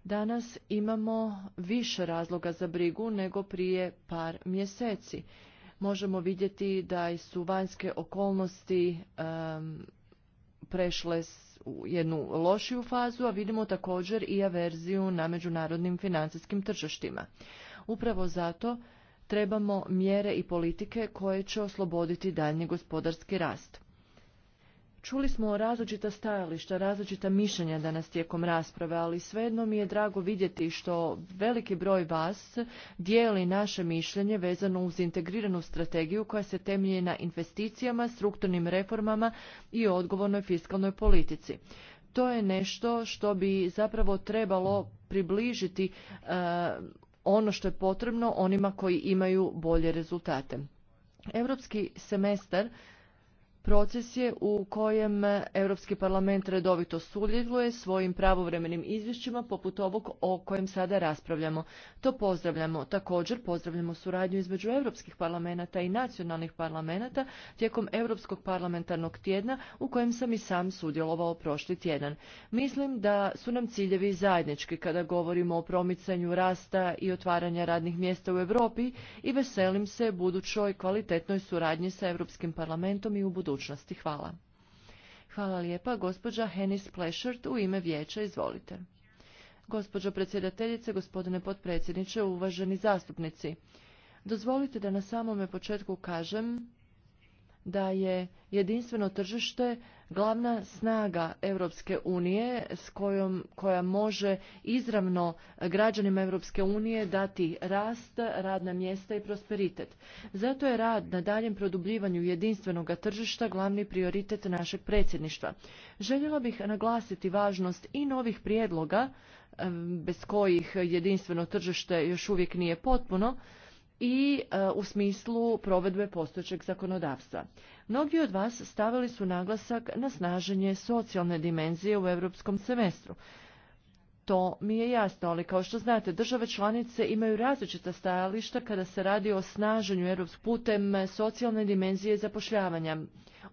danas imamo više razloga za brigu nego prije par mjeseci. Možemo vidjeti da su vanjske okolnosti prešle prešle u jednu lošiju fazu, a vidimo također i averziju na međunarodnim financijskim tržištima. Upravo zato trebamo mjere i politike koje će osloboditi daljnji gospodarski rast. Čuli smo različita stajališta, različita mišljenja danas tijekom rasprave, ali svejedno mi je drago vidjeti što veliki broj vas dijeli naše mišljenje vezano uz integriranu strategiju koja se temelji na investicijama, strukturnim reformama i odgovornoj fiskalnoj politici. To je nešto što bi zapravo trebalo približiti e, ono što je potrebno onima koji imaju bolje rezultate. Europski semestar Proces je u kojem Europski parlament redovito sudjeluje svojim pravovremenim izvješćima poput ovog o kojem sada raspravljamo. To pozdravljamo. Također pozdravljamo suradnju između Europskih parlamenta i nacionalnih parlamenta tijekom Europskog parlamentarnog tjedna u kojem sam i sam sudjelovao prošli tjedan. Mislim da su nam ciljevi zajednički kada govorimo o promicanju rasta i otvaranja radnih mjesta u Europi i veselim se budućoj kvalitetnoj suradnji sa Europskim parlamentom i u budućnosti budućnosti. Hvala. Hvala lijepa. Gospođa Henis Plešert u ime vijeća. Izvolite. Gospođo predsjedateljice, gospodine potpredsjedniče, uvaženi zastupnici. Dozvolite da na samome početku kažem da je jedinstveno tržište Glavna snaga Europske unije s kojom, koja može izravno građanima Europske unije dati rast, radna mjesta i prosperitet. Zato je rad na daljem produbljivanju jedinstvenog tržišta glavni prioritet našeg predsjedništva. Željela bih naglasiti važnost i novih prijedloga bez kojih jedinstveno tržište još uvijek nije potpuno, i e, u smislu provedbe postojećeg zakonodavstva. Mnogi od vas stavili su naglasak na snaženje socijalne dimenzije u europskom semestru. To mi je jasno, ali kao što znate, države članice imaju različita stajališta kada se radi o snaženju europskog putem socijalne dimenzije zapošljavanja.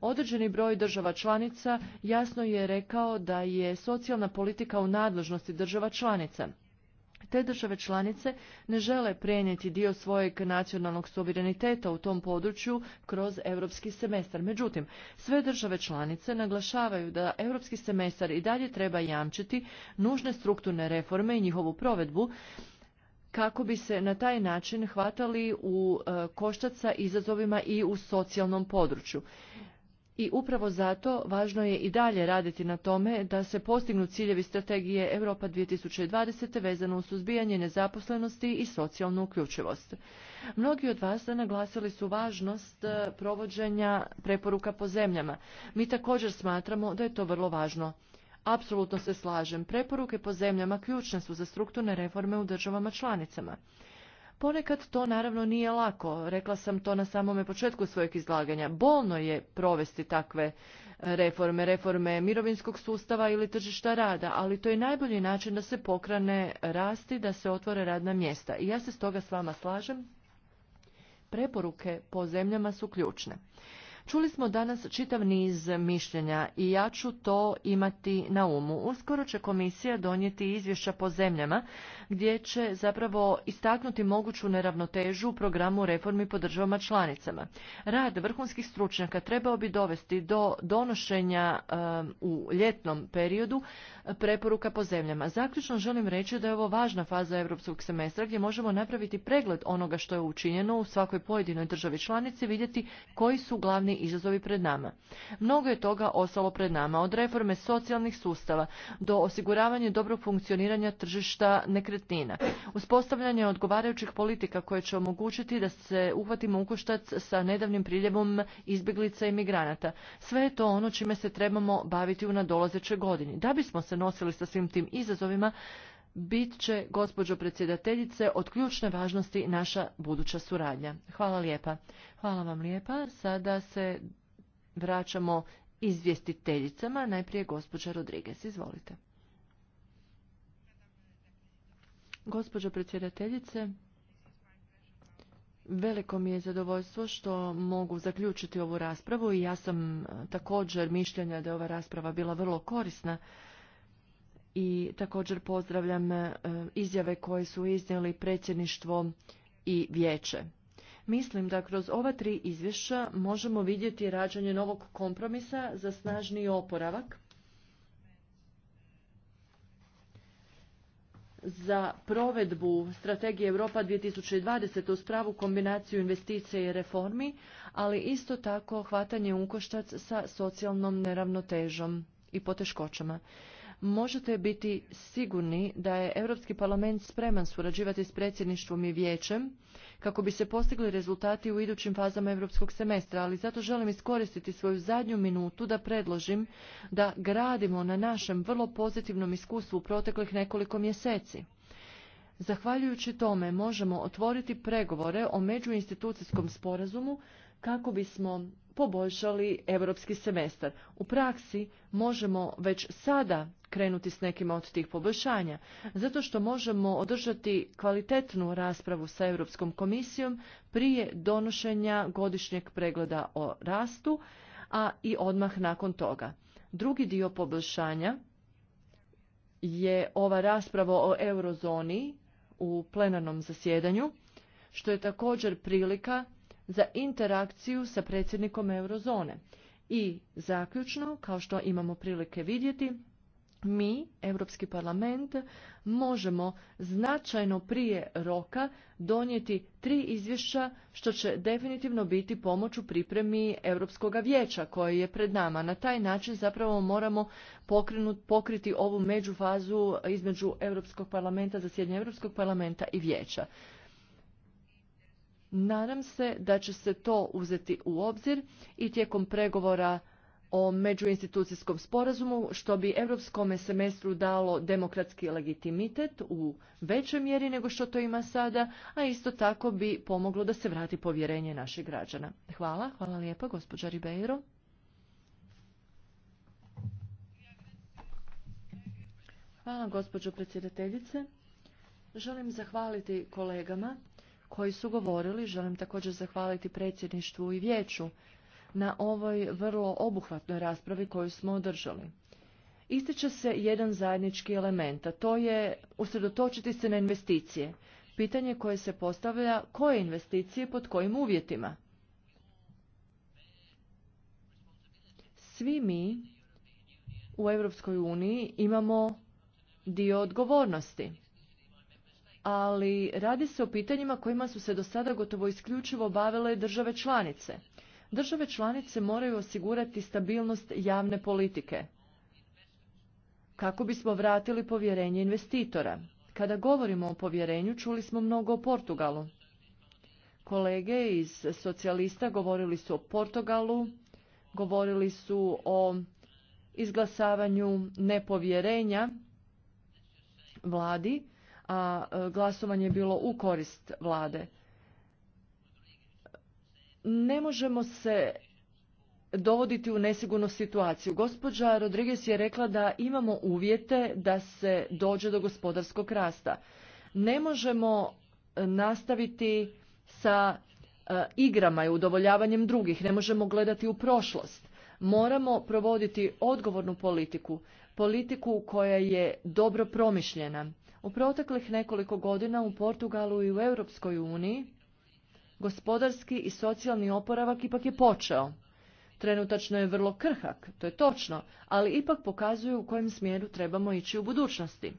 Određeni broj država članica jasno je rekao da je socijalna politika u nadležnosti država članica. Te države članice ne žele prenijeti dio svojeg nacionalnog suvereniteta u tom području kroz europski semestar. Međutim, sve države članice naglašavaju da europski semestar i dalje treba jamčiti nužne strukturne reforme i njihovu provedbu kako bi se na taj način hvatali u e, koštaca izazovima i u socijalnom području i upravo zato važno je i dalje raditi na tome da se postignu ciljevi strategije Europa 2020 vezano uz suzbijanje nezaposlenosti i socijalnu uključivost. Mnogi od vas naglasili su važnost e, provođenja preporuka po zemljama. Mi također smatramo da je to vrlo važno. Apsolutno se slažem, preporuke po zemljama ključne su za strukturne reforme u državama članicama. Ponekad to naravno nije lako, rekla sam to na samome početku svojeg izlaganja. Bolno je provesti takve e, reforme, reforme mirovinskog sustava ili tržišta rada, ali to je najbolji način da se pokrane rasti, da se otvore radna mjesta. I ja se stoga s vama slažem, preporuke po zemljama su ključne. Čuli smo danas čitav niz mišljenja i ja ću to imati na umu. Uskoro će komisija donijeti izvješća po zemljama gdje će zapravo istaknuti moguću neravnotežu u programu reformi po državama članicama. Rad vrhunskih stručnjaka trebao bi dovesti do donošenja u ljetnom periodu preporuka po zemljama. Zaključno želim reći da je ovo važna faza europskog semestra gdje možemo napraviti pregled onoga što je učinjeno u svakoj pojedinoj državi članici, vidjeti koji su glavni izazovi pred nama. Mnogo je toga ostalo pred nama, od reforme socijalnih sustava do osiguravanja dobrog funkcioniranja tržišta nekretnina, uspostavljanje odgovarajućih politika koje će omogućiti da se uhvatimo ukoštac sa nedavnim priljevom izbjeglica i migranata. Sve je to ono čime se trebamo baviti u nadolazećoj godini. Da bismo se nosili sa svim tim izazovima, bit će, gospođo predsjedateljice, od ključne važnosti naša buduća suradnja. Hvala lijepa. Hvala vam lijepa. Sada se vraćamo izvjestiteljicama. Najprije gospođa Rodriguez. Izvolite. Gospođo predsjedateljice, Veliko mi je zadovoljstvo što mogu zaključiti ovu raspravu i ja sam eh, također mišljenja da je ova rasprava bila vrlo korisna i također pozdravljam e, izjave koje su iznijeli predsjedništvo i vijeće. Mislim da kroz ova tri izvješća možemo vidjeti rađanje novog kompromisa za snažni oporavak, za provedbu strategije Europa 2020 uz pravu kombinaciju investicije i reformi, ali isto tako hvatanje ukoštac sa socijalnom neravnotežom i poteškoćama. Možete biti sigurni da je Europski parlament spreman surađivati s predsjedništvom i vijećem kako bi se postigli rezultati u idućim fazama europskog semestra, ali zato želim iskoristiti svoju zadnju minutu da predložim da gradimo na našem vrlo pozitivnom iskustvu u proteklih nekoliko mjeseci. Zahvaljujući tome možemo otvoriti pregovore o međuinstitucijskom sporazumu kako bismo poboljšali europski semestar. U praksi možemo već sada krenuti s nekim od tih poboljšanja, zato što možemo održati kvalitetnu raspravu sa Europskom komisijom prije donošenja godišnjeg pregleda o rastu, a i odmah nakon toga. Drugi dio poboljšanja je ova rasprava o eurozoni u plenarnom zasjedanju, što je također prilika za interakciju sa predsjednikom eurozone. I zaključno, kao što imamo prilike vidjeti, mi, Europski parlament, možemo značajno prije roka donijeti tri izvješća što će definitivno biti pomoć u pripremi Europskog vijeća koje je pred nama. Na taj način zapravo moramo pokrenut, pokriti ovu međufazu između Europskog parlamenta, Zasjednje Europskog parlamenta i vijeća. Nadam se da će se to uzeti u obzir i tijekom pregovora o međuinstitucijskom sporazumu što bi europskome semestru dalo demokratski legitimitet u većoj mjeri nego što to ima sada, a isto tako bi pomoglo da se vrati povjerenje naših građana. Hvala, hvala lijepa gospođa Ribeiro. Hvala gospođo predsjedateljice. Želim zahvaliti kolegama koji su govorili, želim također zahvaliti predsjedništvu i vijeću na ovoj vrlo obuhvatnoj raspravi koju smo održali. Ističe se jedan zajednički element, a to je usredotočiti se na investicije. Pitanje koje se postavlja koje investicije pod kojim uvjetima. Svi mi u Europskoj uniji imamo dio odgovornosti. Ali radi se o pitanjima kojima su se do sada gotovo isključivo bavile države članice. Države članice moraju osigurati stabilnost javne politike kako bismo vratili povjerenje investitora. Kada govorimo o povjerenju, čuli smo mnogo o Portugalu. Kolege iz socijalista govorili su o Portugalu, govorili su o izglasavanju nepovjerenja vladi, a e, glasovanje je bilo u korist vlade ne možemo se dovoditi u nesigurnu situaciju. Gospođa Rodriguez je rekla da imamo uvjete da se dođe do gospodarskog rasta. Ne možemo e, nastaviti sa e, igrama i udovoljavanjem drugih, ne možemo gledati u prošlost. Moramo provoditi odgovornu politiku, politiku koja je dobro promišljena. U proteklih nekoliko godina u Portugalu i u Europskoj uniji Gospodarski i socijalni oporavak ipak je počeo. Trenutačno je vrlo krhak, to je točno, ali ipak pokazuju u kojem smjeru trebamo ići u budućnosti.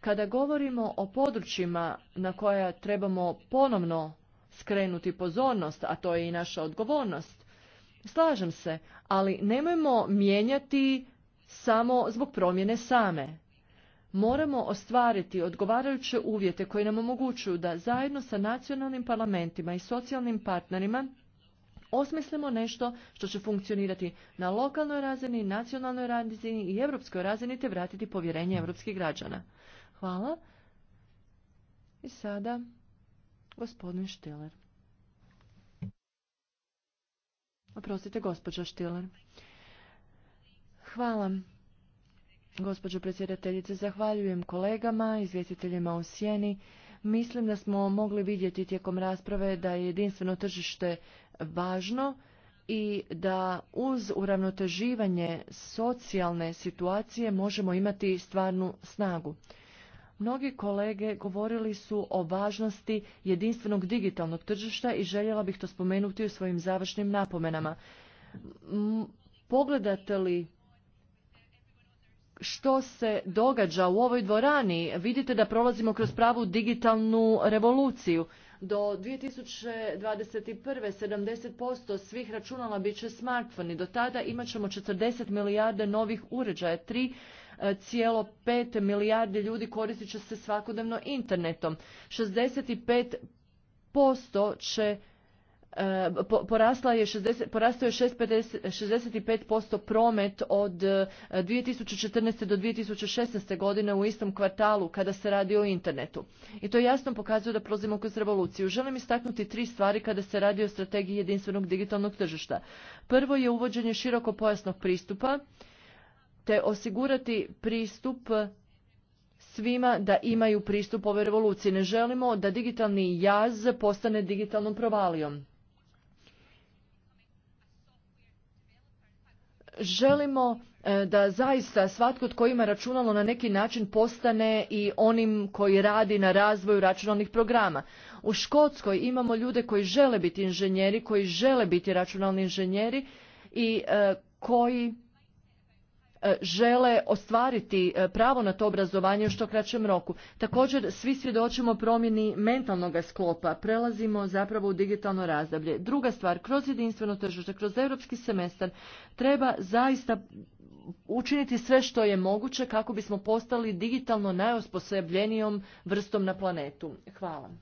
Kada govorimo o područjima na koja trebamo ponovno skrenuti pozornost, a to je i naša odgovornost, slažem se, ali nemojmo mijenjati samo zbog promjene same moramo ostvariti odgovarajuće uvjete koji nam omogućuju da zajedno sa nacionalnim parlamentima i socijalnim partnerima osmislimo nešto što će funkcionirati na lokalnoj razini, nacionalnoj razini i europskoj razini te vratiti povjerenje europskih građana. Hvala. I sada gospodin Štiler. Oprostite, gospođa Štiler. Hvala. Gospođo predsjedateljice, zahvaljujem kolegama, izvjestiteljima u sjeni. Mislim da smo mogli vidjeti tijekom rasprave da je jedinstveno tržište važno i da uz uravnoteživanje socijalne situacije možemo imati stvarnu snagu. Mnogi kolege govorili su o važnosti jedinstvenog digitalnog tržišta i željela bih to spomenuti u svojim završnim napomenama. Pogledate li što se događa u ovoj dvorani, vidite da prolazimo kroz pravu digitalnu revoluciju. Do 2021. 70% svih računala bit će smartfoni. Do tada imat ćemo 40 milijarde novih uređaja, 3,5 e, milijarde ljudi koristit će se svakodnevno internetom. 65% će Eh, porasla je 60, porastao je 65% promet od 2014. Eh, do 2016. godine u istom kvartalu kada se radi o internetu. I to jasno pokazuje da prolazimo kroz revoluciju. Želim istaknuti tri stvari kada se radi o strategiji jedinstvenog digitalnog tržišta. Prvo je uvođenje široko pojasnog pristupa te osigurati pristup svima da imaju pristup ovoj revoluciji. Ne želimo da digitalni jaz postane digitalnom provalijom. želimo e, da zaista svatko tko ima računalo na neki način postane i onim koji radi na razvoju računalnih programa. U Škotskoj imamo ljude koji žele biti inženjeri, koji žele biti računalni inženjeri i e, koji E, žele ostvariti e, pravo na to obrazovanje u što kraćem roku. Također svi svjedočimo promjeni mentalnog sklopa, prelazimo zapravo u digitalno razdoblje. Druga stvar, kroz jedinstveno tržište, kroz europski semestar treba zaista učiniti sve što je moguće kako bismo postali digitalno najosposobljenijom vrstom na planetu. Hvala.